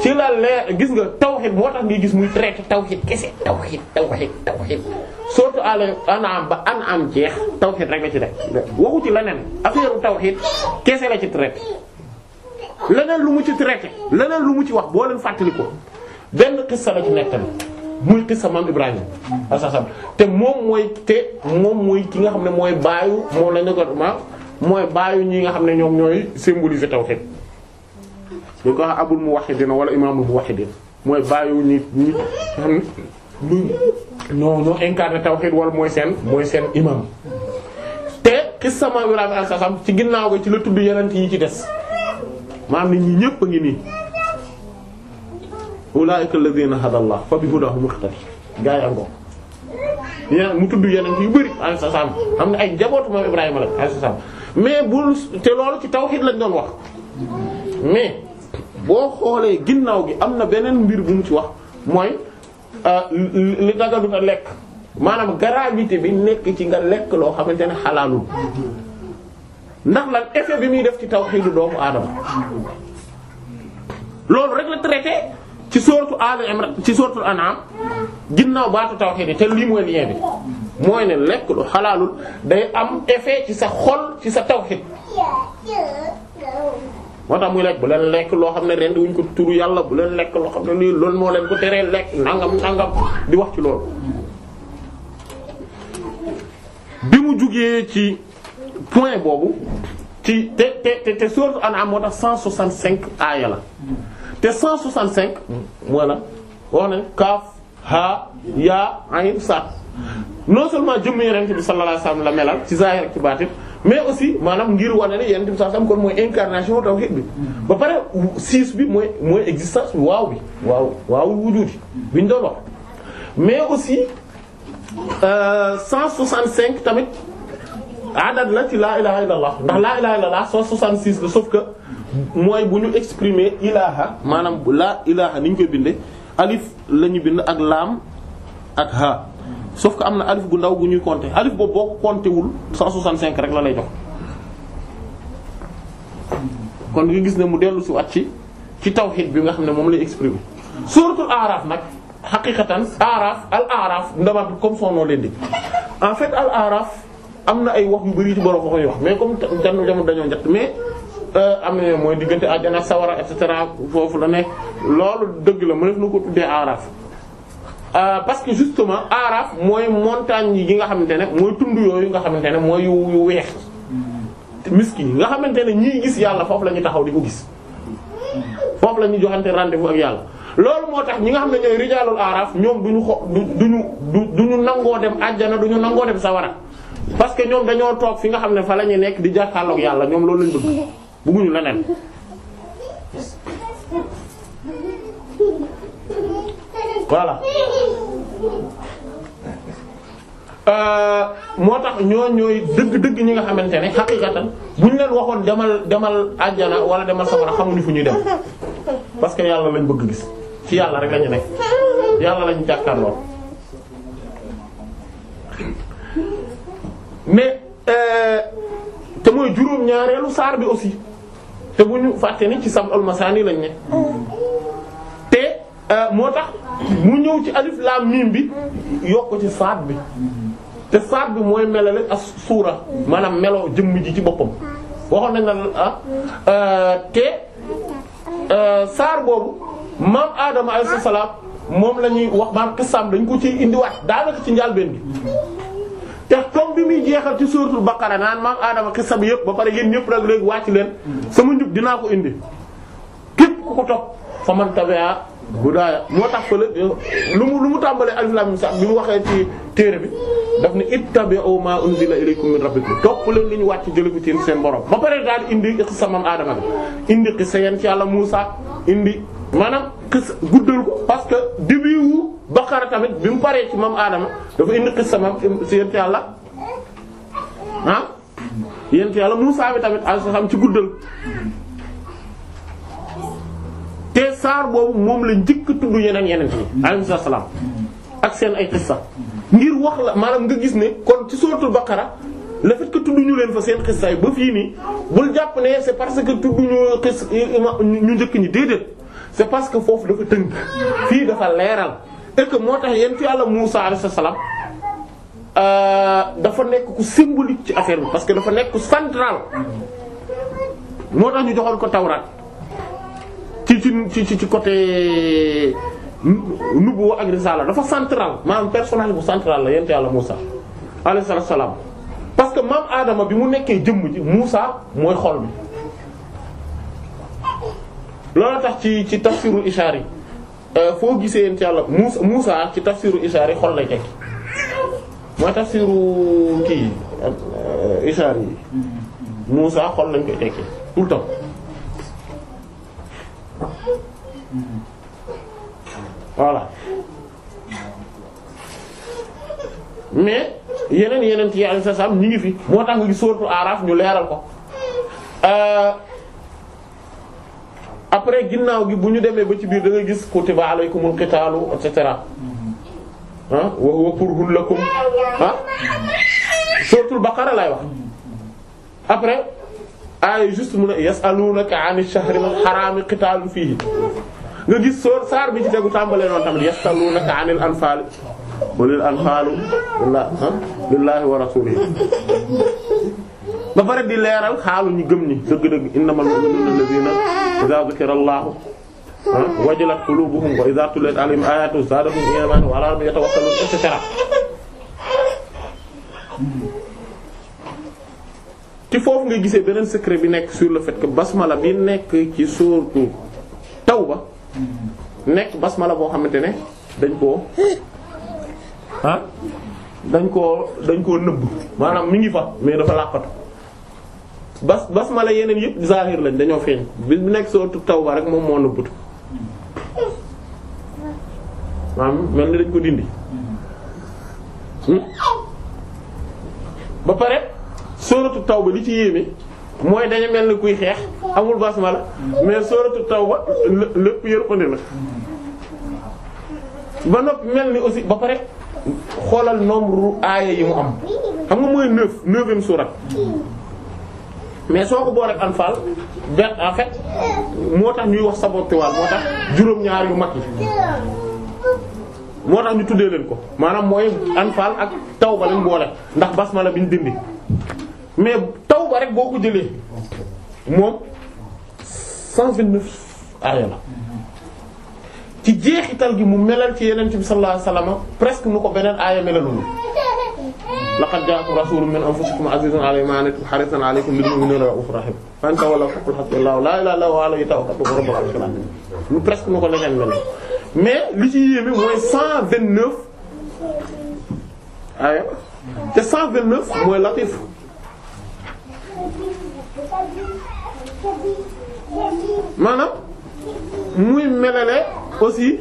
ci la leer gis nga taw tawhid moo tax ngay gis muy traité tawhid kese tawhid tawhid tawhid surtout al anam ba an am jeex tawhid rek la ci def waxu ci leneen taw tawhid kese la ci traité leneen lu mu ci traité leneen lu mu ci wax boo leen fàttali ko benn xissa la ci nekk tamit muy xissa maam Ibrahima asasam te moom mooy te moom mooy ki nga xam ne mooy baayu moom la ñu ko ma mooy baayu ñi nga xam ne ñoom ñooy symboliser tawhid ñu ko wax abul muwahhidin wala imaamul muwahhidin mooy bàyyiwu ñi ñi xam ne ñoo ñoo incarné tawhid wala mooy seen mooy seen imam te xissa Maam Ibrahima alayhi salaam ci ginnaaw ci la tudd yeneen yi ci des maam nit ñi ñëpp a ngi nii ulaa'ika alladhiina hadallah fa bi hudaahum muqtadi gaa yi àndoon yaa mu tudd yeneen yu bëri alayhi salaam xam ne ay njabootu Maam Ibrahima la alayhi salaam mais bu te loolu ci tawhid lañ doon wax mais. boo xoolee ginnaaw gi am na beneen mbir bu mu ci wax mooy euh, li daganut a lekk maanaam gravité bi nekk ci nga lekk loo xamante ne xalaalul ndax lan effet bi muy def ci taw tawxiidu doomu aadama loolu rek la traité ci sourate Al Imran ci sourate An'am ginnaaw baatu tawxiid te lii mooy lien bi mooy ne lekk lu xalaalul day am effet ci sa xol ci sa taw tawxiid moo tax muy lekk bu leen lekk loo xam ne rendi wuñ ko turu yàlla bu leen lekk loo xam ne lii loolu moo leen ko teree lekk nangam nangam di wax ci loolu bi mu jugee ci point boobu ci te te te sourate An'am moo tax cinq aaya la te 165 mooy la wax ne kaaf ha yaa ayn saat non seulement jëmm Yonent bi sallallahu alayhi la melal ci zaahir ak ci baatin mais aussi maanaam ngir wane ne yenn saa sam kon mooy incarnation tawhid bi hmm. ba pare siis bi mooy mooy existence bi waaw bi waaw waawul wujuudi bi ñu doon wax mais aussi euh, 165 tamit adat la ci laa ilaha illallah ndax laa ilaha illallah 166 la sauf que mooy bu ñu exprimer ilaha maanaam laa ilaha ni koy binde alif la ñu bind ak laam ak ha sauf que am na alif bu ndaw bu ñuy compter alif boobu boo ko compter wul 165 rek la lay jox. kon nga gis ne mu dellu si waat ci ci tawhid bi nga xam ne moom lay exprimer suuratul aaraaf nag xaqiqatan aaraaf al aaraaf ndamaat comme son nom l'indique en fait al aaraaf am na ay wax yu bari ci borom wax yu wax mais comme jannu jamono dañoo njëkk mais euh, am na mooy diggante àjjana sawara et cetera foofu la ne loolu dëgg la mëneef na ko tuddee aaraaf. Euh, parce que justement aaraaf mooy montagne yi nga xamante ne mooy tund yooyu nga xamante ne mooy yu yu weex mm-hmm. miski yi nga xamante ne ñiy gis yàlla foofu la ñu taxaw di ko gis mm-hmm. foofu la ñu joxante rendez-vous ak yàlla loolu moo tax ñi nga xam ne ñooy rijaalul aaraaf ñoom duñu xo du duñu nangoo dem àjjana duñu nangoo dem sawara parce que ñoom dañoo toog fi nga xam ne fa la ñu nekk di jàkkaarloog yàlla ñoom loolu lañ bëgg bëgguñu leneen voilà moo tax ñoo ñooy dëgg-dëgg ñi nga xamante ne xaqiqatan bu ñu leen waxoon demal demal àjjana wala demal safara xamuñu fu ñuy dem parce que yàlla lañ bëgg gis ci yàlla rek lañu nekk yàlla lañu jàkkaarloo mais euh, te mooy juróom ñaareelu saar bi aussi te mu ñu fàtte ni ci sam almasaani lañ ne te euh, moo tax mu ñëw ci alif laam miim bi yokk ci saat bi te saat bi mooy melale ak suura maanaam melo jëmm ji ci boppam waxoon na la ah euh, te euh, saar boobu maam Adama alayhi salaam moom lañuy wax maam qissam dañ ko ciy indiwaat daanaka ci njàlbeen bi te comme bi muy jeexal ci suuratul baqara naan maam Adama qissa bi yëpp ba pare yéen ñëpp rek léegi wàcc leen sama njub dinaa ko indi képp ku ko topp fa man tabi'a hudaaya moo tax fële euh, lu mu lu mu tàmbalee alif lam mim sax bi mu waxee ci téere bi daf ne ittabi'u ma unzila ilaykum min rabbikum topp leen lu ñu wàcc jële bu ci seen borom ba pare daal indi xisa mam aadama bi indi xisa yeen ci yàlla Muusa indi maanaam xis guddal ko parce que début wu Baqara tamit bi mu paree ci mam aadama dafa indi xisa mam si yeen ci yàlla ah yeen yàlla Muusa bi tamit alsam ci guddal saar boobu moom la njëkk a tudd yeneen yeneen yi mm-hmm. alayhi salaam ak seen ay xissa ngir wax la maanaam nga gis ne kon ci suratul baqara le fait que tudd ñu leen fa seen xissa yi ba fii nii bul jàpp ne c'est parce que tudd ñu xis ñu njëkk ñi déedéet c'est parce que foofu dafa tënk fii dafa leeral et que moo tax yéen fi yàlla Muusaa alayhi salaam euh, dafa nekk ku symbolique ci affaire bi parce que dafa nekk ku central mm-hmm. moo tax ñu joxoon ko Tawraat. ci ci ci côté euh, nubuwa ak risala dafa central maanaam personnage bu central la yent yàlla Muusa alayhi salaam parce que maam Adama bi mu nekkee jëmm ji Muusa mooy xol bi loolu tax ci ci tafsiru Ishaari euh, foo gisee yent yàlla Muusa Muusa ci tafsiru Ishaari xol lay tekki mooy tafsiru kii euh, Ishaari yi Muusa xol lañ koy tekki tout le temps voilà mais yeneen yeneen ci alayhi salaam ñu ngi fi moo tax nga gis sourate Araf ñu leeral ko euh, après ginnaaw gi bu ñu demee ba ci biir dangay nga gis kutiba alaykumul qitaalu et cetera ah wa huwa kurhun lakum ah suratul Baqara lay wax après. aaya juste mu ne yas'alunaka 'ani shahril haraami qitaalun fiihi nga gis soor saar bi ci tegu tàmbalee noonu tamit yas'alunaka 'anil anfaali qulil anfaalu lillaahi wa rasuulihi ba pare di leeral xaalu ñu gëm ni dëgg-dëgg innamal mu'minuuna allaziina izaa zukirallaahu wajilat quluubuhum wa izaa tuliyat 'alayhim aayaatuhu zaadathum iimaanan wa 'alaa rabbihim yatawakkaluun et cetera ci foofu nga gisee beneen secret bi nekk sur le fait que basmala bi nekk ci taw ba nekk basmala boo xamante ne dañ koo dañ ko dañ koo nëbb maanaam mu ngi fa mais dafa làqatu bas basmala yeneen yëpp zahir lañ dañoo feeñ bi nekk taw Tawba rek moom moo nëbbutu maanaam mel ni dañ ko dindi hmm? ba pare sooratu ba li ci yéeme mooy dañu mel ni kuy xeex amul basmala mais sooratu tawba lépp yërmande la ba noppi mel ni aussi ba pare xoolal nombre aaya yi mu am xam nga mooy neuf neuvième sourate mais soo ko booleeg Anfal benn en fait moo tax ñuy wax sabotiwaal moo tax juróom-ñaar yu mag yi ñu tuddee leen ko maanaam mooy Anfal ak Tawba lañ boole ndax basmala biñ dindi. mais taw tawba rek boo ko jëlee moom cent vingt-neuf aaya la ci jeexital gi mu melal ci yeneen bi sallallahu alayhi wasallam presque nu ko beneen aaya melalul laqad jaakum rasulun min anfusikum azizun alayhi ma anittum harisun alaykum bil mu'minina ra'ufur rahim fa in tawallaw la ilaha illa huwa alayhi tawakkaltu rabbul arshil presque nu ko leneen melal mais li ci yéeme mooy mooy latif maanaam muy melale aussi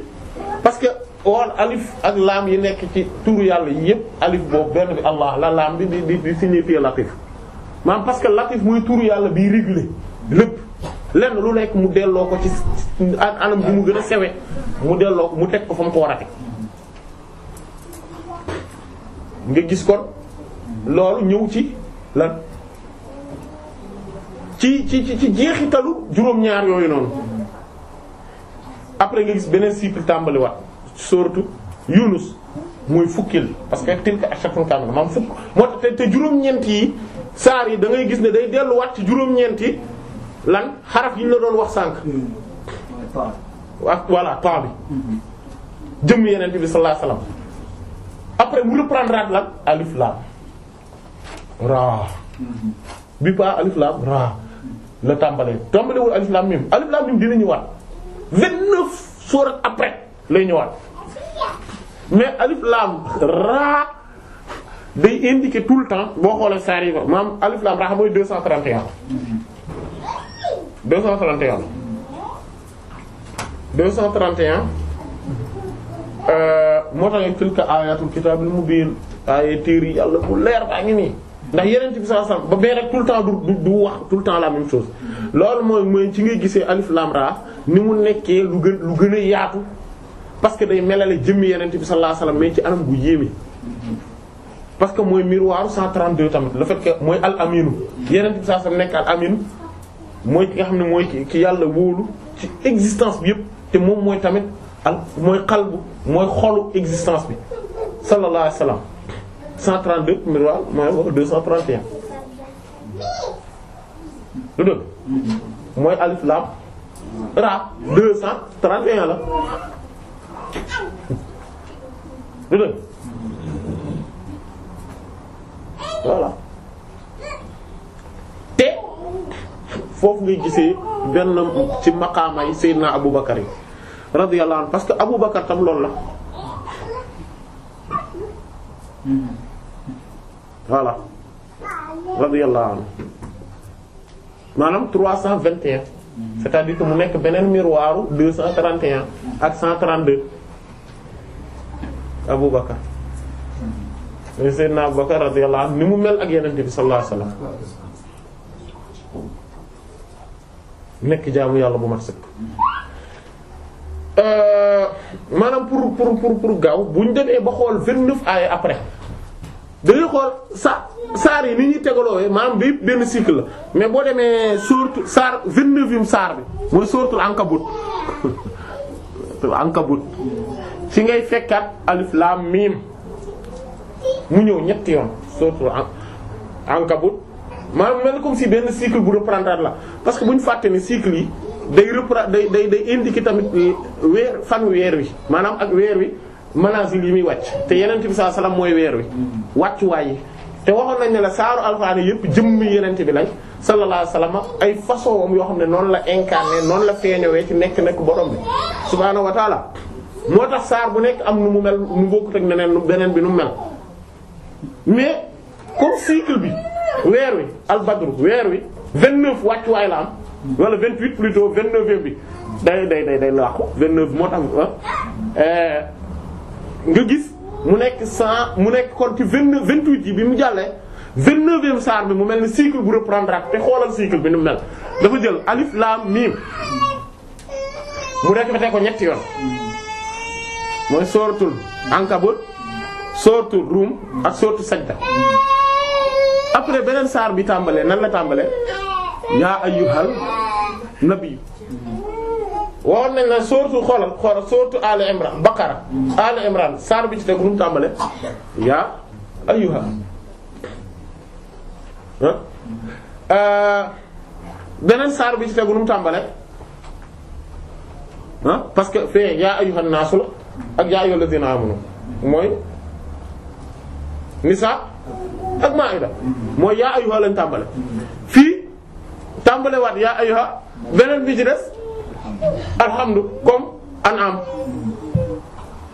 parce que woon alif ak laam yi nekk ci tur yàlla yépp alif boobu benn bi allah la laam bi di di di signifier latif maanaam parce que latif muy turu yàlla biy réglé lépp lenn lu nekk mu delloo ko ci anam bi mu gën a sewe mu delloo ko mu teg ko fa mu ko nga gis kon loolu ñëw ci la ci ci ci jeexitalu juróom-ñaar yooyu noonu après nga gis beneen cycle tàmbaliwaat surtout Yunus muy fukkil parce que tilka ashatun kaamila maam fukk moo tax te juróom-ñeent yi saar yi da ngay gis ne day delluwaat ci juróom-ñeent lan xarab yi ñu la doon wax sànq. ak voilà bi. jëm yeneen bi sallallahu alayhi wasallam après mu reprendre lan alif laam ra bi pa alif laam ra la tàmbalee tàmbalewul alif lam mim alif lam mim dina ñëwaat vingt après lay ñëwaat mais alif lam day indiquer tout le temps boo xoolee saar yi ba maanaam alif lam ra mooy deux cent trente et deux cent trente et deux cent trente et euh, moo tax nga tilka ayatul kitabil mubin ay yàlla bu leer baa ngi nii ndax yeneen bi sallallahu alayhi wasallam ba bee rek tout le tout le temps la même chose loolu mooy mooy ci ngay gisee alif lam ni mu nekkee lu gën lu gën a yaatu parce que day melale jëmmi yeneen bi la alayhi wasallam mais ci anam gu yéeme. parce que cent miroiru 132 tamit lu fait mooy al aminu yeneen bi sallallahu alayhi wasallam nekk al aminu mooy nga xam ne mooy ki yàlla wóolu ci existence bi yëpp te moom mooy tamit al mooy xalbu mooy xolu existence bi sallallahu alayhi wasallam 132 miroir mooy 231 du dëgg mooy alif lam ra 231 la du dëgg voilà te foofu ngay gisee benn ci maqaama yi Seydina Aboubacar yi radiyallahu anhu parce que Aboubacar tam lool la. voilà radiyallahu anhu maanaam 321 c'est-à-dire que mu nekk beneen miroiru 231 ak 132 Abu Bakar Seydina Abu Bakar radiyallahu anhu ni mu mel ak Yonent bi sallallahu alayhi nekk jaamu yàlla bu mat sëkk euh, maanaam pour pour pour gaaw bu ñu demee ba xool 29 ay après dañuy xool sa saar yi ni ñuy tegaloo maanaam bi benn cycle la mais boo demee sourate saar vingt-neuvième saar bi mooy sourate Ankabut Ankabut ci ngay fekkaat alif laam miim mu ñëw ñetti yoon sourate Ankabut maanaam mel comme ci benn cycle bu reprendre la parce que bu ñu fàtte ne cycle yi day reprendre day day day indiquer tamit weer fan weer wi maanaam ak weer wi. manazil yi muy wàcc te yenent bi sallallahu alayhi mooy weer wi wàccuwaay yi te waxoon nañ ne la saaru alxuraan yëpp jëmm yenent bi lañ sallallahu alayhi wasallam ay façon am yoo xam ne noonu la incarné noonu la feeñowee ci nekk nekk borom bi subhaanahu wa taala moo tax saar bu nekk am nu mu mel nu bokkut ak neneen beneen bi nu mu mel mais comme cycle bi weer wi albadru weer wi vingt neuf wàccuwaay la am wala vingt huit plutôt vingt neuvième bi day day day day laaxu vingt neuf nga gis mu nekk cent mu nekk kon ci vingt bi mu jàllee vingt neuvième saar bi mu mel ni cycle bu reprendre ak te xoolal cycle bi ni mu mel dafa jël alif laam miim mu répété ko ñetti yoon mooy sooratul ankabut sooratul ruum ak sooratul sajda après beneen saar bi tàmbalee nan la tàmbalee yaa ayyuhal nabi waxoon nañ la sooratu xoolal xoolal sooratu Ali Imran Baqara Ali Imran saar bi ci tegu nu mu tàmbale yaa ayyuha euh, beneen saar parce que fee yaa ayyuhan naasu ak yaa ayyuhal lazina amanu mooy Nisaa ak Maa'ida mooy yaa ayyuha lañ tàmbale fii tàmbale waat yaa ayyuha beneen bi alhamdu comme an'am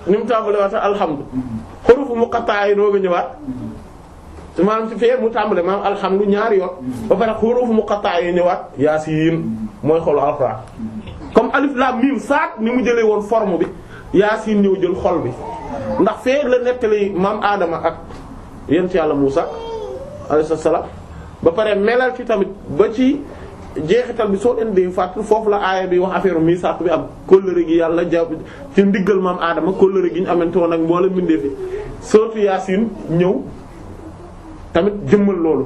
ni mu tàmbale waat sax alhamdu xurufu muqatta'a yi dooga ñëwaat maanaam fee mu tàmbale maanaam alhamdu ñaari yoon ba pare xurufu muqatta'a yi ñëwaat yaasiin mooy xolu alxuraan comme alif lam mim saat ni mu jëlee woon form bi yaasiin ñëw jël xol bi ndax fee la nettali maam Adama ak yent yàlla Muusa alayhi salaam ba pare melal ci tamit ba ci jeexital bi soo leen di fàttali foofu la aaya bi wax affaire misaaq bi am kóllëre gi yàlla jàpp ci ndiggal maam aadama kóllëre gi ñu amante woon ak mboolem mbindeef yi surtout Yaasin ñëw tamit jëmmal loolu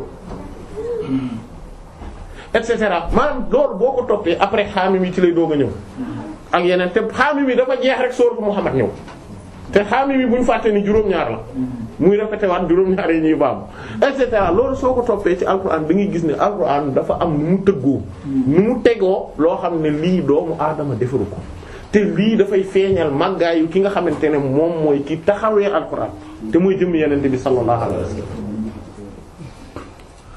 et cetera maanaam loolu boo ko toppee après xaamim yi ci lay doog a ñëw ak yeneen te xaamim yi dafa jeex rek sóoratu Muhammad ñëw te xaamim yi bu ñu fàtte ni juróom-ñaar la muy répété waat juróom-ñaar yi ñuy baam et cetera loolu soo ko toppee ci alquran da ngay gis ne alquran dafa am nu mu tëggoo nu mu tegoo loo xam ne lii doomu aadama defaru ko te lii dafay feeñal màggaayu ki nga xamante ne moom mooy ki taxawee alquran te mooy jëm yenente bi sallallahu alayhi wasallam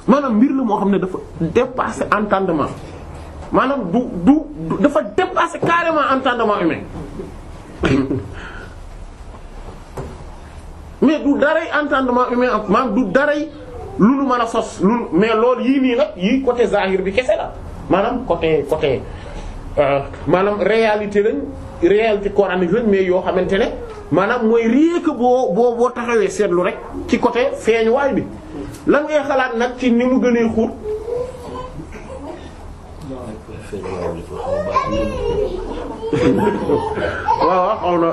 maanaam mbir la moo xam ne dafa dépasser entendement maanaam du du dafa dépasser carrément entendement humain mais du daray entendement humain du daray lu nu mën a sos lu mais lool yii nii nag yii côté zahir bi kese la maanaam côté côté euh, maanaam réalité lañ réalité coranique lañ mais yoo xamante ne maanaam mooy réek boo boo boo taxawee seetlu rek ci côté feeñuwaay bi lan ngay xalaat nag ci ni mu gënee xuur waaw waaw xaw na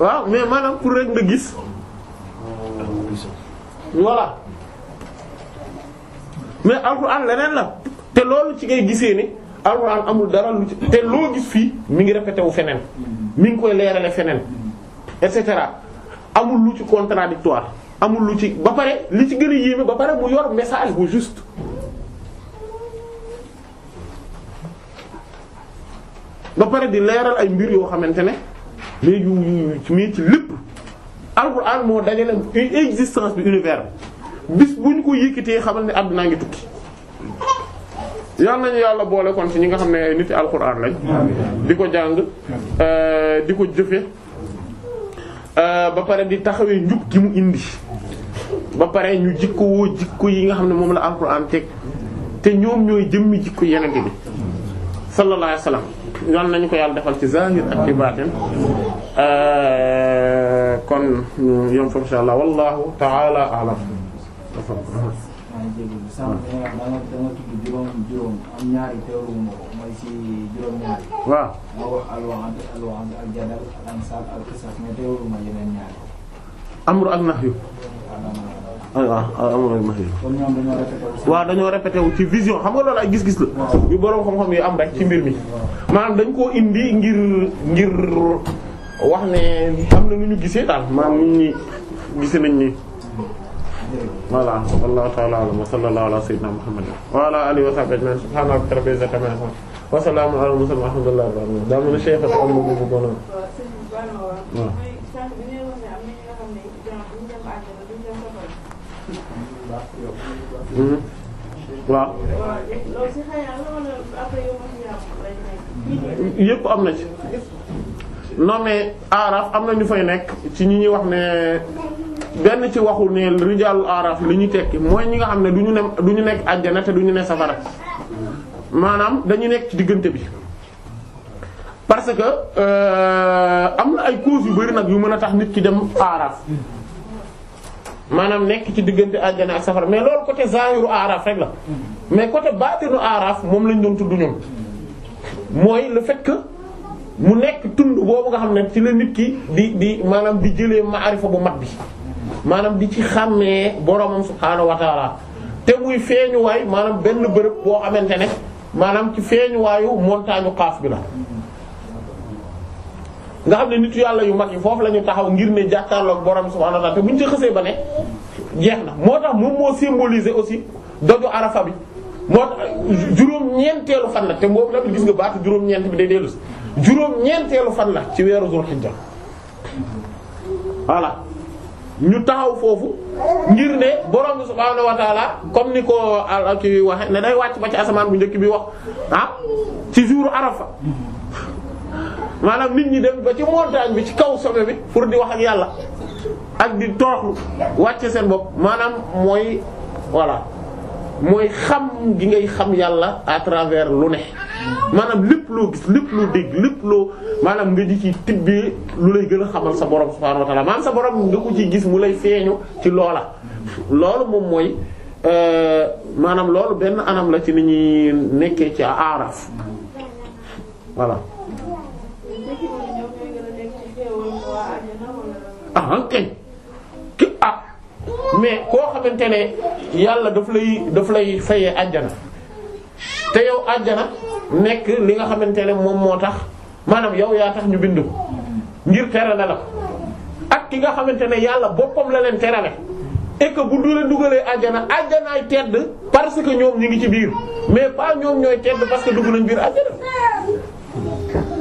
waaw mais maanaam pour rek nga gis voilà mais alxuraan leneen la te loolu ci ngay gisee ne alxuraan amul dara lu ci te loo gis fii mi ngi répété wu feneen mi ngi koy leerale feneen et cetera amul lu ci contradictoire amul lu ci ba pare li ci gën a yéeme ba pare mu yor message bu juste ba pare di leeral ay mbir yoo xamante ne mais yu mais ci lépp alxuraan moo dajale existence bi univers bis bu ñu ko yëkkatee xamal ne àdduna ngi tukki yal nañu yàlla boole kon ci ñi nga xam ne nit yi alxuraan lañ di ko jàng euh, di ko jëfe euh, ba pare di taxawee njub gi mu indi ba pare ñu jikko woo jikko yi nga xam ne moom la alxuraan teg te ñoom ñooy jëmmi jikko yenente bi sallallahu alayhi yoon nañu ko yàlla defal ci zahir ak ci baatin ma euh, ñu amru ak nahyu amul ma waaw dañoo répété wu ci vision xam nga loolu ay gis-gis la yu boroom xam-xam yi am rek ci mbir mi maanaam dañ ko indi ngir ngir wax ne am na nu ñu gisee daal maanaam nit ñi gisee nañ ni voilà wallahu ta'ala a'lam wa sallallahu ala sayyidina muhammad wa ala alihi wa sahbihi ajma'in subhana rabbika rabbil izzati amma yasifun wa salamun ala al mursalin walhamdulillahi rabbil alamin a cheikh ak am bu bëggoon Mmh. waaw. yëpp am na ci. non mais aaraaf am na ñu fay nekk ci ñu ñuy wax ne benn ci waxu ne rijaalu aaraaf li ñu tekki mooy ñi nga xam ne du ñu du ñu nekk àjjana te du ñu ne safara maanaam dañu nekk ci diggante bi. parce que euh, am na ay causes yu bari nag yu mën a tax nit ki dem aaraaf. maanaam nekk ci diggante àjjana ak safara mais loolu côté zahiru araf rek la mais côté baatinu araf moom lañ doon tuddu ñoom mooy le fekk mu nekk tund boobu nga xam ne ci la nit ki di di maanaam di jëlee maarifa bu mat bi maanaam di ci xàmmee boromam subhaanahu wa te muy feeñuwaay maanaam benn bërëb boo xamante ne maanaam ci feeñuwaayu montagne xaaf bi la nga xam ne nitu yàlla yu mag yi foofu la ñu taxaw ngir ne jàkkaarloog borom subhaanahu wa ta'aala te buñ ci ba ne jeex na moo tax moom moo symboliser aussi doju arafa bi moo tax juróom-ñeenteelu fan la te boobu la gis nga baatu juróom-ñeent bi day dellu si juróom-ñeenteelu fan la ci weeru Zulhijja voilà ñu taxaw foofu ngir ne borom subhaanahu wa ta'ala comme ni ko al ki waxe ne day wàcc ba ci asamaan bu njëkk bi wax ah ci jour arafa. maanaam nit ñi dem ba ci montagne bi ci kaw sommet bi pour di wax ak yàlla ak di toroxlu wàcce seen bopp maanaam mooy voilà mooy xam gi ngay xam yàlla à travers lu ne maanaam lépp loo gis lépp loo dégg lépp loo maanaam nga di ci tibbee lu lay gën a xamal sa borom subhaanahu wa ta'ala maanaam sa borom nga ko ci gis mu lay feeñu ci loola loolu moom mooy euh, maanaam loolu benn anam la ci ni ñuy nekkee ci aaraaf voilà ah kañ ah mais koo xamante ne yàlla daf lay daf lay fayee àjjana te yow àjjana nekk li nga xamante ne moom moo tax maanaam yow yaa tax ñu bind ko ngir terale la ak ki nga xamante ne yàlla boppam la leen terale et que bu du leen dugalee àjjana àjjanaay tedd parce que ñoom ñu ngi ci biir mais pas ñoom ñooy tedd parce que dugg nañ biir àjjana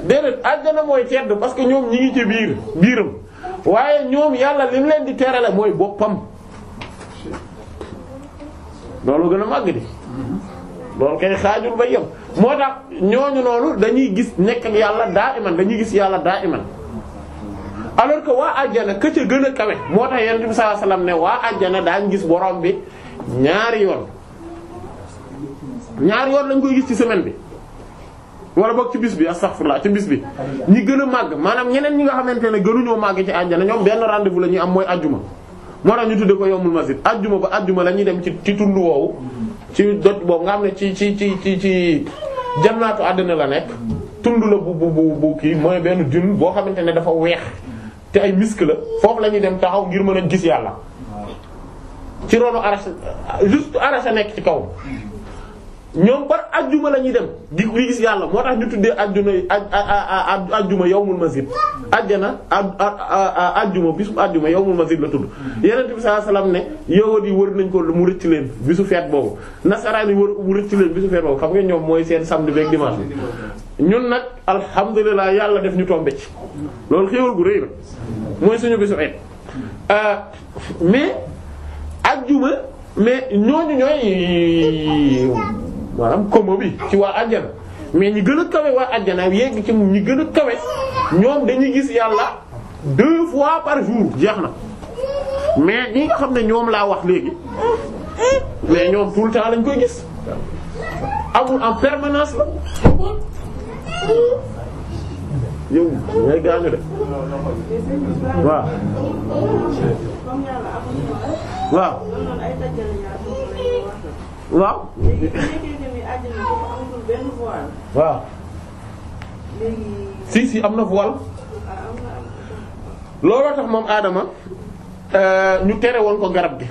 déedéet àjjana mooy tedd parce que ñoom ñi ngi ci biir biiram waaye ñoom yàlla lim leen di terale mooy boppam loolu gën a màgg di loolu kay xaajul ba yem moo tax ñooñu noonu dañuy gis nekk yàlla daa iman dañuy gis yàlla daa iman alors que waa àjjana ka ca gën a kawe moo tax yonent bi ne waa àjjana daañ gis borom bi ñaari yoon ñaari yoon lañ koy gis ci semaine bi wala boog ci bis bi astaghfirullah ci bis bi ñi gën a màgg maanaam ñeneen ñi nga xamante ne gënuñoo màgg ci àjjana ñoom benn rendez-vous la ñuy am mooy ajjuma moo tax ñu tudde ko yowmul masjid ajjuma ba ajjuma la ñuy dem ci ci tund woowu ci doj boobu nga xam ne ci ci ci ci ci jannaatu àddina la nekk tund la bu bu bu kii mooy benn dune boo xamante ne dafa weex te ay misk la foofu la ñuy dem taxaw ngir mën a gis yàlla ci ronu arasa juste arasa nekk ci kaw ñoom par ajjuma la ñuy dem di di gis yàlla moo tax ñu tuddee ajjuna ajjuma yawmul masjid ajjana ajjuma bisu ajjuma yawmul masjid la tudd yeneen bi sallallahu alayhi wasallam ne yahuud yi wër nañ ko lu mu rëcc leen bisu feet boobu nasaraan yi wër mu rëcc leen bisu feet boobu xam nga ñoom mooy seen samedi beeg dimanche ñun nag alhamdulilah yàlla def ñu tombe ci loolu xéewal gu rëy la mooy suñu bisu eet euh, mais ajjuma mais ñooñu ñooy waa am komo bi ci waa àjjana mais ñi gën a kawe waa àjjana yegg ci ñi gën a kawe ñoom dañuy gis yàlla deux fois par jour jeex na mais ñi nga xam ne ñoom laa wax léegi mais ñoom tout le temps lañ koy gis amul en permanence la yow ngay gaañu de waaw waaw waaw. léegi waaw. si si am na voile. looloo tax moom aadama euh, ñu tere woon ko garab gi.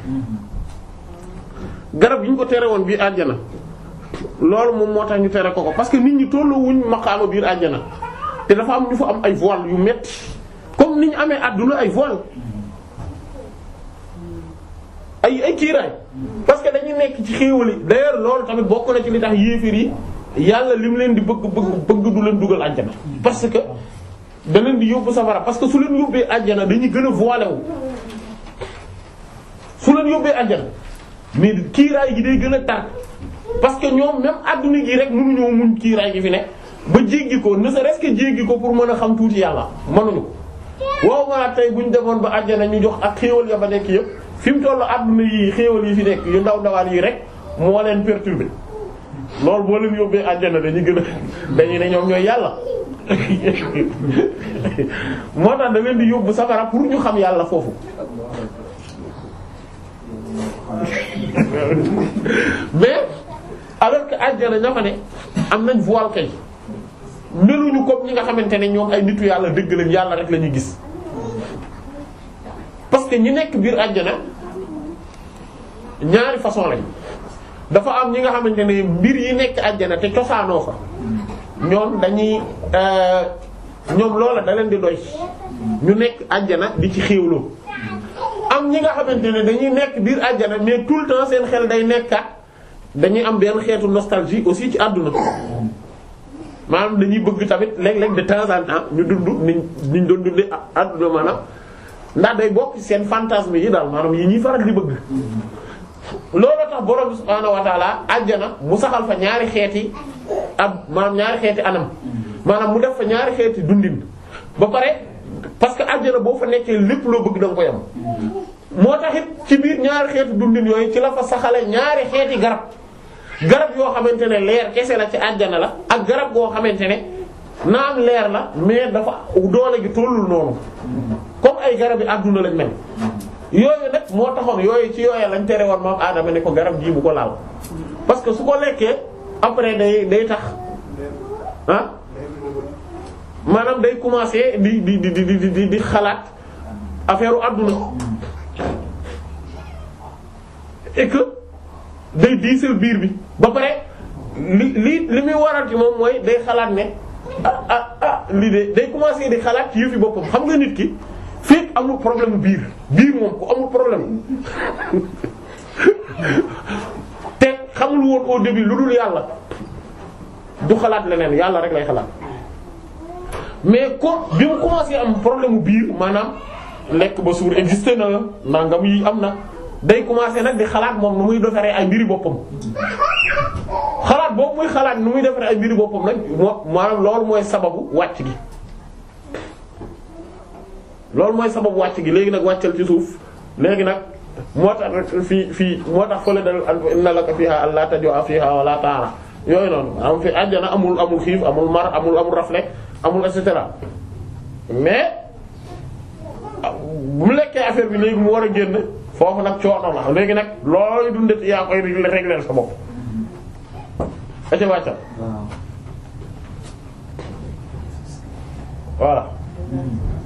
garab yi ñu ko tere woon biir àjjana loolu moom moo tax ñu tere ko ko parce que nit ñi tollu wuñ maqaama biir àjjana te dafa am ñu fa am ay voile yu metti comme ni ñu amee àdduna ay voile. ay ay kiiraay parce que dañuy nekk ci xéewal yi d'ailleurs loolu tamit bokk na ci li tax yéefir yi yàlla li mu leen di bëgg bëgg bëgg du leen dugal àjjana parce que da leen di yóbbu safara parce que su leen yóbbee àjjana dañuy gën a voilé wu su leen yóbbee àjjana mais kiiraay gi day gën a tar parce que ñoom même adduna gi rek mu mënuñoo muñ kiiraay gi fi ne ba jéggi ko ne serait-ce que ko pour mën a xam tuuti yàlla mënuñu ko. waaw maa tey bu ñu demoon ba àjjana ñu jox ak xéewal ya fa nekk yëpp. fi mu toll àdduna yi xéewal yi fi nekk yu ndaw ndawaan yii rek moo leen perturbé loolu boo leen yóbbee àjjana dañuy gën a dañuy ne ñoom ñooy yàlla moo tax da leen di yóbbu safara pour ñu xam yàlla foofu mais alors que àjjana ña fa ne am nañ voile kay meluñu comme ñi nga xamante ne ñoom ay nitu yàlla dëgg lañ yàlla rek la gis parce que ñi nekk biir àjjana ñaari façon lañ dafa am ñi nga xamante ne mbir yi nekk àjjana te cosaanoo fa ñoom dañuy euh, ñoom loola da leen di doy ñu nekk àjjana di ci xéewloo am ñi nga xamante ne dañuy nekk biir àjjana mais tout le temps seen xel day nekkaat dañuy am benn xeetu nostalgie aussi ci àdduna maanaam dañuy bëgg tamit léeg-léeg de temps en temps ñu dund niñ niñ doon dundee àdduna maanaam ndax day bokk seen fantasme yi daal maanaam yi ñuy faral di bëgg looloo tax borom bi subhaanahu wa àjjana mu saxal fa ñaari xeeti am maanaam ñaari xeeti anam maanaam mu def fa ñaari xeeti dundin ba pare parce que àjjana boo fa nekkee lépp loo bëgg da koy am moo taxit ci biir ñaari xeeti dundin yooyu ci la fa saxale ñaari xeeti garab garab yoo xamante ne leer kese la ci àjjana la ak garab goo xamante ne naam leer la mais dafa doole gi tollul noonu comme ay garab yi àdduna lañ mel yooyu nag moo taxoon yooyu ci yooyu lañ tere woon moom aadama ne ko garab gii bu ko laal parce que su ko lekkee après day day tax ah maanaam day commencer di di di di di di xalaat affaire àdduna et que day diisal biir bi ba pare li li li muy waral ci moom mooy day xalaat ne ah ah ah lii de day commencer di xalaat ci yëfi boppam xam nga nit ki. fekk amul problème biir biir moom ku amul problème te xamul woon au début lu dul yàlla du xalaat leneen yàlla rek lay xalaat mais comme bi mu commencé am problème biir maanaam lekk ba suur existé na nangam yi am na day commencé nag di xalaat moom nu muy defaree ay mbiri boppam xalaat boobu muy xalaat nu muy defaree ay mbiri boppam nag moo maanaam loolu mooy sababu wàcc gi. loolu mooy sabab wàcc gi léegi nag wàccal ci suuf léegi nag moo tax fii fii moo tax fële dal inna laka fiha alla tajua fiha wala taara yooyu noonu am fi àjjana amul amul xiif amul mar amul rafle amul et cetera mais bu lekkee affaire bi léegi mu war a génn foofu nag coono la léegi nag looy dundet yaa koy régleel sa bopp et wàccal voilà hmm.